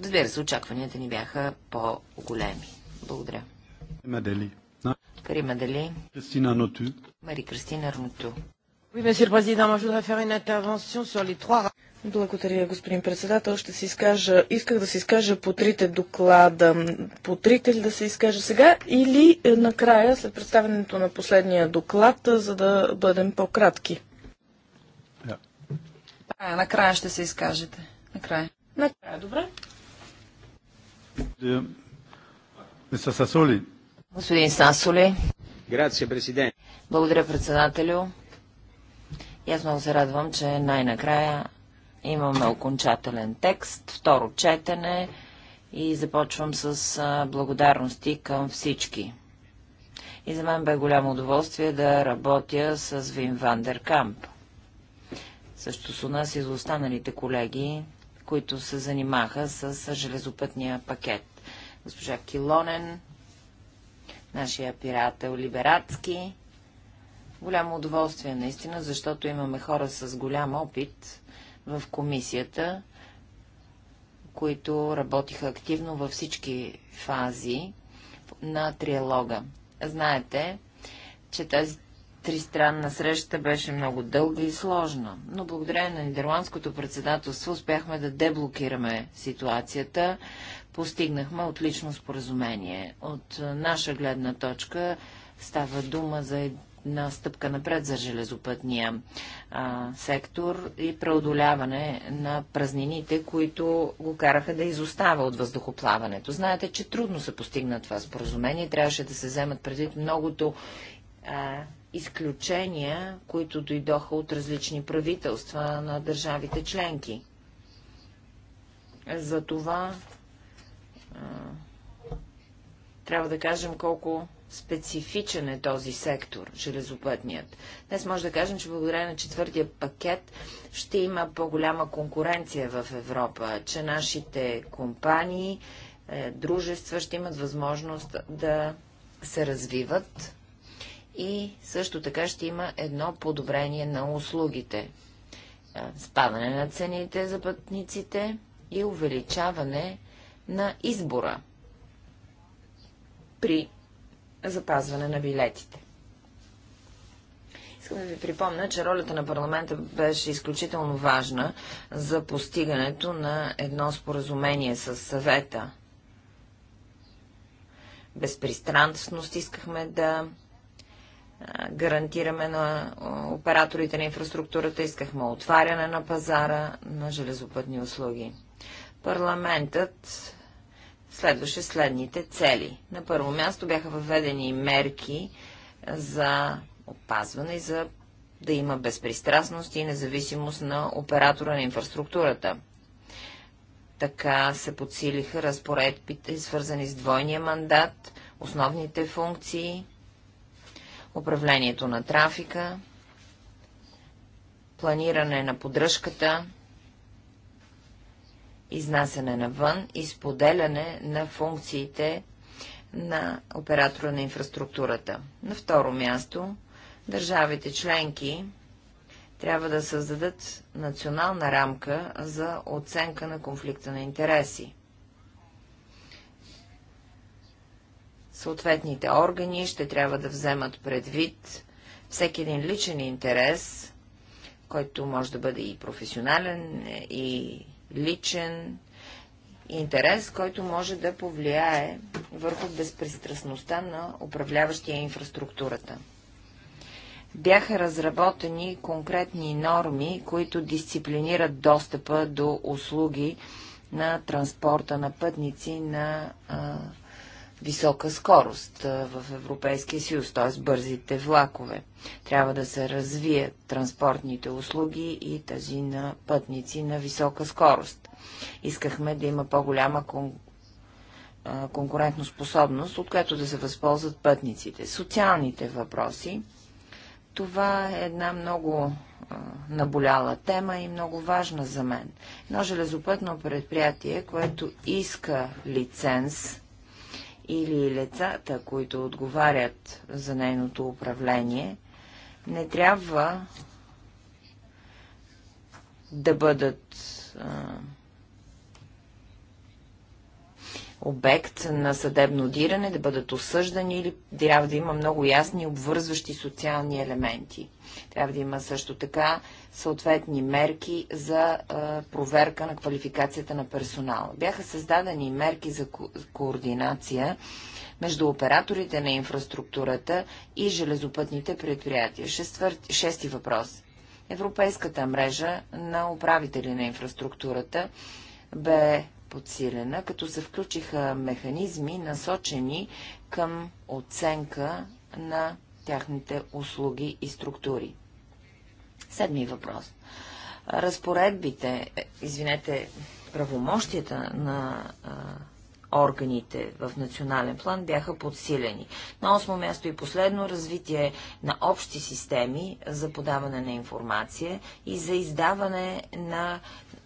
Разбира се, очакванията ни бяха по-големи. Благодаря. Мадели. Карима Дали. Кристина Ноту. Мари Кристина Рноту. Благодаря, господин председател. Ще се изкажа. Исках да се изкажа по трите доклада. По трите ли да се изкажа сега или е, накрая, след представенето на последния доклад, е, за да бъдем по-кратки? А, накрая ще се изкажете. Накрая. Накрая, добре. Е, Господин Сасули. Грация, президент. Благодаря, председателю. И аз много се радвам, че най-накрая имаме окончателен текст, второ четене и започвам с благодарности към всички. И за мен бе голямо удоволствие да работя с Вин Вандеркамп. Също с нас и за останалите колеги, които се занимаха с железопътния пакет. Госпожа Килонен, нашия пирател Либератски. Голямо удоволствие наистина, защото имаме хора с голям опит в комисията, които работиха активно във всички фази на триалога. Знаете, че тази тристранна среща беше много дълга и сложна, но благодарение на нидерландското председателство успяхме да деблокираме ситуацията. Постигнахме отлично споразумение. От наша гледна точка става дума за една стъпка напред за железопътния а, сектор и преодоляване на празнините, които го караха да изостава от въздухоплаването. Знаете, че трудно се постигна това споразумение. Трябваше да се вземат предвид многото а, изключения, които дойдоха от различни правителства на държавите членки. За това а, трябва да кажем колко специфичен е този сектор, железопътният. Днес може да кажем, че благодарение на четвъртия пакет ще има по-голяма конкуренция в Европа, че нашите компании, е, дружества ще имат възможност да се развиват и също така ще има едно подобрение на услугите. Спадане на цените за пътниците и увеличаване на избора при запазване на билетите. Искам да ви припомня, че ролята на парламента беше изключително важна за постигането на едно споразумение с съвета. Безпристрастност искахме да гарантираме на операторите на инфраструктурата, искахме отваряне на пазара на железопътни услуги. Парламентът следваше следните цели. На първо място бяха въведени мерки за опазване и за да има безпристрастност и независимост на оператора на инфраструктурата. Така се подсилиха разпоредбите, свързани с двойния мандат, основните функции управлението на трафика, планиране на поддръжката, изнасяне навън и споделяне на функциите на оператора на инфраструктурата. На второ място, държавите членки трябва да създадат национална рамка за оценка на конфликта на интереси. Съответните органи ще трябва да вземат предвид всеки един личен интерес, който може да бъде и професионален, и личен интерес, който може да повлияе върху безпристрастността на управляващия инфраструктурата. Бяха разработени конкретни норми, които дисциплинират достъпа до услуги на транспорта на пътници на а, висока скорост в Европейския съюз, т.е. бързите влакове. Трябва да се развият транспортните услуги и тази на пътници на висока скорост. Искахме да има по-голяма кон... от която да се възползват пътниците. Социалните въпроси. Това е една много наболяла тема и много важна за мен. Едно железопътно предприятие, което иска лиценз или лицата, които отговарят за нейното управление, не трябва да бъдат а, обект на съдебно диране, да бъдат осъждани или трябва да има много ясни обвързващи социални елементи. Трябва да има също така съответни мерки за а, проверка на квалификацията на персонала. Бяха създадени мерки за ко координация между операторите на инфраструктурата и железопътните предприятия. Шествър... Шести въпрос. Европейската мрежа на управители на инфраструктурата бе подсилена, като се включиха механизми, насочени към оценка на тяхните услуги и структури. Седми въпрос. Разпоредбите, е, извинете, правомощията на органите в национален план бяха подсилени. На осмо място и последно развитие на общи системи за подаване на информация и за издаване на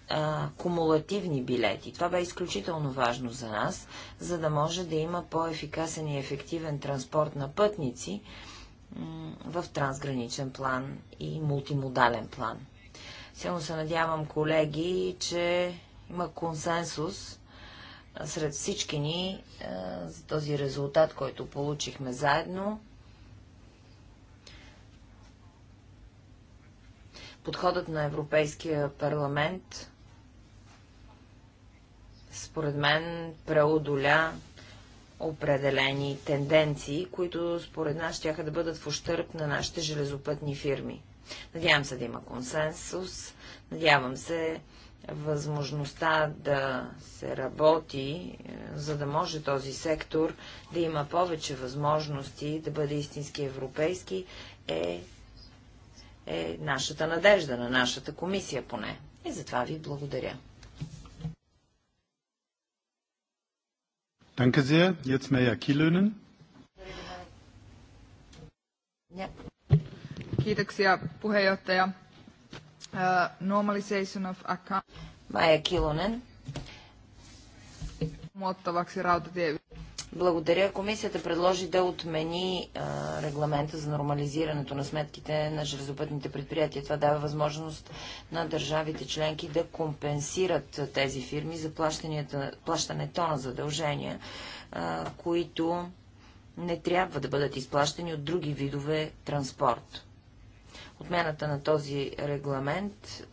а, кумулативни билети. Това бе изключително важно за нас, за да може да има по-ефикасен и ефективен транспорт на пътници в трансграничен план и мултимодален план. Силно се надявам, колеги, че има консенсус сред всички ни а, за този резултат, който получихме заедно. Подходът на Европейския парламент според мен преодоля определени тенденции, които според нас ще да бъдат в ущърп на нашите железопътни фирми. Надявам се да има консенсус, надявам се възможността да се работи, е, за да може този сектор да има повече възможности да бъде истински европейски, е, е нашата надежда, на нашата комисия поне. И затова ви благодаря. Danke sehr. Jetzt Kilönen. Kiitoksia puheenjohtaja. Uh, normalization of account. Maija Kilonen. Muottavaksi благодаря. Комисията предложи да отмени а, регламента за нормализирането на сметките на железопътните предприятия. Това дава възможност на държавите членки да компенсират тези фирми за плащането на задължения, а, които не трябва да бъдат изплащани от други видове транспорт. Отмяната на този регламент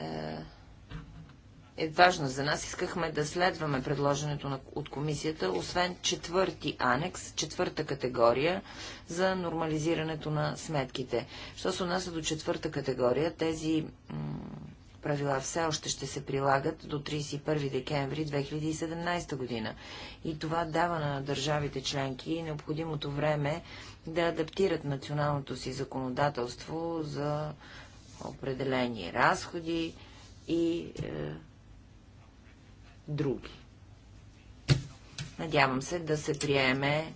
е, е важна за нас. Искахме да следваме предложенето на, от комисията, освен четвърти анекс, четвърта категория за нормализирането на сметките. Що се отнася до четвърта категория, тези правила все още ще се прилагат до 31 декември 2017 година. И това дава на държавите членки необходимото време да адаптират националното си законодателство за определени разходи и е, други. Надявам се да се приеме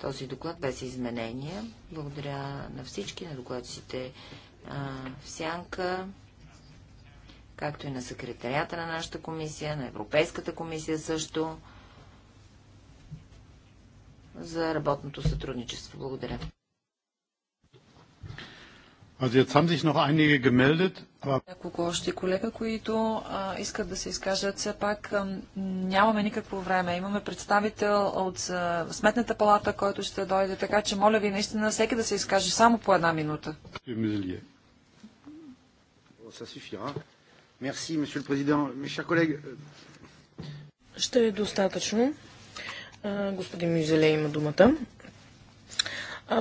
този доклад без изменения. Благодаря на всички, на докладците в Сянка, както и на секретарията на нашата комисия, на Европейската комисия също, за работното сътрудничество. Благодаря. Also jetzt haben sich noch einige gemeldet. Няколко още колега, които а, искат да се изкажат. Все пак а, нямаме никакво време. Имаме представител от а, Сметната палата, който ще дойде. Така че, моля ви, наистина, всеки да се изкаже само по една минута. Euh, ще е достатъчно. Господин Мюзеле има думата.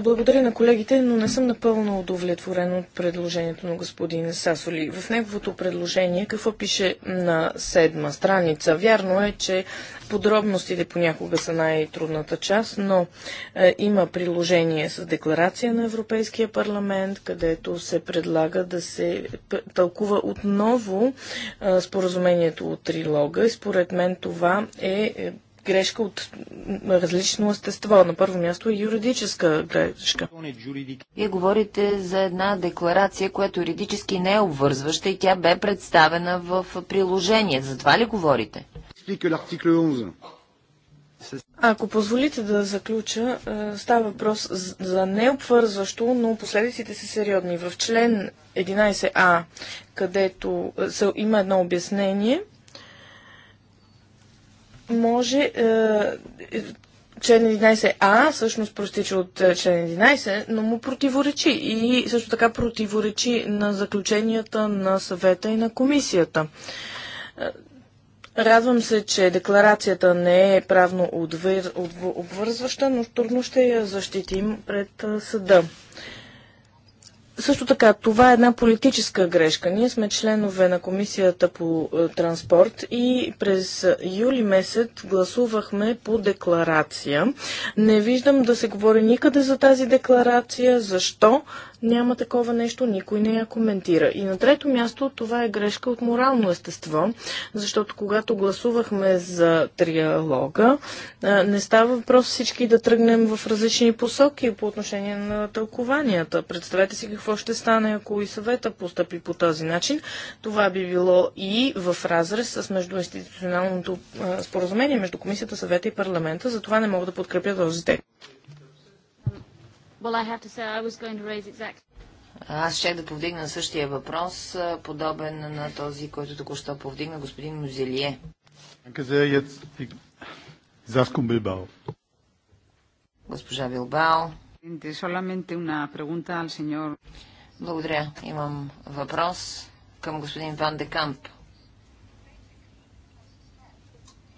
Благодаря на колегите, но не съм напълно удовлетворен от предложението на господин Сасоли. В неговото предложение какво пише на седма страница? Вярно е, че подробностите понякога са най-трудната част, но е, има приложение с декларация на Европейския парламент, където се предлага да се тълкува отново е, споразумението от трилога и според мен това е, е грешка от различно естество. На първо място е юридическа грешка. Вие говорите за една декларация, която юридически не е обвързваща и тя бе представена в приложение. За това ли говорите? Ако позволите да заключа, е, става въпрос за необвързващо, но последиците са сериозни. В член 11а, където е, има едно обяснение – може е, член 11а всъщност простича от е, член 11, но му противоречи и също така противоречи на заключенията на съвета и на комисията. Е, радвам се, че декларацията не е правно обвързваща, но трудно ще я защитим пред съда. Също така, това е една политическа грешка. Ние сме членове на Комисията по е, транспорт и през юли месец гласувахме по декларация. Не виждам да се говори никъде за тази декларация. Защо? няма такова нещо, никой не я коментира. И на трето място това е грешка от морално естество, защото когато гласувахме за триалога, не става въпрос всички да тръгнем в различни посоки по отношение на тълкованията. Представете си какво ще стане, ако и съвета постъпи по този начин. Това би било и в разрез с междуинституционалното споразумение между Комисията, съвета и парламента. Затова не мога да подкрепя този текст. Аз ще да повдигна същия въпрос, подобен на този, който току-що повдигна господин Музелие. Госпожа Билбао. Благодаря. Имам въпрос към господин Ван де Камп.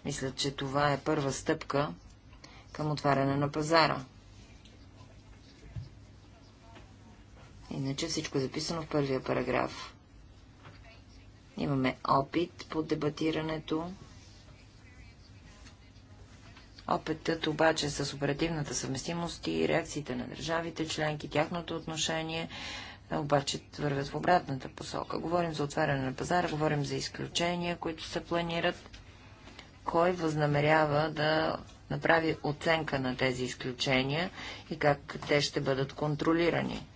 Мисля, че това е първа стъпка към отваряне на пазара. Иначе всичко е записано в първия параграф. Имаме опит по дебатирането. Опитът обаче с оперативната съвместимост и реакциите на държавите, членки, тяхното отношение, е, обаче вървят в обратната посока. Говорим за отваряне на пазара, говорим за изключения, които се планират. Кой възнамерява да направи оценка на тези изключения и как те ще бъдат контролирани?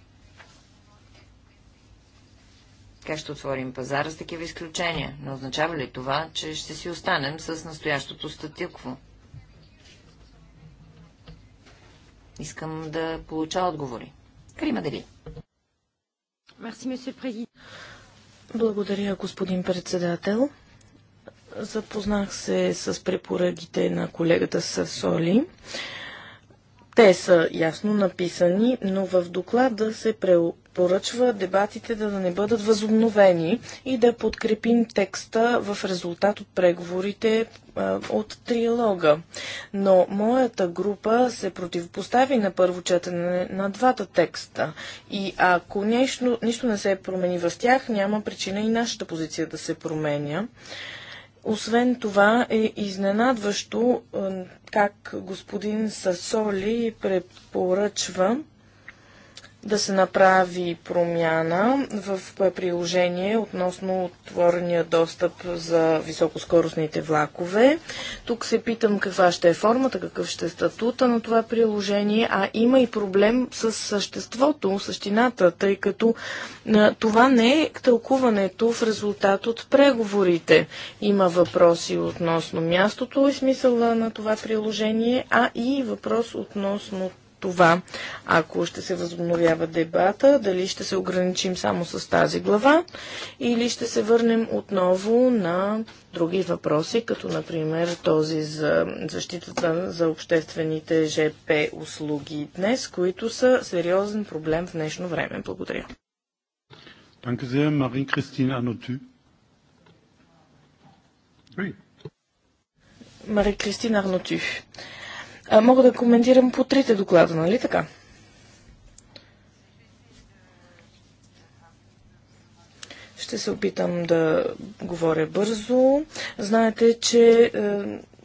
Как ще отворим пазара с такива изключения? Не означава ли това, че ще си останем с настоящото статикво? Искам да получа отговори. Крима Дели. Благодаря, господин председател. Запознах се с препоръките на колегата Сасоли. Те са ясно написани, но в доклада се поръчва дебатите да не бъдат възобновени и да подкрепим текста в резултат от преговорите от триалога. Но моята група се противопостави на първо четене на двата текста и ако нещо, нищо не се промени в тях, няма причина и нашата позиция да се променя. Освен това е изненадващо как господин Сасоли препоръчва да се направи промяна в приложение относно отворения достъп за високоскоростните влакове. Тук се питам каква ще е формата, какъв ще е статута на това приложение, а има и проблем с съществото, същината, тъй като това не е тълкуването в резултат от преговорите. Има въпроси относно мястото и смисъла на това приложение, а и въпрос относно това, ако ще се възобновява дебата, дали ще се ограничим само с тази глава или ще се върнем отново на други въпроси, като например този за защитата за обществените ЖП услуги днес, които са сериозен проблем в днешно време. Благодаря. Danke Кристина Marie-Christine Кристина Oui. А, мога да коментирам по трите доклада, нали така? Ще се опитам да говоря бързо. Знаете, че е,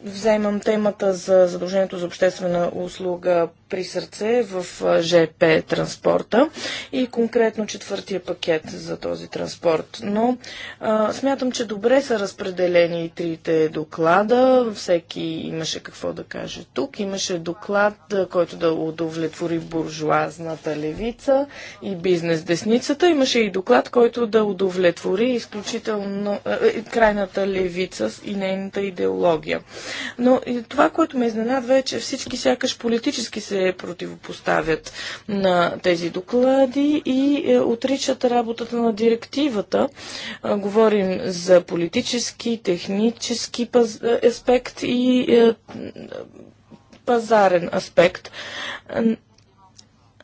вземам темата за задължението за обществена услуга при сърце в ЖП транспорта и конкретно четвъртия пакет за този транспорт. Но а, смятам, че добре са разпределени и трите доклада. Всеки имаше какво да каже тук. Имаше доклад, който да удовлетвори буржуазната левица и бизнес десницата. Имаше и доклад, който да удовлетвори изключително а, е, крайната левица и нейната идеология. Но и това, което ме изненадва е, че всички сякаш политически се се противопоставят на тези доклади и е, отричат работата на директивата. Е, говорим за политически, технически е, аспект и пазарен аспект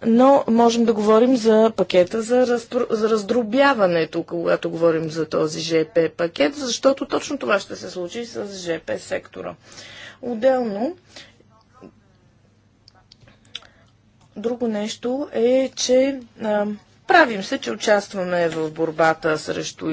но можем да говорим за пакета за, разпро... за раздробяването, когато говорим за този ЖП пакет, защото точно това ще се случи с ЖП сектора. Отделно Друго нещо е, че а, правим се, че участваме в борбата срещу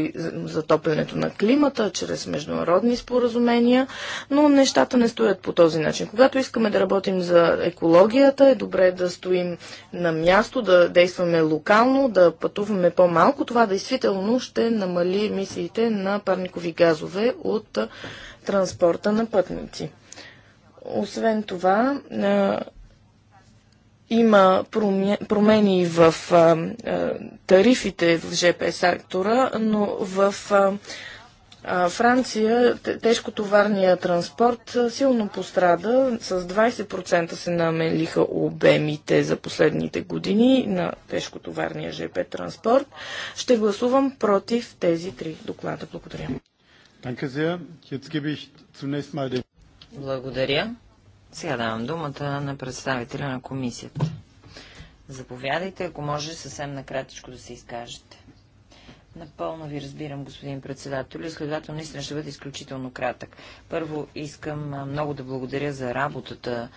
затоплянето на климата чрез международни споразумения, но нещата не стоят по този начин. Когато искаме да работим за екологията, е добре да стоим на място, да действаме локално, да пътуваме по-малко. Това действително ще намали емисиите на парникови газове от транспорта на пътници. Освен това, има промени в тарифите в ЖП сектора, но в Франция тежкотоварния транспорт силно пострада. С 20% се намелиха обемите за последните години на тежкотоварния ЖП транспорт. Ще гласувам против тези три доклада. Благодаря. Благодаря. Сега давам думата на представителя на комисията. Заповядайте, ако може съвсем накратичко да се изкажете. Напълно ви разбирам, господин председател. И следователно, наистина ще бъде изключително кратък. Първо, искам много да благодаря за работата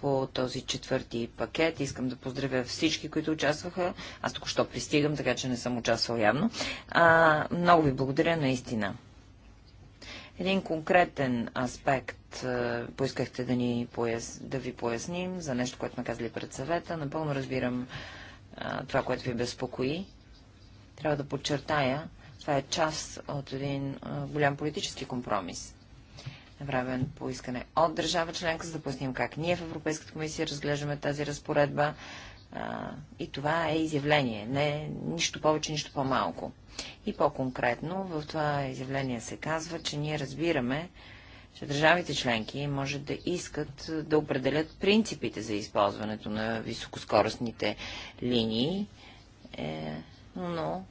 по този четвърти пакет. Искам да поздравя всички, които участваха. Аз току-що пристигам, така че не съм участвал явно. А, много ви благодаря, наистина. Един конкретен аспект е, поискахте да, ни пояс... да ви поясним за нещо, което сме казали пред съвета. Напълно разбирам а, е, това, което ви безпокои. Трябва да подчертая, това е част от един а, е, голям политически компромис, направен по искане от държава членка, за да поясним как ние в Европейската комисия разглеждаме тази разпоредба, а, и това е изявление, не нищо повече, нищо по-малко. И по-конкретно в това изявление се казва, че ние разбираме, че държавите членки може да искат да определят принципите за използването на високоскоростните линии, е, но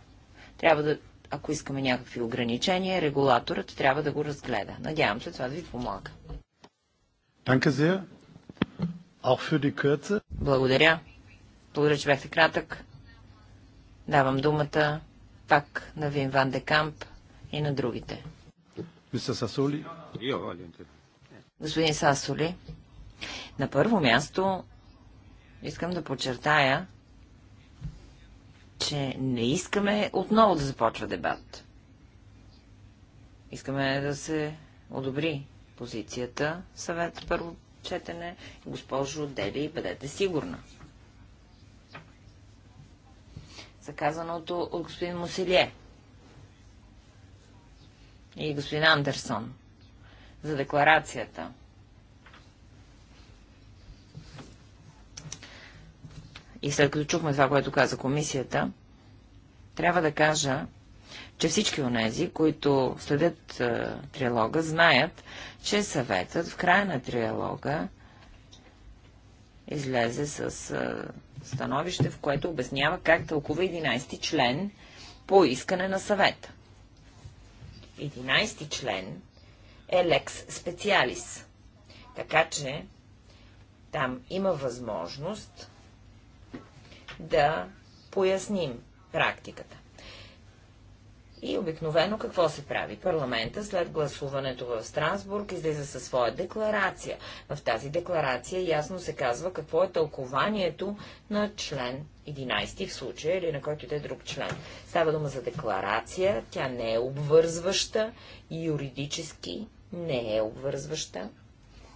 трябва да, ако искаме някакви ограничения, регулаторът трябва да го разгледа. Надявам се това да ви помага. Благодаря. Благодаря, че бяхте кратък. Давам думата пак на Вин Ван де Камп и на другите. Сасули, Господин Сасули, на първо място искам да подчертая, че не искаме отново да започва дебат. Искаме да се одобри позицията, съвет първо четене. Госпожо Дели, бъдете сигурна. за казаното от господин Мусилие и господин Андерсон за декларацията. И след като чухме това, което каза комисията, трябва да кажа, че всички онези, които следят е, триалога, знаят, че съветът в края на триалога излезе с е, становище, в което обяснява как тълкува 11-ти член по искане на съвета. 11-ти член е лекс специалис. Така че там има възможност да поясним практиката. И обикновено какво се прави? Парламента след гласуването в Страсбург излиза със своя декларация. В тази декларация ясно се казва какво е тълкованието на член 11 в случая или на който и да е друг член. Става дума за декларация, тя не е обвързваща, юридически не е обвързваща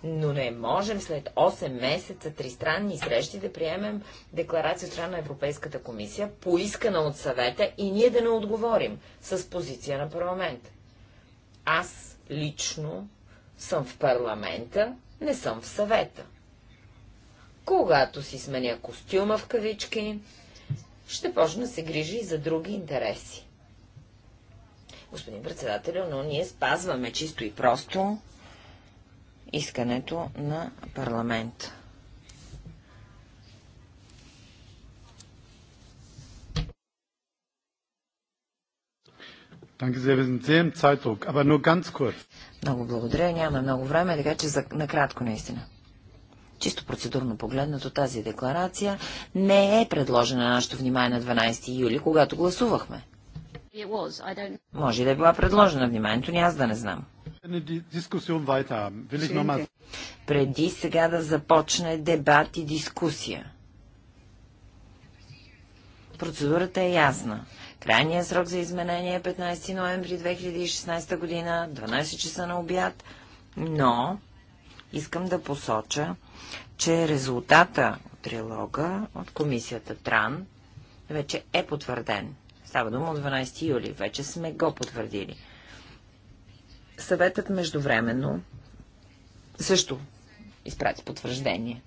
но не можем след 8 месеца тристранни срещи да приемем декларация от страна на Европейската комисия, поискана от съвета и ние да не отговорим с позиция на парламент. Аз лично съм в парламента, не съм в съвета. Когато си сменя костюма в кавички, ще почна да се грижи и за други интереси. Господин председател, но ние спазваме чисто и просто искането на парламент. Много благодаря. Няма много време, така че за... накратко наистина. Чисто процедурно погледнато тази декларация не е предложена на нашето внимание на 12 юли, когато гласувахме. Може да е била предложена вниманието ни, е аз да не знам. Преди сега да започне дебат и дискусия. Процедурата е ясна. Крайният срок за изменение е 15 ноември 2016 година, 12 часа на обяд, но искам да посоча, че резултата от трилога от комисията ТРАН вече е потвърден. Става дума от 12 юли. Вече сме го потвърдили. Съветът междувременно също изпрати потвърждение.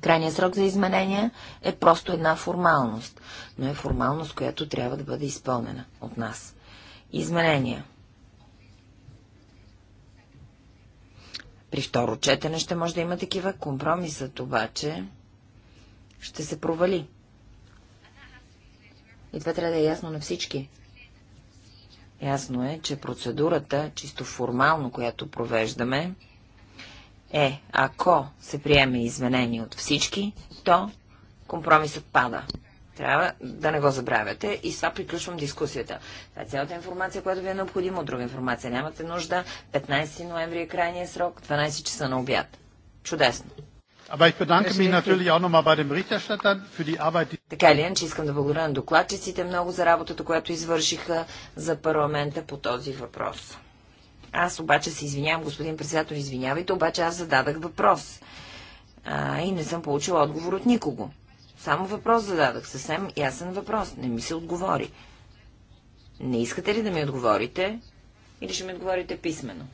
Крайният срок за изменение е просто една формалност, но е формалност, която трябва да бъде изпълнена от нас. Изменения. При второ четене ще може да има такива. Компромисът обаче ще се провали. И това трябва да е ясно на всички. Ясно е, че процедурата, чисто формално, която провеждаме, е, ако се приеме изменение от всички, то компромисът пада. Трябва да не го забравяте и сега приключвам дискусията. Това е цялата информация, която ви е необходима. От друга информация нямате нужда. 15 ноември е крайния срок, 12 часа на обяд. Чудесно! Така или иначе искам да благодаря на докладчиците много за работата, която извършиха за парламента по този въпрос. Аз обаче се извинявам, господин председател, извинявайте, обаче аз зададах въпрос. А, и не съм получила отговор от никого. Само въпрос зададах, съвсем ясен въпрос. Не ми се отговори. Не искате ли да ми отговорите? Или ще ми отговорите писменно?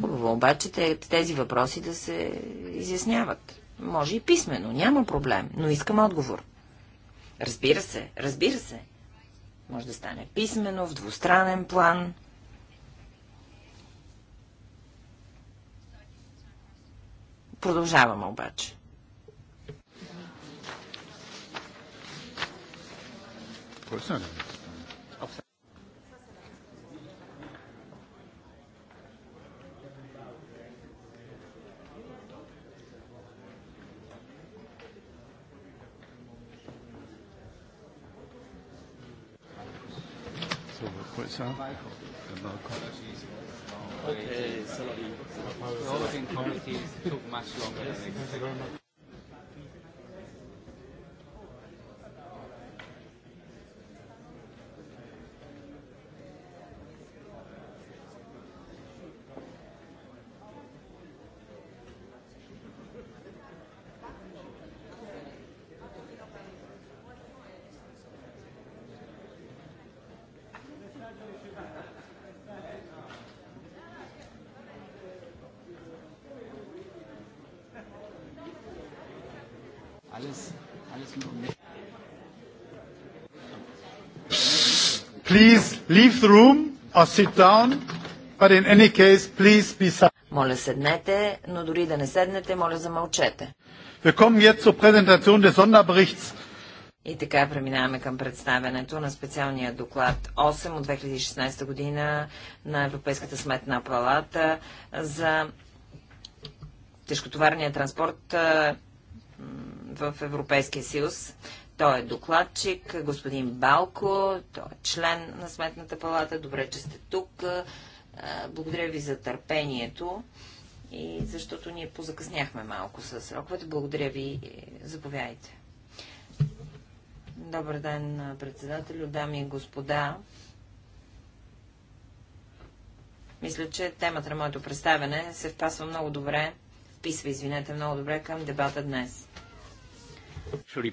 Хубаво обаче тези въпроси да се изясняват. Може и писмено, няма проблем, но искам отговор. Разбира се, разбира се. Може да стане писмено, в двустранен план. Продължаваме обаче. Продължаваме. So what's that? Okay, sorry. The whole thing committee took much longer than expected. Please leave the room or sit down, but in any case, please be silent. Моля седнете, но дори да не седнете, моля замълчете. Wir kommen jetzt zur Präsentation des Sonderberichts и така преминаваме към представянето на специалния доклад 8 от 2016 година на Европейската сметна палата за тежкотоварния транспорт в Европейския съюз. Той е докладчик, господин Балко, той е член на Сметната палата. Добре, че сте тук. Благодаря ви за търпението и защото ние позакъсняхме малко с сроковете. Благодаря ви. Е, заповядайте. Добър ден, председателю, дами и господа. Мисля, че темата на моето представяне се впасва много добре, вписва, извинете, много добре към дебата днес. Ще ви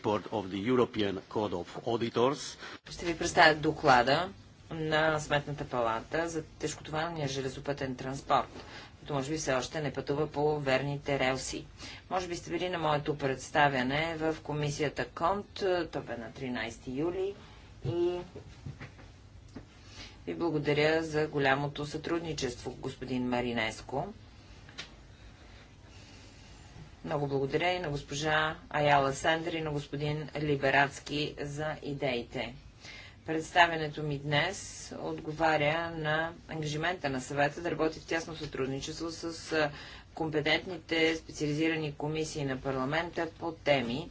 представя доклада на Сметната палата за тежкотоварния железопътен транспорт, като може би все още не пътува по верните релси. Може би сте били на моето представяне в комисията КОНТ, е, то бе на 13 юли и ви благодаря за голямото сътрудничество, господин Маринеско. Много благодаря и на госпожа Аяла Сендер и на господин Либерацки за идеите. Представенето ми днес отговаря на ангажимента на съвета да работи в тясно сътрудничество с компетентните специализирани комисии на парламента по теми,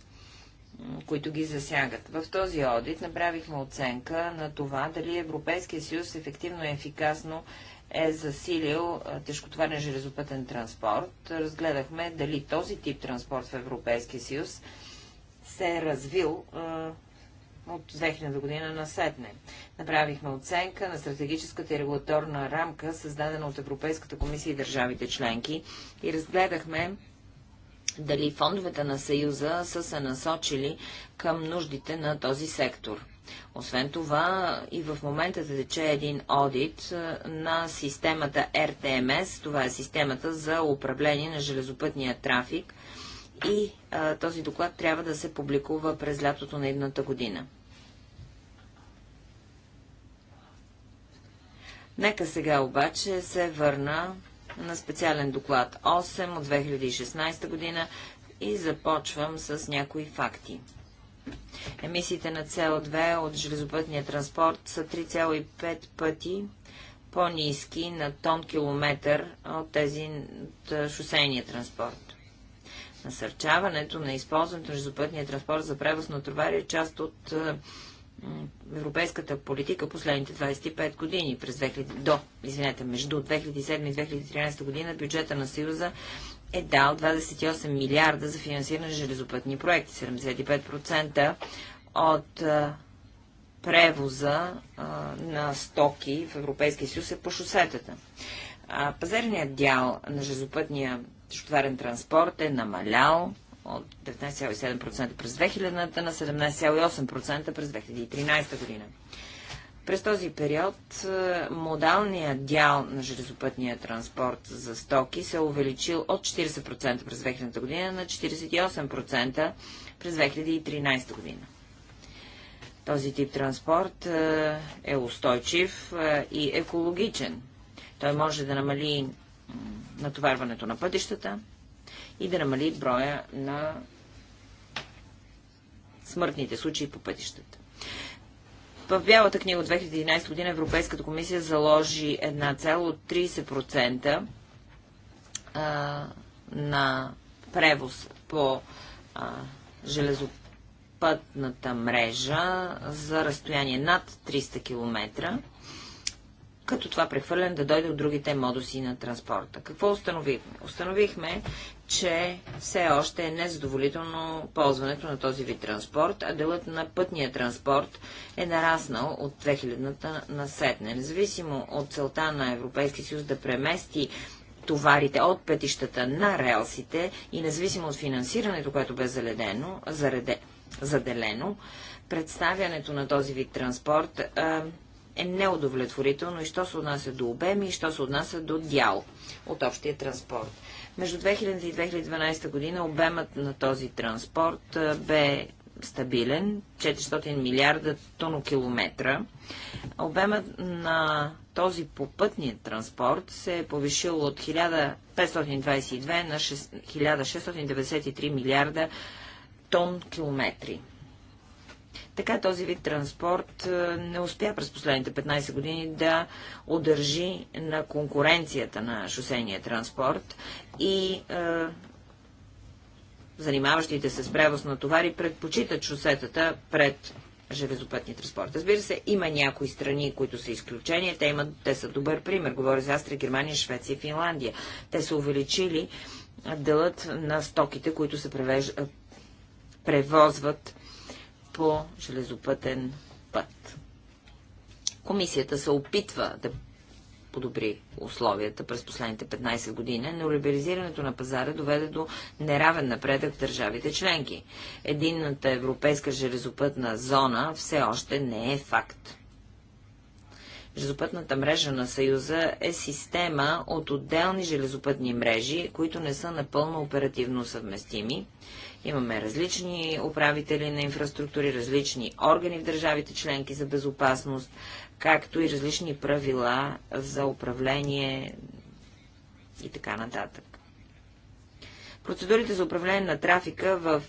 които ги засягат. В този одит направихме оценка на това дали Европейския съюз ефективно и ефикасно е засилил тежкотварен железопътен транспорт. Разгледахме дали този тип транспорт в Европейския съюз се е развил от 2000 година на седне. Направихме оценка на стратегическата и регулаторна рамка, създадена от Европейската комисия и държавите членки и разгледахме дали фондовете на Съюза са се насочили към нуждите на този сектор. Освен това, и в момента да тече един одит на системата РТМС, това е системата за управление на железопътния трафик, и а, този доклад трябва да се публикува през лятото на едната година. Нека сега обаче се върна на специален доклад 8 от 2016 година и започвам с някои факти. Емисиите на CO2 от железопътния транспорт са 3,5 пъти по-низки на тон километър от тези от шосейния транспорт. Насърчаването на използването на железопътния транспорт за превоз на товари е част от европейската политика последните 25 години, през 2000, до, извинете, между 2007 и 2013 година бюджета на Съюза е дал 28 милиарда за финансиране на железопътни проекти. 75% от превоза на стоки в Европейския съюз е по шосетата. Пазерният пазарният дял на железопътния тежкотварен транспорт е намалял от 19,7% през 2000-та на 17,8% през 2013 година. През този период е, модалният дял на железопътния транспорт за стоки се е увеличил от 40% през 2000 година на 48% през 2013 година. Този тип транспорт е, е устойчив е, и екологичен. Той може да намали натоварването на пътищата и да намали броя на смъртните случаи по пътищата. В Бялата книга от 2011 година Европейската комисия заложи една от 30% на превоз по железопътната мрежа за разстояние над 300 км, като това прехвърлен да дойде от другите модуси на транспорта. Какво установихме? Установихме, че все още е незадоволително ползването на този вид транспорт, а делът на пътния транспорт е нараснал от 2000-та насетне. Независимо от целта на Европейския съюз да премести товарите от пътищата на релсите и независимо от финансирането, което бе заледено, зареде, заделено, представянето на този вид транспорт а, е неудовлетворително и що се отнася до обеми и що се отнася до дял от общия транспорт. Между 2000 и 2012 година обемът на този транспорт бе стабилен 400 милиарда тонокилометра. Обемът на този попътния транспорт се е повишил от 1522 на 6, 1693 милиарда тон километри. Така този вид транспорт е, не успя през последните 15 години да удържи на конкуренцията на шосейния транспорт и е, занимаващите се с превоз на товари предпочитат шосетата пред железопътния транспорт. Разбира се, има някои страни, които са изключения. Те, имат, те са добър пример. Говоря за Астрия, Германия, Швеция и Финландия. Те са увеличили делът на стоките, които се превеж... превозват по железопътен път. Комисията се опитва да подобри условията през последните 15 години, но либеризирането на пазара доведе до неравен напредък в държавите членки. Единната европейска железопътна зона все още не е факт. Железопътната мрежа на Съюза е система от отделни железопътни мрежи, които не са напълно оперативно съвместими Имаме различни управители на инфраструктури, различни органи в държавите членки за безопасност, както и различни правила за управление и така нататък. Процедурите за управление на трафика в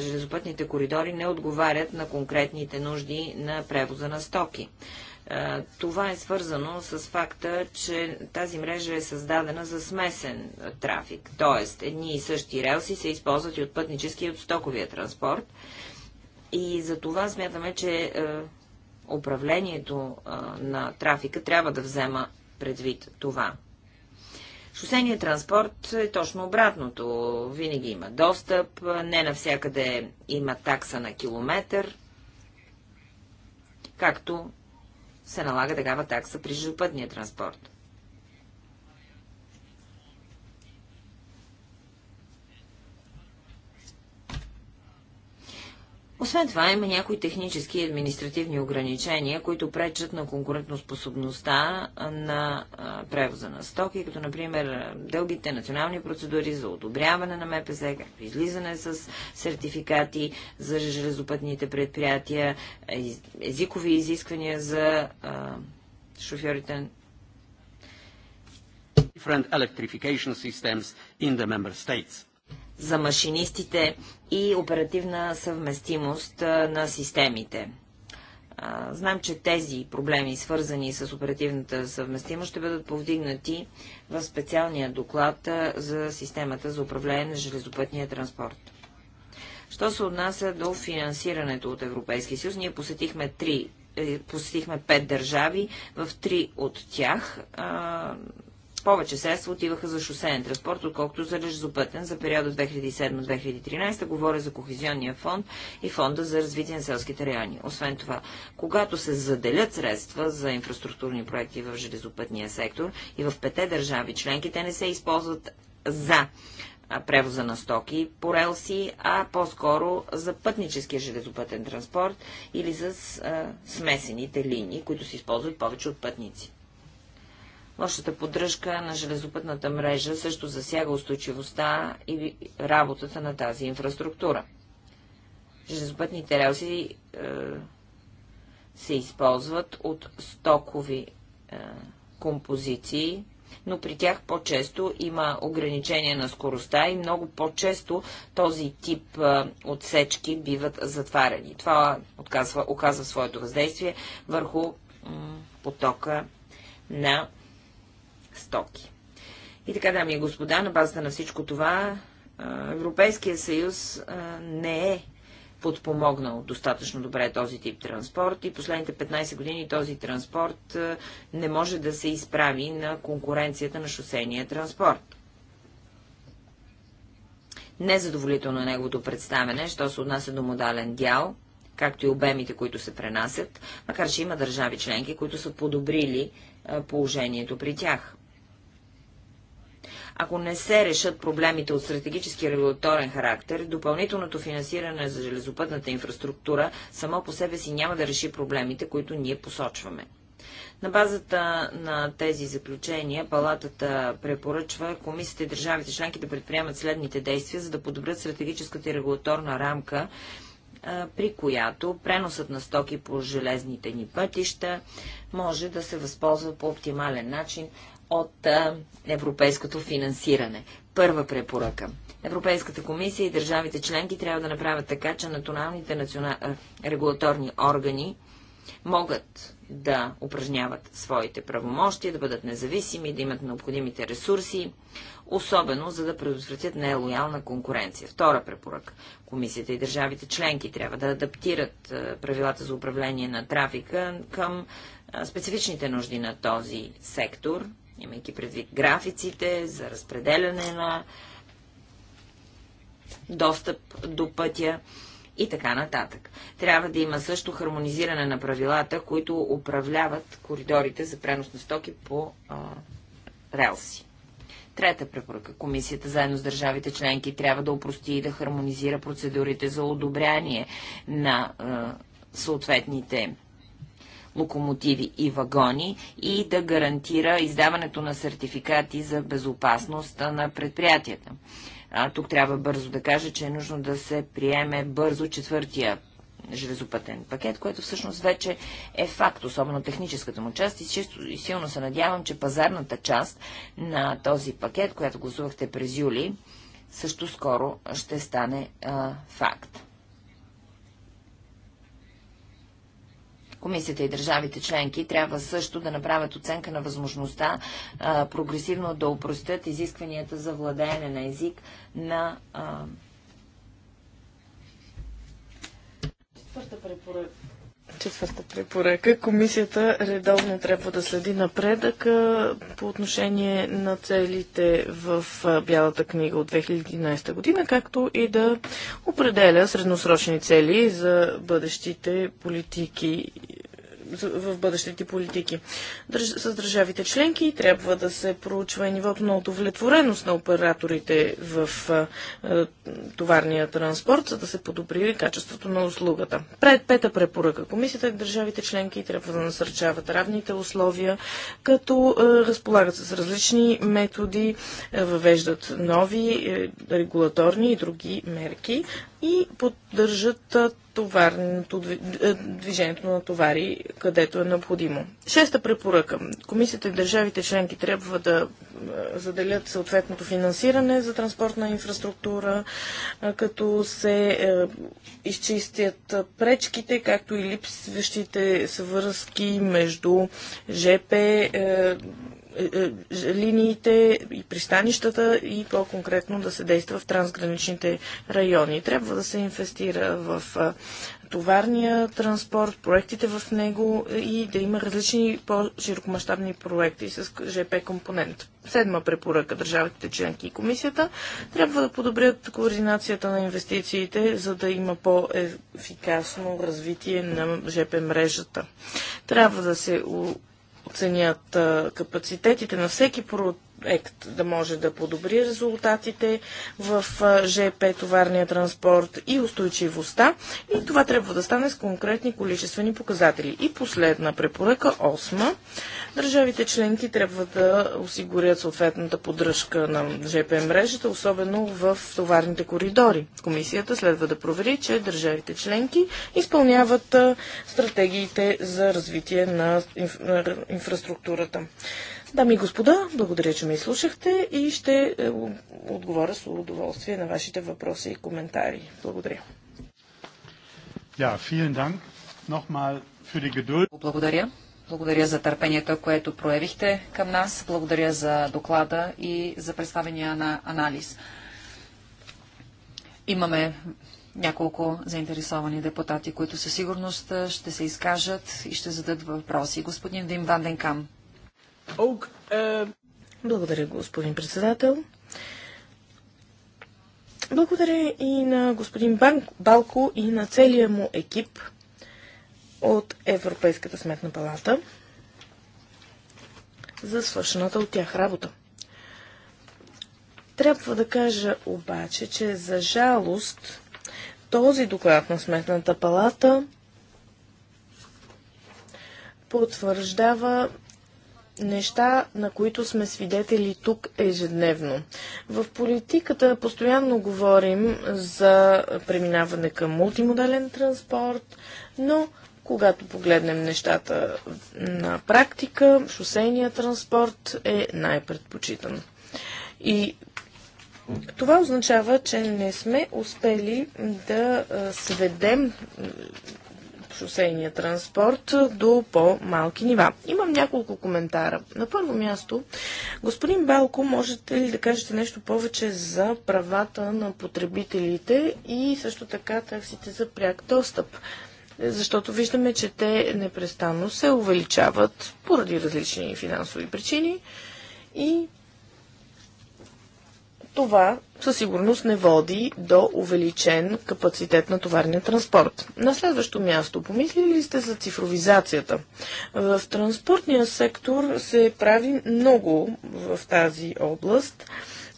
железопътните коридори не отговарят на конкретните нужди на превоза на стоки. Е, това е свързано с факта, че тази мрежа е създадена за смесен трафик, т.е. едни и същи релси се използват и от пътнически и от стоковия транспорт. И за това смятаме, че е, управлението е, на трафика трябва да взема предвид това. Шосейният транспорт е точно обратното. Винаги има достъп, не навсякъде има такса на километър, както се налага такава такса при железопътния транспорт. Освен това има някои технически и административни ограничения, които пречат на конкурентоспособността на превоза на стоки, като например дългите национални процедури за одобряване на МПЗ, както излизане с сертификати за железопътните предприятия, езикови изисквания за а, шофьорите different electrification systems in the member states за машинистите и оперативна съвместимост на системите. Знам, че тези проблеми, свързани с оперативната съвместимост, ще бъдат повдигнати в специалния доклад за системата за управление на железопътния транспорт. Що се отнася до финансирането от Европейския съюз, ние посетихме три е, посетихме пет държави, в три от тях а, повече средства отиваха за шосеен транспорт, отколкото за лежезопътен за периода 2007-2013, говоря за Кохезионния фонд и фонда за развитие на селските райони. Освен това, когато се заделят средства за инфраструктурни проекти в железопътния сектор и в пете държави членки, те не се използват за превоза на стоки по релси, а по-скоро за пътническия железопътен транспорт или за смесените линии, които се използват повече от пътници. Лошата поддръжка на железопътната мрежа също засяга устойчивостта и работата на тази инфраструктура. Железопътните релси е, се използват от стокови е, композиции, но при тях по-често има ограничение на скоростта и много по-често този тип е, отсечки биват затваряни. Това отказва, оказва своето въздействие върху потока на стоки. И така, дами и господа, на базата на всичко това, Европейския съюз не е подпомогнал достатъчно добре този тип транспорт и последните 15 години този транспорт не може да се изправи на конкуренцията на шосейния транспорт. Незадоволително е неговото представене, що се отнася до модален дял, както и обемите, които се пренасят, макар че има държави членки, които са подобрили положението при тях. Ако не се решат проблемите от стратегически регулаторен характер, допълнителното финансиране за железопътната инфраструктура само по себе си няма да реши проблемите, които ние посочваме. На базата на тези заключения палатата препоръчва комисията и държавите членки да предприемат следните действия, за да подобрят стратегическата и регулаторна рамка, при която преносът на стоки по железните ни пътища може да се възползва по оптимален начин от европейското финансиране. Първа препоръка. Европейската комисия и държавите членки трябва да направят така, че националните национа... регулаторни органи могат да упражняват своите правомощи, да бъдат независими, да имат необходимите ресурси, особено за да предотвратят нелоялна конкуренция. Втора препоръка. Комисията и държавите членки трябва да адаптират правилата за управление на трафика към специфичните нужди на този сектор, имайки предвид графиците за разпределяне на достъп до пътя и така нататък. Трябва да има също хармонизиране на правилата, които управляват коридорите за пренос на стоки по а, релси. Трета препоръка. Комисията заедно с държавите членки трябва да упрости и да хармонизира процедурите за одобряние на а, съответните локомотиви и вагони и да гарантира издаването на сертификати за безопасност на предприятията. А, тук трябва бързо да кажа, че е нужно да се приеме бързо четвъртия железопътен пакет, което всъщност вече е факт, особено техническата му част и, чисто, и силно се надявам, че пазарната част на този пакет, която гласувахте през юли, също скоро ще стане а, факт. Комисията и държавите членки трябва също да направят оценка на възможността а, прогресивно да упростят изискванията за владеене на език на а... четвърта препоръка Четвърта препоръка. Комисията редовно трябва да следи напредък по отношение на целите в Бялата книга от 2011 година, както и да определя средносрочни цели за бъдещите политики в бъдещите политики. С държавите членки трябва да се проучва нивото на удовлетвореност на операторите в товарния транспорт, за да се подобри качеството на услугата. Пред пета препоръка. Комисията и държавите членки трябва да насърчават равните условия, като разполагат с различни методи, въвеждат нови е, регулаторни и други мерки, и поддържат товарното, движението на товари, където е необходимо. Шеста препоръка. Комисията и държавите членки трябва да заделят съответното финансиране за транспортна инфраструктура, като се изчистят пречките, както и липсващите свързки между ЖП е, е, е, линиите и пристанищата и по-конкретно да се действа в трансграничните райони. Трябва да се инвестира в е, товарния транспорт, проектите в него и да има различни по-широкомащабни проекти с ЖП компонент. Седма препоръка държавите членки и комисията трябва да подобрят координацията на инвестициите, за да има по-ефикасно развитие на ЖП мрежата. Трябва да се оценят капацитетите на всеки проект да може да подобри резултатите в ЖП, товарния транспорт и устойчивостта. И това трябва да стане с конкретни количествени показатели. И последна препоръка, осма. Държавите членки трябва да осигурят съответната поддръжка на ЖП мрежата, особено в товарните коридори. Комисията следва да провери, че държавите членки изпълняват стратегиите за развитие на инфраструктурата. Дами и господа, благодаря, че ме изслушахте и ще е, отговоря с удоволствие на вашите въпроси и коментари. Благодаря. Yeah, благодаря. Благодаря за търпението, което проявихте към нас. Благодаря за доклада и за представения на анализ. Имаме няколко заинтересовани депутати, които със сигурност е, ще се изкажат и ще зададат въпроси. Господин Вим Ванденкам ook, uh... Благодаря, господин председател. Благодаря и на господин Балко и на целия му екип от Европейската сметна палата за свършената от тях работа. Трябва да кажа обаче, че за жалост този доклад на Сметната палата потвърждава неща, на които сме свидетели тук ежедневно. В политиката постоянно говорим за преминаване към мултимодален транспорт, но когато погледнем нещата на практика, шосейният транспорт е най-предпочитан. И това означава, че не сме успели да сведем шосейния транспорт до по-малки нива. Имам няколко коментара. На първо място, господин Балко, можете ли да кажете нещо повече за правата на потребителите и също така таксите за пряк достъп? Защото виждаме, че те непрестанно се увеличават поради различни финансови причини и това със сигурност не води до увеличен капацитет на товарния транспорт. На следващо място, помислили ли сте за цифровизацията? В транспортния сектор се прави много в тази област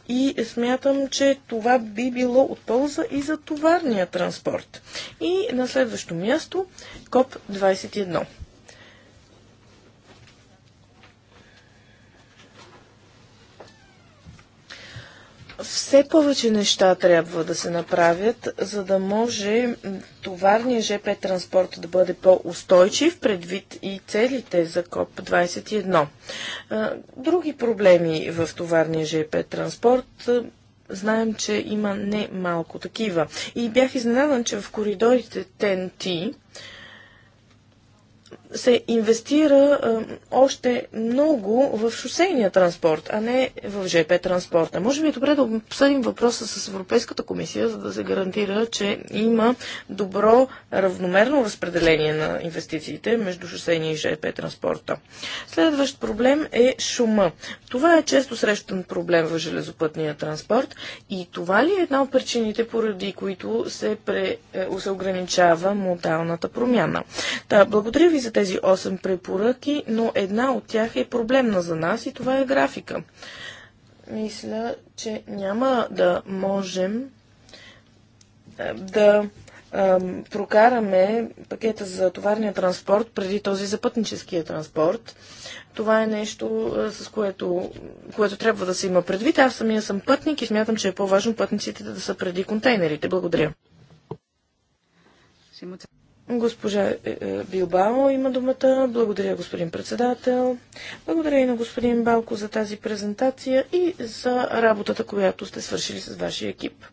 и смятам, че това би било от полза и за товарния транспорт. И на следващо място, КОП 21. Все повече неща трябва да се направят, за да може товарния ЖП транспорт да бъде по-устойчив предвид и целите за КОП-21. Други проблеми в товарния ЖП транспорт знаем, че има не малко такива. И бях изненадан, че в коридорите ТНТ се инвестира а, още много в шосейния транспорт, а не в ЖП транспорта. Може би е добре да обсъдим въпроса с Европейската комисия, за да се гарантира, че има добро равномерно разпределение на инвестициите между шосейния и ЖП транспорта. Следващ проблем е шума. Това е често срещан проблем в железопътния транспорт и това ли е една от причините, поради които се, пре, е, се ограничава моталната промяна? Та, благодаря ви за тези 8 препоръки, но една от тях е проблемна за нас и това е графика. Мисля, че няма да можем е, да прокараме пакета за товарния транспорт преди този за пътническия транспорт. Това е нещо, е, с което, което трябва да се има предвид. Аз самия съм пътник и смятам, че е по-важно пътниците да са преди контейнерите. Благодаря. Госпожа е, е, Билбао има думата. Благодаря, господин председател. Благодаря и на господин Балко за тази презентация и за работата, която сте свършили с вашия екип.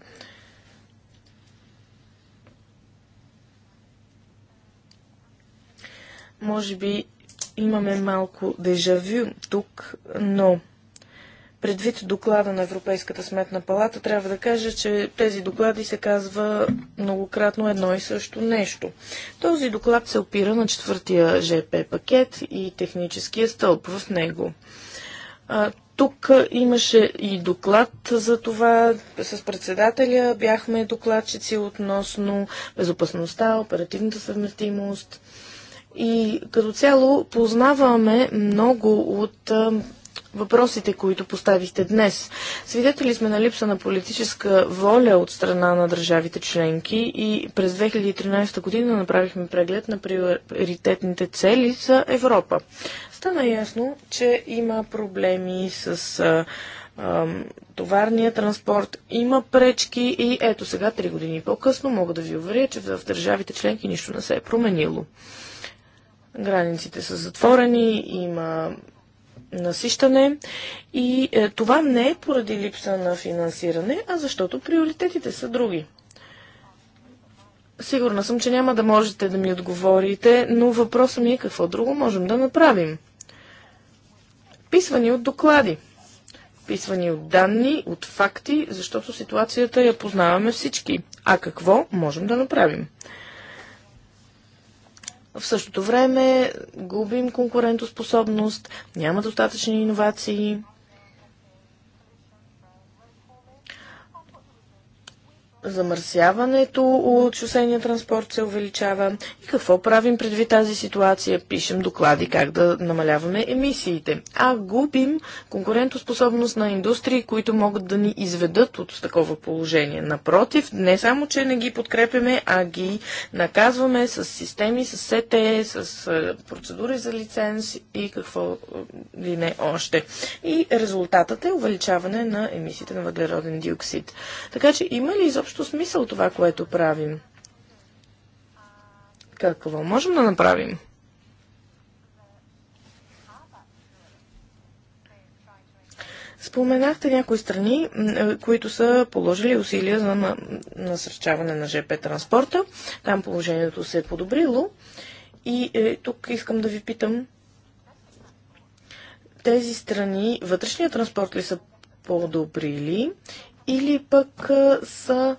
Може би имаме малко дежавю тук, но Предвид доклада на Европейската сметна палата, трябва да кажа, че тези доклади се казва многократно едно и също нещо. Този доклад се опира на четвъртия ЖП пакет и техническия стълб в него. Тук имаше и доклад за това. С председателя бяхме докладчици относно безопасността, оперативната съвместимост. И като цяло познаваме много от въпросите, които поставихте днес. Свидетели сме на липса на политическа воля от страна на държавите членки и през 2013 година направихме преглед на приоритетните цели за Европа. Стана ясно, че има проблеми с а, а, товарния транспорт, има пречки и ето сега, три години по-късно, мога да ви уверя, че в държавите членки нищо не се е променило границите са затворени, има насищане и е, това не е поради липса на финансиране, а защото приоритетите са други. Сигурна съм, че няма да можете да ми отговорите, но въпросът ми е какво друго можем да направим. Писвани от доклади, писвани от данни, от факти, защото ситуацията я познаваме всички. А какво можем да направим? В същото време губим конкурентоспособност, няма достатъчни иновации. замърсяването от шосейния транспорт се увеличава и какво правим предвид тази ситуация? Пишем доклади как да намаляваме емисиите. А губим конкурентоспособност на индустрии, които могат да ни изведат от такова положение. Напротив, не само, че не ги подкрепяме, а ги наказваме с системи, с СТЕ, с е, процедури за лиценз и какво е, ли не още. И резултатът е увеличаване на емисиите на въглероден диоксид. Така че има ли изобщо изобщо смисъл това, което правим? Какво можем да направим? Споменахте някои страни, е, които са положили усилия за насърчаване на ЖП транспорта. Там положението се е подобрило. И е, тук искам да ви питам, тези страни вътрешния транспорт ли са подобрили или пък са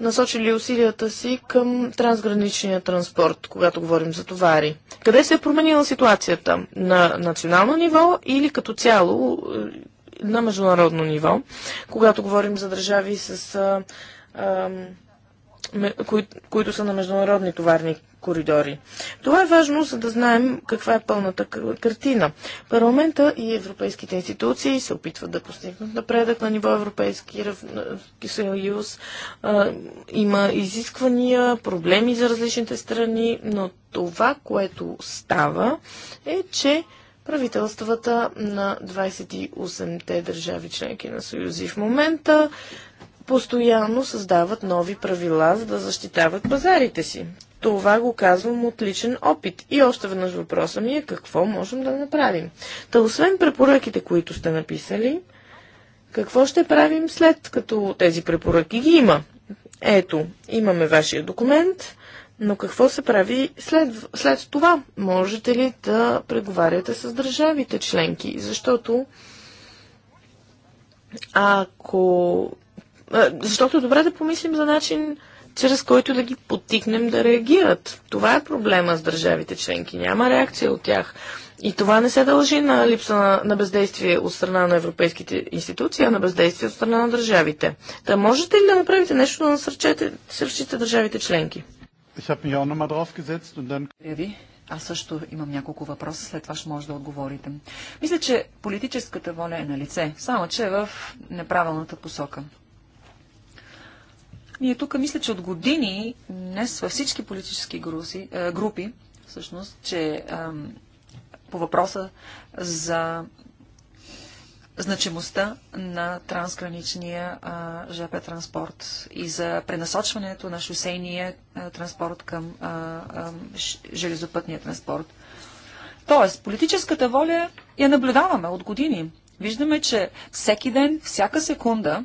насочили усилията си към трансграничния транспорт, когато говорим за товари. Къде се е променила ситуацията? На национално ниво или като цяло е, на международно ниво, когато говорим за държави с. А, а, кои, които са на международни товарни коридори. Това е важно, за да знаем каква е пълната картина. Парламента и европейските институции се опитват да постигнат напредък на ниво Европейски съюз. Има изисквания, проблеми за различните страни, но това, което става, е, че правителствата на 28-те държави членки на Съюзи в момента постоянно създават нови правила, за да защитават пазарите си. Това го казвам от личен опит. И още веднъж въпроса ми е какво можем да направим. Та освен препоръките, които сте написали, какво ще правим след като тези препоръки ги има? Ето, имаме вашия документ, но какво се прави след, след това? Можете ли да преговаряте с държавите членки? Защото ако... Защото е добре да помислим за начин чрез който да ги потикнем да реагират. Това е проблема с държавите членки. Няма реакция от тях. И това не се дължи на липса на, на бездействие от страна на европейските институции, а на бездействие от страна на държавите. Та можете ли да направите нещо да насърчете, сърчите държавите членки? Аз също имам няколко въпроса, след това ще може да отговорите. Мисля, че политическата воля е на лице, само че е в неправилната посока. Ние тук мисля, че от години, днес във всички политически груси, е, групи, всъщност, че по въпроса за значимостта на трансграничния а, ЖП транспорт и за пренасочването на шосейния а, транспорт към а, ш, железопътния транспорт. Тоест, политическата воля я наблюдаваме от години. Виждаме, че всеки ден, всяка секунда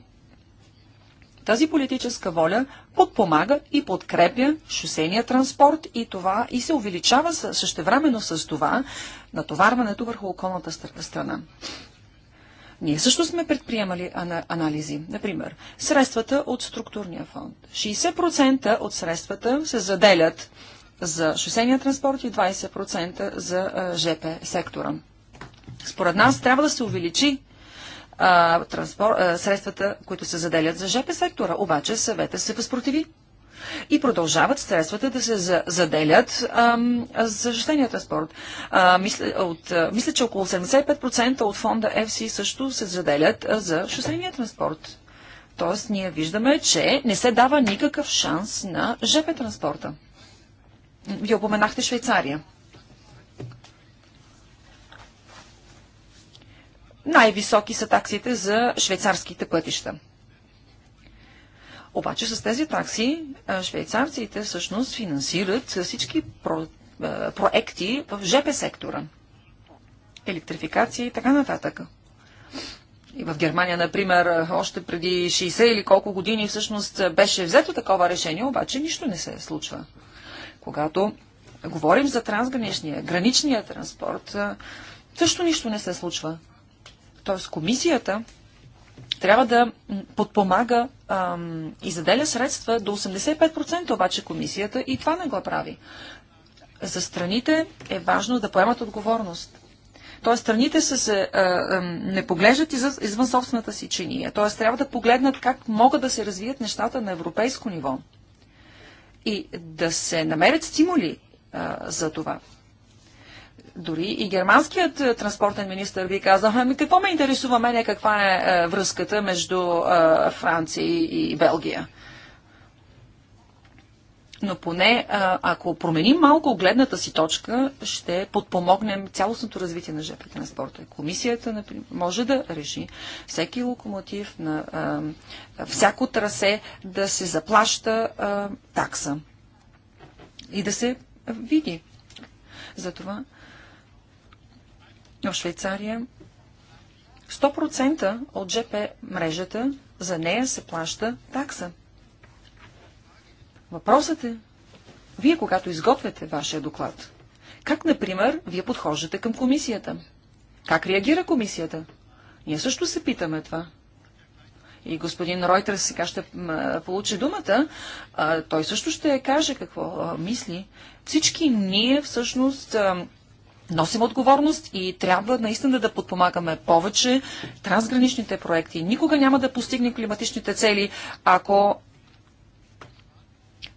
тази политическа воля подпомага и подкрепя шосения транспорт и това и се увеличава същевременно с това натоварването върху околната страна. Ние също сме предприемали анализи. Например, средствата от структурния фонд. 60% от средствата се заделят за шосения транспорт и 20% за ЖП сектора. Според нас трябва да се увеличи а, транспор, а, средствата, които се заделят за ЖП сектора. Обаче съвета се възпротиви и продължават средствата да се заделят ам, за защитения транспорт. А, мисля, от, а, мисля, че около 75% от фонда FC също се заделят а, за шосейния транспорт. Тоест, ние виждаме, че не се дава никакъв шанс на ЖП транспорта. Вие упоменахте Швейцария. най-високи са таксите за швейцарските пътища. Обаче с тези такси швейцарците всъщност финансират всички про, проекти в ЖП сектора. Електрификация и така нататък. И в Германия, например, още преди 60 или колко години всъщност беше взето такова решение, обаче нищо не се случва. Когато говорим за трансграничния, граничния транспорт, също нищо не се случва т.е. комисията, трябва да подпомага ам, и заделя средства до 85% обаче комисията и това не го прави. За страните е важно да поемат отговорност. Тоест, страните са се, а, а, не поглеждат извън, извън собствената си чиния. Тоест, трябва да погледнат как могат да се развият нещата на европейско ниво и да се намерят стимули а, за това. Дори и германският е, транспортен министр ви каза, ами какво ме интересува мене, каква е, е връзката между е, Франция и Белгия. Но поне, ако променим малко гледната си точка, ще подпомогнем цялостното развитие на ЖП транспорта. Комисията например, може да реши всеки локомотив на а, всяко трасе да се заплаща а, такса и да се види. Затова в Швейцария 100% от ЖП мрежата за нея се плаща такса. Въпросът е, вие когато изготвяте вашия доклад, как, например, вие подхождате към комисията? Как реагира комисията? Ние също се питаме това. И господин Ройтер сега ще получи думата. той също ще каже какво мисли. Всички ние всъщност носим отговорност и трябва наистина да подпомагаме повече трансграничните проекти. Никога няма да постигнем климатичните цели, ако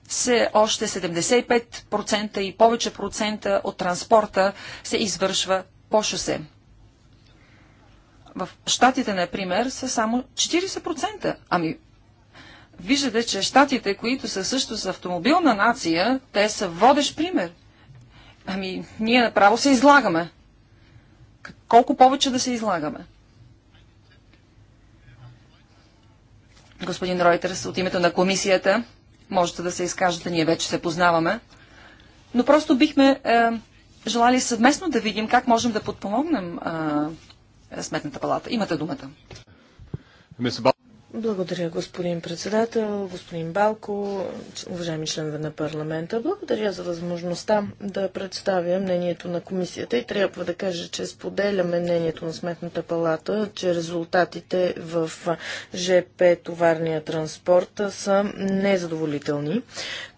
все още 75% и повече процента от транспорта се извършва по шосе. В щатите, например, са само 40%. Ами, виждате, че щатите, които са също с автомобилна нация, те са водещ пример. Ами, ние направо се излагаме. Колко повече да се излагаме? Господин Ройтерс, от името на комисията, можете да се изкажете, ние вече се познаваме, но просто бихме е, желали съвместно да видим как можем да подпомогнем е, Сметната палата. Имате думата. Благодаря, господин председател, господин Балко, уважаеми членове на парламента. Благодаря за възможността да представя мнението на комисията и трябва да кажа, че споделяме мнението на Сметната палата, че резултатите в ЖП товарния транспорт са незадоволителни.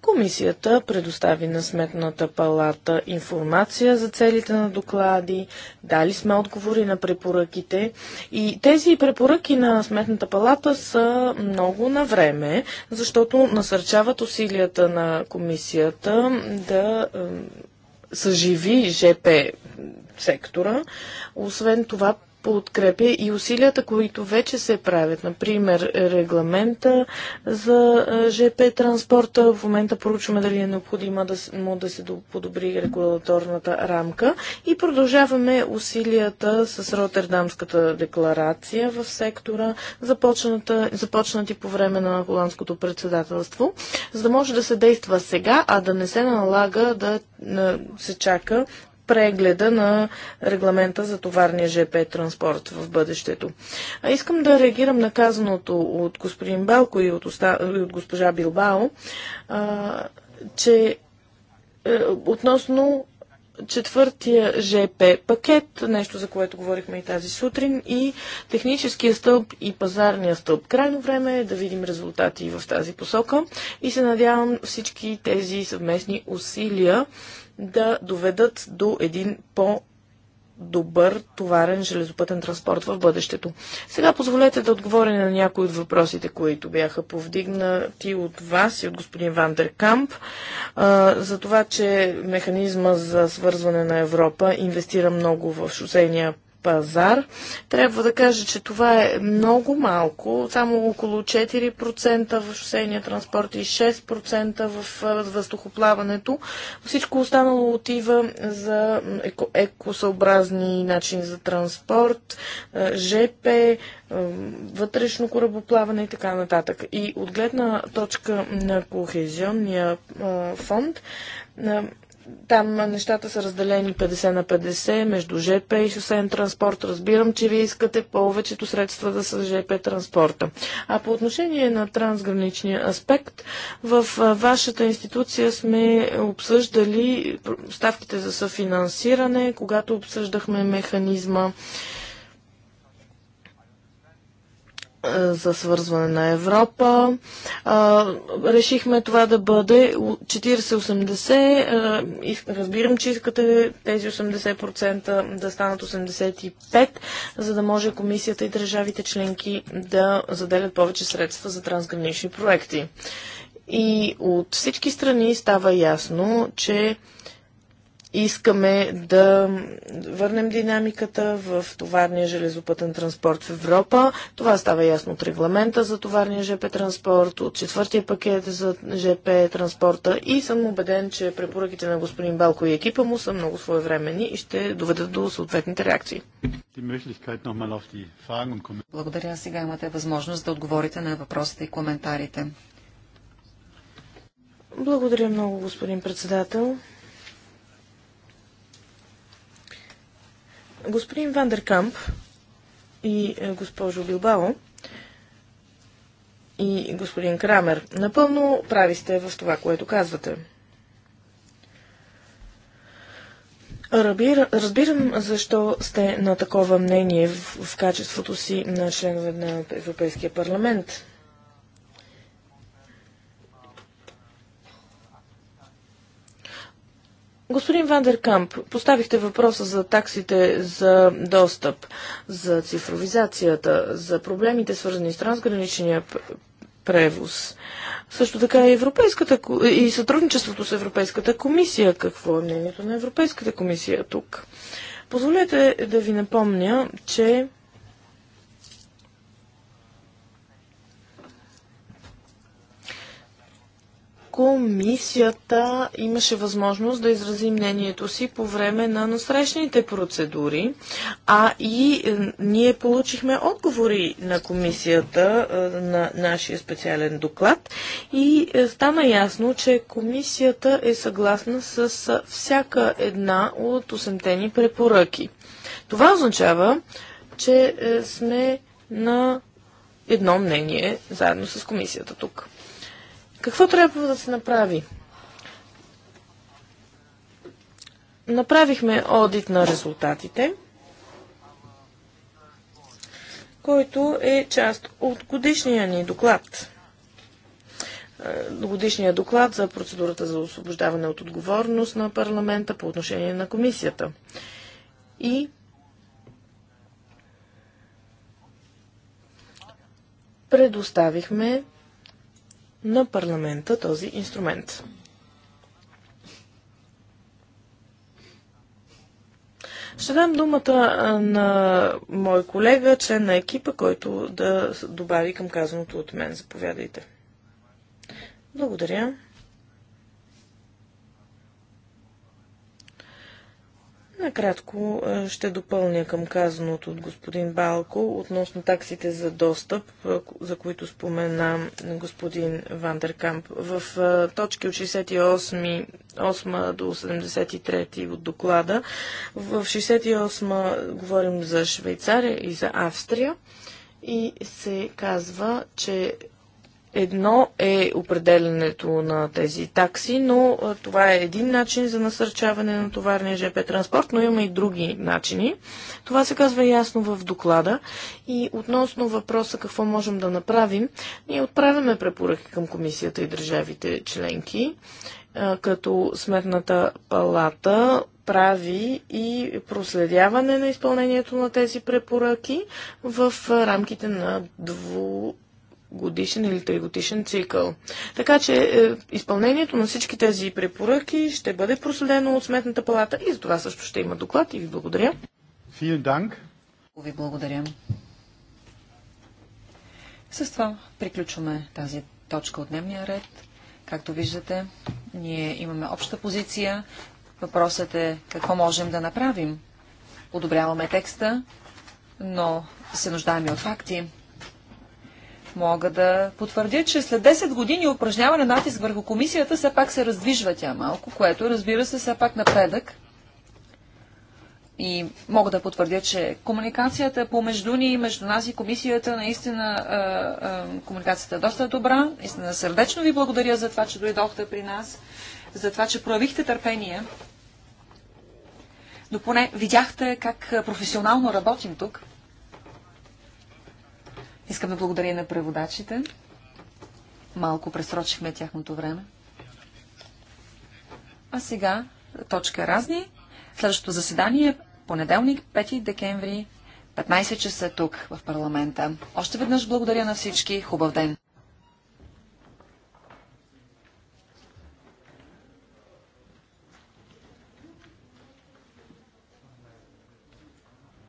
Комисията предостави на Сметната палата информация за целите на доклади, дали сме отговори на препоръките и тези препоръки на Сметната палата са много на време, защото насърчават усилията на комисията да съживи ЖП сектора. Освен това, подкрепя и усилията, които вече се правят. Например, регламента за ЖП транспорта. В момента поручваме дали е необходимо да, му да се подобри регулаторната рамка и продължаваме усилията с Роттердамската декларация в сектора, започнати по време на холандското председателство, за да може да се действа сега, а да не се налага да се чака прегледа на регламента за товарния ЖП транспорт в бъдещето. А искам да реагирам на казаното от господин Балко и от, оста... и от госпожа Билбао, а, че е, относно четвъртия ЖП пакет, нещо за което говорихме и тази сутрин, и техническия стълб и пазарния стълб. Крайно време е да видим резултати в тази посока и се надявам всички тези съвместни усилия да доведат до един по- добър товарен железопътен транспорт в бъдещето. Сега позволете да отговоря на някои от въпросите, които бяха повдигнати от вас и от господин Вандеркамп, а, за това, че механизма за свързване на Европа инвестира много в шосейния пазар. Трябва да кажа, че това е много малко, само около 4% в шосейния транспорт и 6% в въздухоплаването. Всичко останало отива за еко- екосъобразни начини за транспорт, ЖП, вътрешно корабоплаване и така нататък. И от гледна точка на кохезионния фонд, там нещата са разделени 50 на 50 между ЖП и шосен транспорт. Разбирам, че вие искате повечето средства да са ЖП транспорта. А по отношение на трансграничния аспект, в вашата институция сме обсъждали ставките за съфинансиране, когато обсъждахме механизма е, за свързване на Европа. А, решихме това да бъде 40-80. Е, разбирам, че искате тези 80% да станат 85%, за да може комисията и държавите членки да заделят повече средства за трансгранични проекти. И от всички страни става ясно, че Искаме да върнем динамиката в товарния железопътен транспорт в Европа. Това става ясно от регламента за товарния ЖП транспорт, от четвъртия пакет за ЖП транспорта и съм убеден, че препоръките на господин Балко и екипа му са много своевременни и ще доведат до съответните реакции. Благодаря. Сега имате възможност да отговорите на въпросите и коментарите. Благодаря много, господин председател. Господин Вандеркамп и е, госпожо Билбао и господин Крамер, напълно прави сте в това, което казвате. Разбирам защо сте на такова мнение в, в качеството си на членове на Европейския парламент. Господин Вандеркамп, поставихте въпроса за таксите за достъп, за цифровизацията, за проблемите свързани с трансграничния превоз. Също така и, Европейската, и сътрудничеството с Европейската комисия. Какво е мнението на Европейската комисия тук? Позволете да ви напомня, че Комисията имаше възможност да изрази мнението си по време на насрещните процедури, а и е, ние получихме отговори на комисията е, на нашия специален доклад и е, стана ясно, че комисията е съгласна с всяка една от осемтени препоръки. Това означава, че сме на едно мнение заедно с комисията тук. Какво трябва да се направи? Направихме одит на резултатите, който е част от годишния ни доклад. Е, годишния доклад за процедурата за освобождаване от отговорност на парламента по отношение на комисията. И предоставихме на парламента този инструмент. Ще дам думата на мой колега, член на екипа, който да добави към казаното от мен. Заповядайте. Благодаря. Накратко е, ще допълня към казаното от господин Балко относно таксите за достъп, е, за които спомена господин Вандеркамп. В е, точки от 68 8 до 73 от доклада, в 68 говорим за Швейцария и за Австрия и се казва, че Едно е определенето на тези такси, но това е един начин за насърчаване на товарния ЖП транспорт, но има и други начини. Това се казва ясно в доклада. И относно въпроса какво можем да направим, ние отправяме препоръки към комисията и държавите членки, като Сметната палата прави и проследяване на изпълнението на тези препоръки в рамките на дву годишен или тригодишен цикъл. Така че е, изпълнението на всички тези препоръки ще бъде проследено от Сметната палата и за това също ще има доклад и ви благодаря. Ви благодаря. С това приключваме тази точка от дневния ред. Както виждате, ние имаме обща позиция. Въпросът е какво можем да направим. Подобряваме текста, но се нуждаем и от факти мога да потвърдя, че след 10 години упражняване натиск върху комисията, все пак се раздвижва тя малко, което разбира се все пак напредък. И мога да потвърдя, че комуникацията помежду ни и между нас и комисията, наистина а, а, комуникацията е доста добра. Истина сърдечно ви благодаря за това, че дойдохте при нас, за това, че проявихте търпение. Но поне видяхте как професионално работим тук. Искам да благодаря на преводачите. Малко пресрочихме тяхното време. А сега точка разни. Следващото заседание е понеделник, 5 декември, 15 часа тук в парламента. Още веднъж благодаря на всички. Хубав ден!